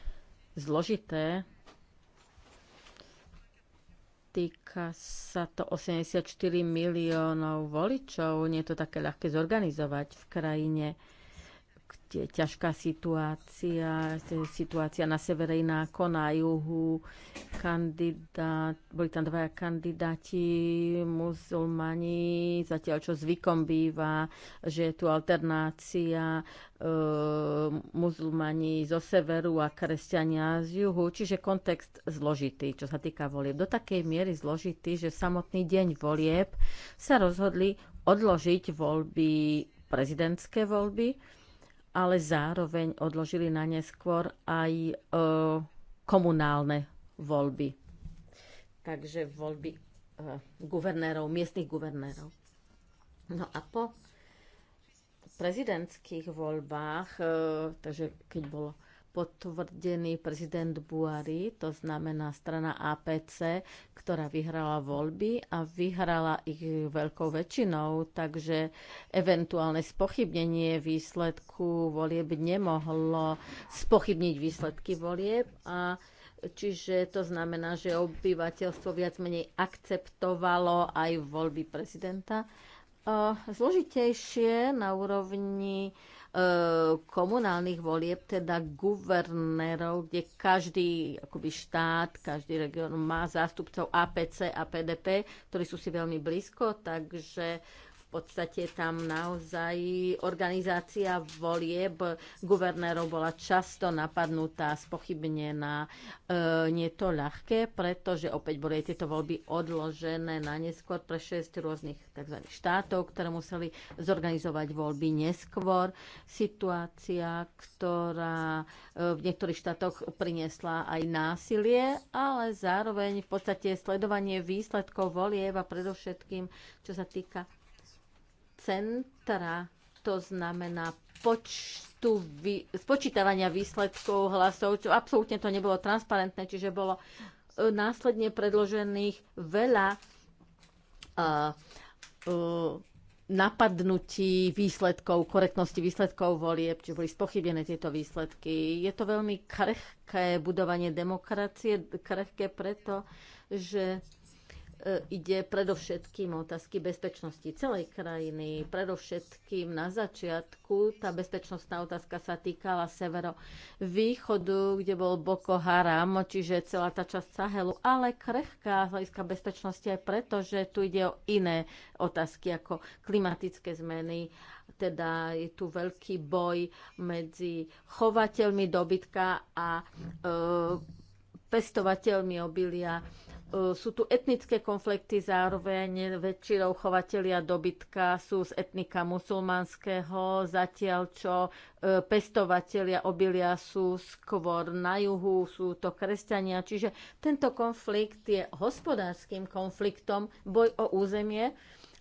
zložité, Týka sa to 84 miliónov voličov. Nie je to také ľahké zorganizovať v krajine je ťažká situácia, situácia na severe ináko, na juhu. Kandidát, boli tam dvaja kandidáti, muzulmani, zatiaľ čo zvykom býva, že je tu alternácia e, muzulmani zo severu a kresťania z juhu, čiže kontext zložitý, čo sa týka volieb. Do takej miery zložitý, že samotný deň volieb sa rozhodli odložiť voľby, prezidentské voľby, ale zároveň odložili na neskôr aj e, komunálne voľby. Takže voľby e, guvernérov, miestnych guvernérov. No a po prezidentských voľbách, e, takže keď bolo potvrdený prezident Buari, to znamená strana APC, ktorá vyhrala voľby a vyhrala ich veľkou väčšinou, takže eventuálne spochybnenie výsledku volieb nemohlo spochybniť výsledky volieb a Čiže to znamená, že obyvateľstvo viac menej akceptovalo aj voľby prezidenta. Zložitejšie na úrovni E, komunálnych volieb, teda guvernérov, kde každý akoby štát, každý región má zástupcov APC a PDP, ktorí sú si veľmi blízko, takže podstate tam naozaj organizácia volieb guvernérov bola často napadnutá, spochybnená. E, nie je to ľahké, pretože opäť boli tieto voľby odložené na neskôr pre 6 rôznych tzv. štátov, ktoré museli zorganizovať voľby neskôr. Situácia, ktorá e, v niektorých štátoch priniesla aj násilie, ale zároveň v podstate sledovanie výsledkov volieb a predovšetkým, čo sa týka centra, to znamená počtu vy, spočítavania výsledkov hlasov, čo absolútne to nebolo transparentné, čiže bolo e, následne predložených veľa uh, uh, napadnutí výsledkov, korektnosti výsledkov volieb, čiže boli spochybnené tieto výsledky. Je to veľmi krehké budovanie demokracie, krehké preto, že E, ide predovšetkým o otázky bezpečnosti celej krajiny. Predovšetkým na začiatku tá bezpečnostná otázka sa týkala severovýchodu, kde bol Boko Haram, čiže celá tá časť Sahelu, ale krehká z hľadiska bezpečnosti aj preto, že tu ide o iné otázky ako klimatické zmeny teda je tu veľký boj medzi chovateľmi dobytka a e, pestovateľmi obilia E, sú tu etnické konflikty zároveň, väčšinou chovatelia dobytka sú z etnika musulmanského, zatiaľ čo e, pestovatelia obilia sú skôr na juhu, sú to kresťania. Čiže tento konflikt je hospodárskym konfliktom, boj o územie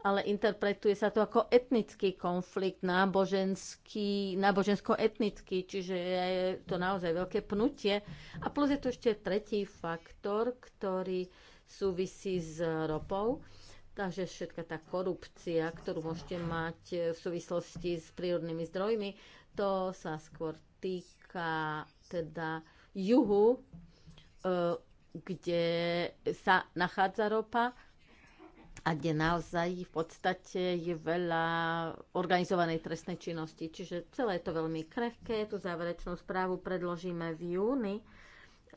ale interpretuje sa to ako etnický konflikt, náboženský, nábožensko-etnický, čiže je to naozaj veľké pnutie. A plus je tu ešte tretí faktor, ktorý súvisí s ropou. Takže všetka tá korupcia, ktorú môžete mať v súvislosti s prírodnými zdrojmi, to sa skôr týka teda juhu, eh, kde sa nachádza ropa a kde naozaj v podstate je veľa organizovanej trestnej činnosti. Čiže celé je to veľmi krehké. Tú záverečnú správu predložíme v júni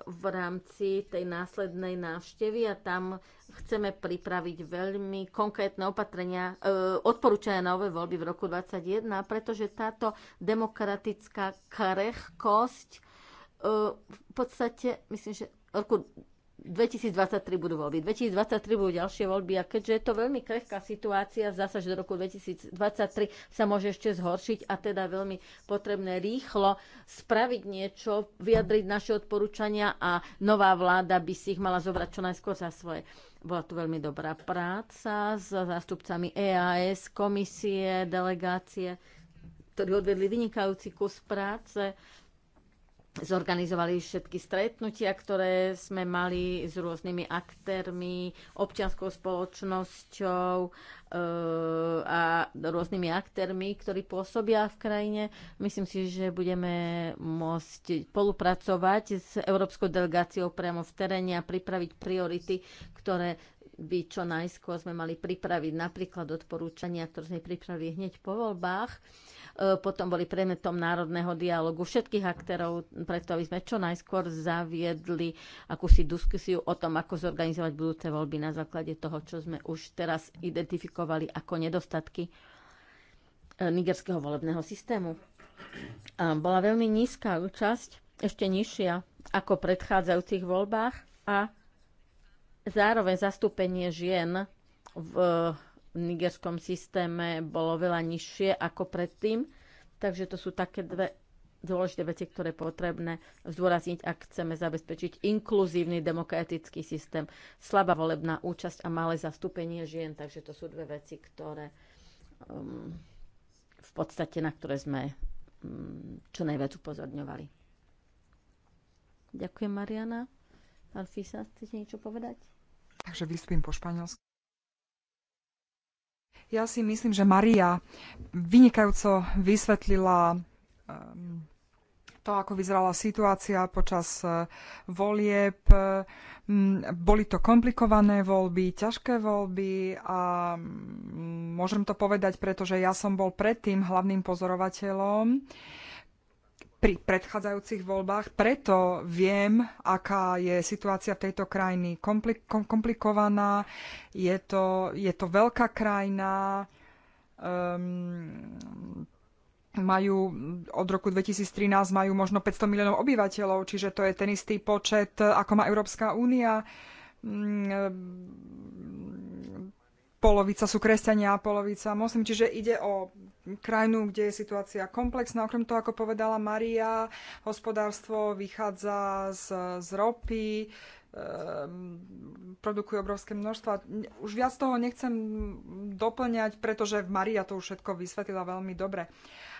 v rámci tej následnej návštevy a tam chceme pripraviť veľmi konkrétne opatrenia, e, odporúčania na nové voľby v roku 2021, pretože táto demokratická krehkosť e, v podstate, myslím, že roku 2023 budú voľby. 2023 budú ďalšie voľby a keďže je to veľmi krehká situácia, zdá sa, že do roku 2023 sa môže ešte zhoršiť a teda veľmi potrebné rýchlo spraviť niečo, vyjadriť naše odporúčania a nová vláda by si ich mala zobrať čo najskôr za svoje. Bola tu veľmi dobrá práca s zástupcami EAS, komisie, delegácie, ktorí odvedli vynikajúci kus práce zorganizovali všetky stretnutia, ktoré sme mali s rôznymi aktérmi, občianskou spoločnosťou e, a rôznymi aktérmi, ktorí pôsobia v krajine. Myslím si, že budeme môcť spolupracovať s Európskou delegáciou priamo v teréne a pripraviť priority, ktoré by čo najskôr sme mali pripraviť napríklad odporúčania, ktoré sme pripravili hneď po voľbách. E, potom boli predmetom národného dialogu všetkých aktérov, preto aby sme čo najskôr zaviedli akúsi diskusiu o tom, ako zorganizovať budúce voľby na základe toho, čo sme už teraz identifikovali ako nedostatky e, nigerského volebného systému. Bola veľmi nízka účasť, ešte nižšia ako v predchádzajúcich voľbách a Zároveň zastúpenie žien v nigerskom systéme bolo veľa nižšie ako predtým, takže to sú také dve dôležité veci, ktoré je potrebné zdôrazniť, ak chceme zabezpečiť inkluzívny demokratický systém, slabá volebná účasť a malé zastúpenie žien. Takže to sú dve veci, ktoré um, v podstate na ktoré sme um, čo najviac upozorňovali. Ďakujem, Mariana. Alfisa, chcete niečo povedať? Takže vystúpim po španielsku. Ja si myslím, že Maria vynikajúco vysvetlila um, to, ako vyzerala situácia počas uh, volieb. Um, boli to komplikované voľby, ťažké voľby a um, môžem to povedať, pretože ja som bol predtým hlavným pozorovateľom. Uh, pri predchádzajúcich voľbách. Preto viem, aká je situácia v tejto krajiny komplik- komplikovaná. Je to, je to veľká krajina. Um, majú od roku 2013 majú možno 500 miliónov obyvateľov, čiže to je ten istý počet, ako má Európska únia. Um, polovica sú kresťania a polovica moslim, čiže ide o krajinu, kde je situácia komplexná. Okrem toho, ako povedala Maria, hospodárstvo vychádza z, z ropy, ehm, produkuje obrovské množstva. Už viac toho nechcem doplňať, pretože Maria to už všetko vysvetlila veľmi dobre.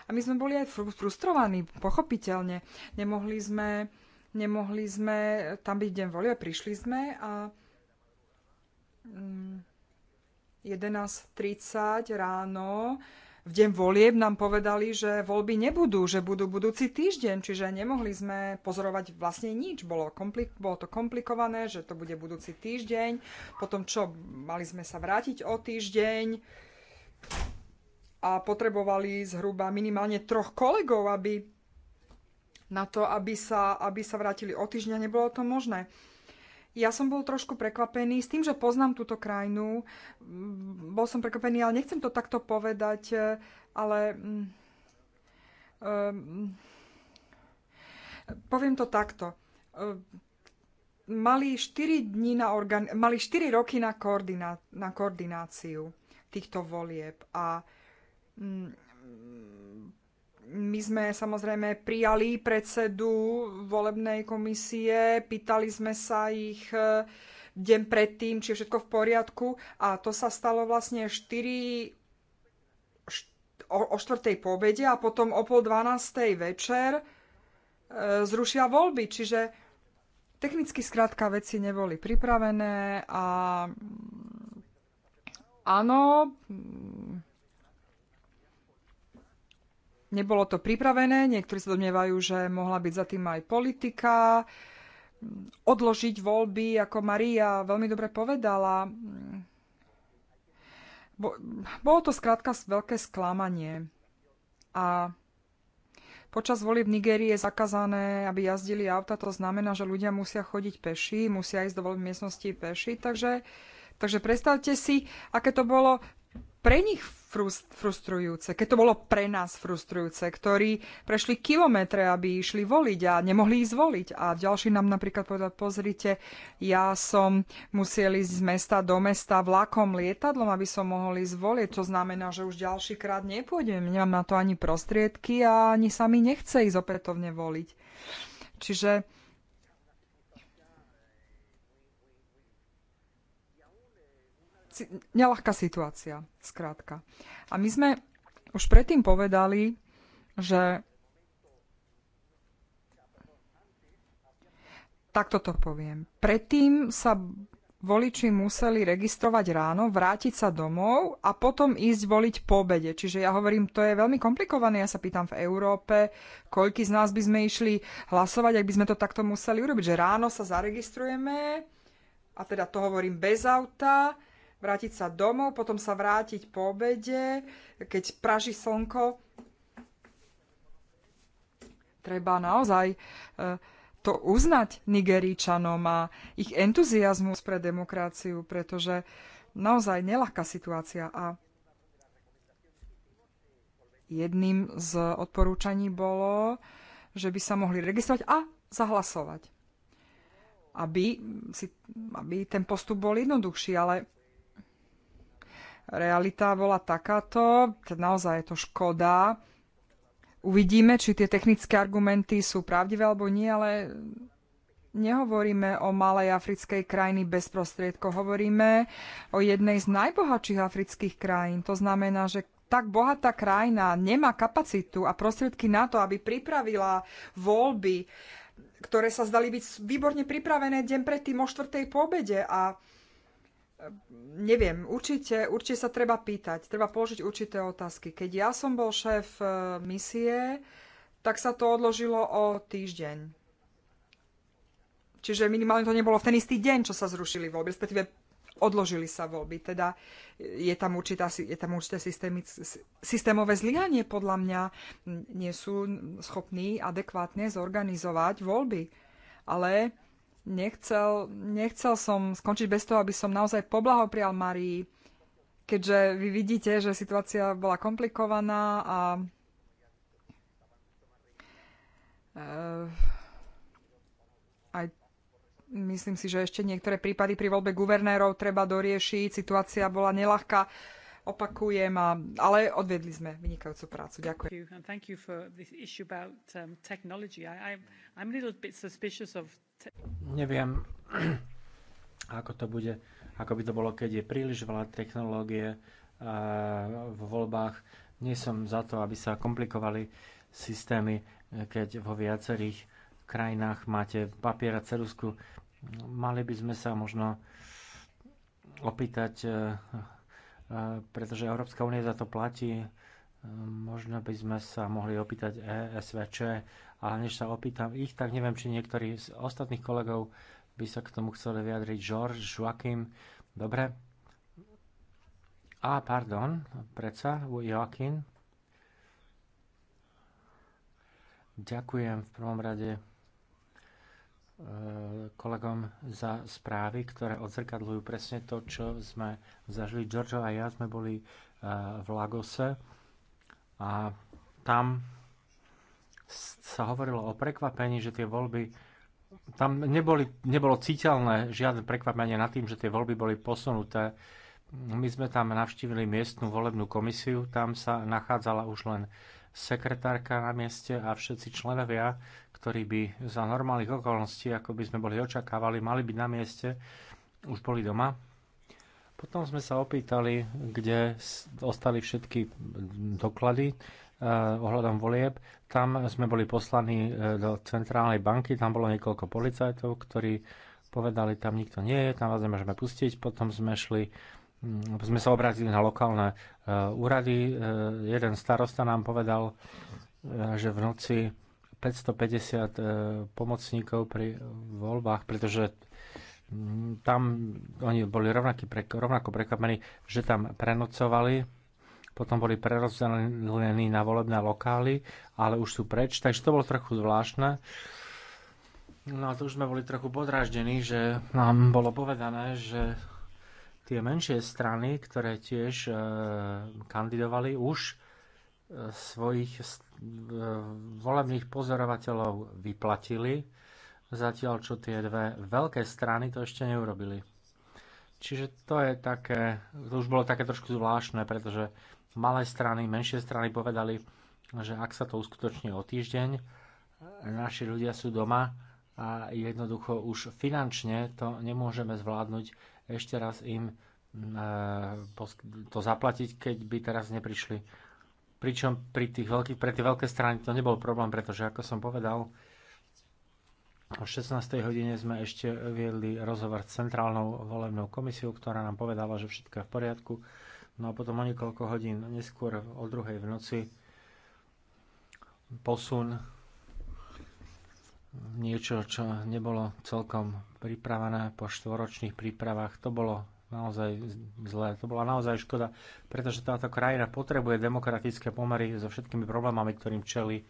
A my sme boli aj frustrovaní, pochopiteľne. Nemohli sme, nemohli sme tam byť deň volie, prišli sme a mm, 11.30 ráno v deň volieb nám povedali, že voľby nebudú, že budú budúci týždeň, čiže nemohli sme pozorovať vlastne nič. Bolo, komplik- bolo to komplikované, že to bude budúci týždeň. Potom čo, mali sme sa vrátiť o týždeň a potrebovali zhruba minimálne troch kolegov, aby na to, aby sa, aby sa vrátili o týždňa, nebolo to možné. Ja som bol trošku prekvapený s tým, že poznám túto krajinu. Mm, bol som prekvapený, ale nechcem to takto povedať, e, ale... Um, poviem to takto. E, mali 4, dní na organ- mali 4 roky na, koordiná- na koordináciu týchto volieb a my sme samozrejme prijali predsedu volebnej komisie, pýtali sme sa ich e, deň predtým, či je všetko v poriadku a to sa stalo vlastne 4 o, štvrtej povede a potom o pol 12. večer e, zrušia voľby. Čiže technicky skrátka veci neboli pripravené a mm, áno, mm, nebolo to pripravené. Niektorí sa domnievajú, že mohla byť za tým aj politika. Mm, odložiť voľby, ako Maria veľmi dobre povedala. bolo to skrátka veľké sklamanie. A Počas volieb v Nigérii je zakázané, aby jazdili auta, to znamená, že ľudia musia chodiť peši, musia ísť do voľby miestnosti peši, takže, takže predstavte si, aké to bolo pre nich frustrujúce, keď to bolo pre nás frustrujúce, ktorí prešli kilometre, aby išli voliť a nemohli ísť voliť. A ďalší nám napríklad povedal, pozrite, ja som musel ísť z mesta do mesta vlakom, lietadlom, aby som mohol ísť voliť, To znamená, že už ďalší krát nepôjdem, nemám na to ani prostriedky a ani sa mi nechce ísť opätovne voliť. Čiže nelahká situácia, skrátka. A my sme už predtým povedali, že takto to poviem. Predtým sa voliči museli registrovať ráno, vrátiť sa domov a potom ísť voliť po obede. Čiže ja hovorím, to je veľmi komplikované. Ja sa pýtam v Európe, Koľko z nás by sme išli hlasovať, ak by sme to takto museli urobiť. Že ráno sa zaregistrujeme, a teda to hovorím bez auta, vrátiť sa domov, potom sa vrátiť po obede, keď praží slnko. Treba naozaj e, to uznať Nigeríčanom a ich entuziasmus pre demokraciu, pretože naozaj nelahká situácia a jedným z odporúčaní bolo, že by sa mohli registrovať a zahlasovať. Aby, si, aby ten postup bol jednoduchší, ale realita bola takáto, naozaj je to škoda. Uvidíme, či tie technické argumenty sú pravdivé alebo nie, ale nehovoríme o malej africkej krajiny bez prostriedkov. Hovoríme o jednej z najbohatších afrických krajín. To znamená, že tak bohatá krajina nemá kapacitu a prostriedky na to, aby pripravila voľby, ktoré sa zdali byť výborne pripravené deň predtým o štvrtej po a neviem, určite, určite sa treba pýtať, treba položiť určité otázky. Keď ja som bol šéf e, misie, tak sa to odložilo o týždeň. Čiže minimálne to nebolo v ten istý deň, čo sa zrušili voľby, respektíve odložili sa voľby. Teda je tam, určitá, je tam určité systémy, systémové zlyhanie, podľa mňa nie sú schopní adekvátne zorganizovať voľby. Ale nechcel, nechcel som skončiť bez toho, aby som naozaj poblahoprial Marii, keďže vy vidíte, že situácia bola komplikovaná a eh, aj myslím si, že ešte niektoré prípady pri voľbe guvernérov treba doriešiť. Situácia bola nelahká, opakujem, a, ale odvedli sme vynikajúcu prácu. Ďakujem. Thank you, and thank you for this issue about um, Neviem, ako to bude, ako by to bolo, keď je príliš veľa technológie eh, vo voľbách. Nie som za to, aby sa komplikovali systémy, eh, keď vo viacerých krajinách máte papier a ceruzku. Mali by sme sa možno opýtať, eh, pretože Európska únia za to platí, možno by sme sa mohli opýtať ESVČ, a než sa opýtam ich, tak neviem, či niektorí z ostatných kolegov by sa k tomu chceli vyjadriť. George, Joachim, dobre. A, pardon, predsa, Joachim. Ďakujem v prvom rade e, kolegom za správy, ktoré odzrkadľujú presne to, čo sme zažili. George a ja sme boli e, v Lagose a tam sa hovorilo o prekvapení, že tie voľby tam neboli, nebolo citeľné žiadne prekvapenie nad tým, že tie voľby boli posunuté. My sme tam navštívili miestnu volebnú komisiu, tam sa nachádzala už len sekretárka na mieste a všetci členovia, ktorí by za normálnych okolností, ako by sme boli očakávali, mali byť na mieste, už boli doma. Potom sme sa opýtali, kde ostali všetky doklady. Eh, ohľadom volieb. Tam sme boli poslaní eh, do centrálnej banky, tam bolo niekoľko policajtov, ktorí povedali, tam nikto nie je, tam vás nemôžeme pustiť. Potom sme šli mm, sme sa obratili na lokálne eh, úrady. Jeden starosta nám povedal, že v noci 550 pomocníkov pri voľbách, pretože mm, tam oni boli rovnako prekvapení, že tam prenocovali potom boli prerozdelení na volebné lokály, ale už sú preč, takže to bolo trochu zvláštne. No a tu už sme boli trochu podráždení, že nám bolo povedané, že tie menšie strany, ktoré tiež e, kandidovali, už e, svojich e, volebných pozorovateľov vyplatili, zatiaľ čo tie dve veľké strany to ešte neurobili. Čiže to je také, to už bolo také trošku zvláštne, pretože malé strany, menšie strany povedali, že ak sa to uskutoční o týždeň, naši ľudia sú doma a jednoducho už finančne to nemôžeme zvládnuť ešte raz im e, to zaplatiť, keď by teraz neprišli. Pričom pri tých veľkých, pre tie veľké strany to nebol problém, pretože ako som povedal, o 16. hodine sme ešte viedli rozhovor s centrálnou volebnou komisiou, ktorá nám povedala, že všetko je v poriadku No a potom o niekoľko hodín neskôr o druhej v noci posun niečo, čo nebolo celkom pripravené po štvoročných prípravách. To bolo naozaj zlé. To bola naozaj škoda, pretože táto krajina potrebuje demokratické pomery so všetkými problémami, ktorým čeli.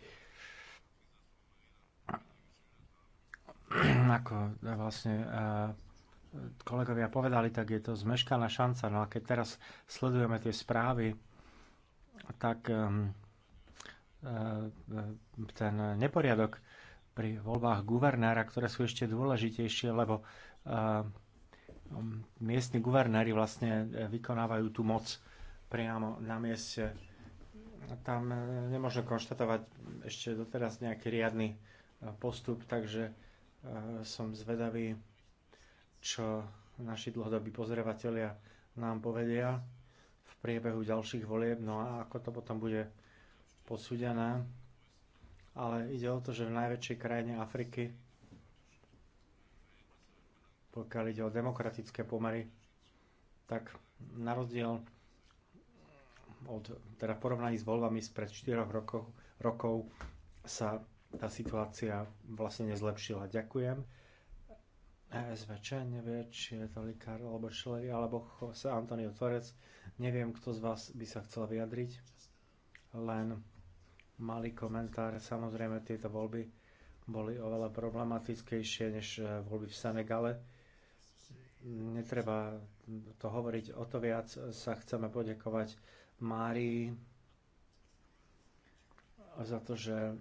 Ako e, vlastne e, kolegovia povedali, tak je to zmeškaná šanca. No a keď teraz sledujeme tie správy, tak ehm, ehm, ten neporiadok pri voľbách guvernéra, ktoré sú ešte dôležitejšie, lebo ehm, miestni guvernéri vlastne vykonávajú tú moc priamo na mieste. Tam e, nemôžno konštatovať ešte doteraz nejaký riadny e, postup, takže e, som zvedavý, čo naši dlhodobí pozorovatelia nám povedia v priebehu ďalších volieb, no a ako to potom bude posúdené. Ale ide o to, že v najväčšej krajine Afriky, pokiaľ ide o demokratické pomery, tak na rozdiel od, teda v porovnaní s voľbami spred 4 rokov, rokov sa tá situácia vlastne nezlepšila. Ďakujem. SVČ, nevie, či je to Likar alebo Schleri alebo Jose Antonio Torec. Neviem, kto z vás by sa chcel vyjadriť. Len malý komentár. Samozrejme, tieto voľby boli oveľa problematickejšie než eh, voľby v Senegale. Netreba to hovoriť o to viac. Sa chceme poďakovať Márii za to, že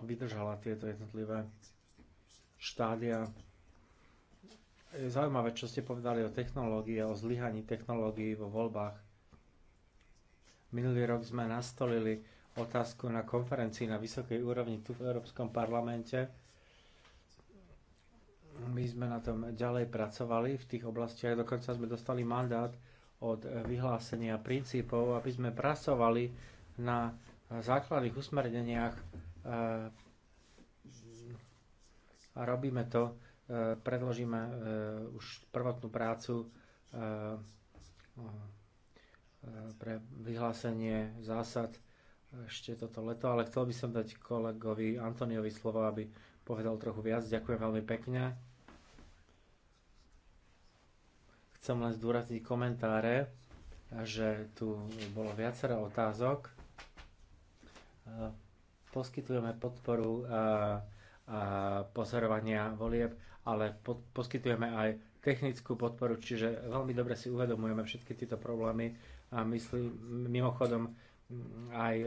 vydržala tieto jednotlivé štádia zaujímavé, čo ste povedali o technológii a o zlyhaní technológií vo voľbách. Minulý rok sme nastolili otázku na konferencii na vysokej úrovni tu v Európskom parlamente. My sme na tom ďalej pracovali v tých oblastiach, dokonca sme dostali mandát od vyhlásenia princípov, aby sme pracovali na základných usmerneniach eh, a robíme to E, predložíme e, už prvotnú prácu e, pre vyhlásenie zásad ešte toto leto, ale chcel by som dať kolegovi Antoniovi slovo, aby povedal trochu viac. Ďakujem veľmi pekne. Chcem len zdôrazniť komentáre, že tu bolo viacero otázok. Poskytujeme podporu a, a pozorovania volieb ale poskytujeme aj technickú podporu, čiže veľmi dobre si uvedomujeme všetky tieto problémy a myslím, mimochodom mm, aj e,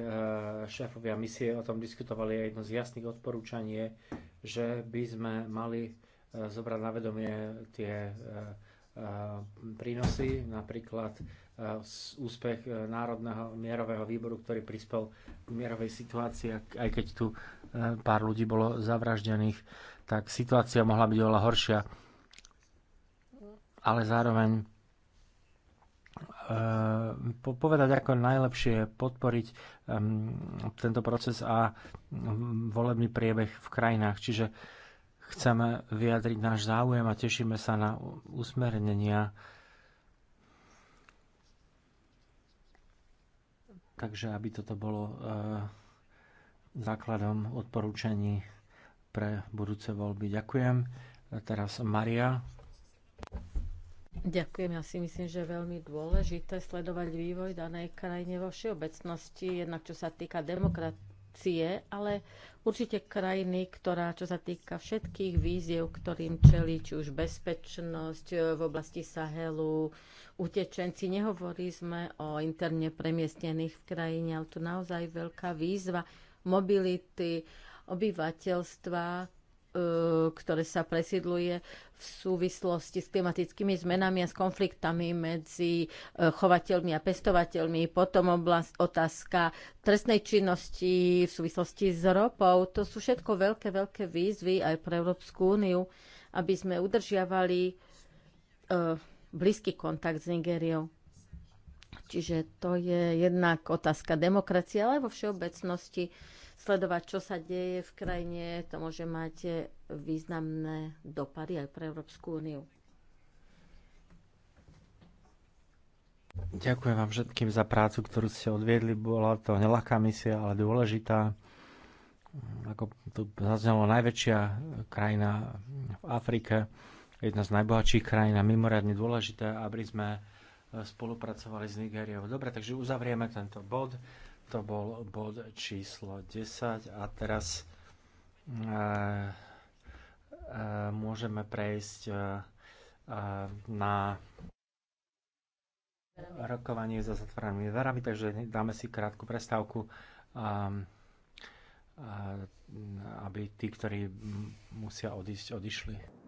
šéfovia misie o tom diskutovali a jedno z jasných odporúčaní je, že by sme mali e, zobrať na vedomie tie e, prínosy, napríklad úspech Národného mierového výboru, ktorý prispel k mierovej situácii, aj keď tu pár ľudí bolo zavraždených tak situácia mohla byť oveľa horšia. Ale zároveň eh, povedať, ako najlepšie podporiť tento proces a volebný priebeh v krajinách. Čiže chceme vyjadriť náš záujem a tešíme sa na usmernenia. Takže aby toto bolo eh, základom odporúčaní pre budúce voľby. Ďakujem. A teraz Maria. Ďakujem. Ja si myslím, že je veľmi dôležité sledovať vývoj danej krajine vo všeobecnosti, jednak čo sa týka demokracie, ale určite krajiny, ktorá čo sa týka všetkých víziev, ktorým čelí, či už bezpečnosť e, v oblasti Sahelu, utečenci, nehovorí sme o interne premiestnených v krajine, ale tu naozaj veľká výzva mobility obyvateľstva, e, ktoré sa presidluje v súvislosti s klimatickými zmenami a s konfliktami medzi e, chovateľmi a pestovateľmi. Potom oblast, otázka trestnej činnosti v súvislosti s ropou. To sú všetko veľké, veľké výzvy aj pre Európsku úniu, aby sme udržiavali e, blízky kontakt s Nigériou. Čiže to je jednak otázka demokracie, ale aj vo všeobecnosti sledovať, čo sa deje v krajine. To môže mať významné dopady aj pre Európsku úniu. Ďakujem vám všetkým za prácu, ktorú ste odviedli. Bola to nelahká misia, ale dôležitá. Ako tu zaznelo, najväčšia krajina v Afrike, jedna z najbohatších krajín a mimoriadne dôležité, aby sme spolupracovali s Nigériou. Dobre, takže uzavrieme tento bod. To bol bod číslo 10 a teraz e, e, môžeme prejsť e, e, na rokovanie za zatvorenými dverami, takže dáme si krátku prestávku, aby tí, ktorí musia odísť, odišli.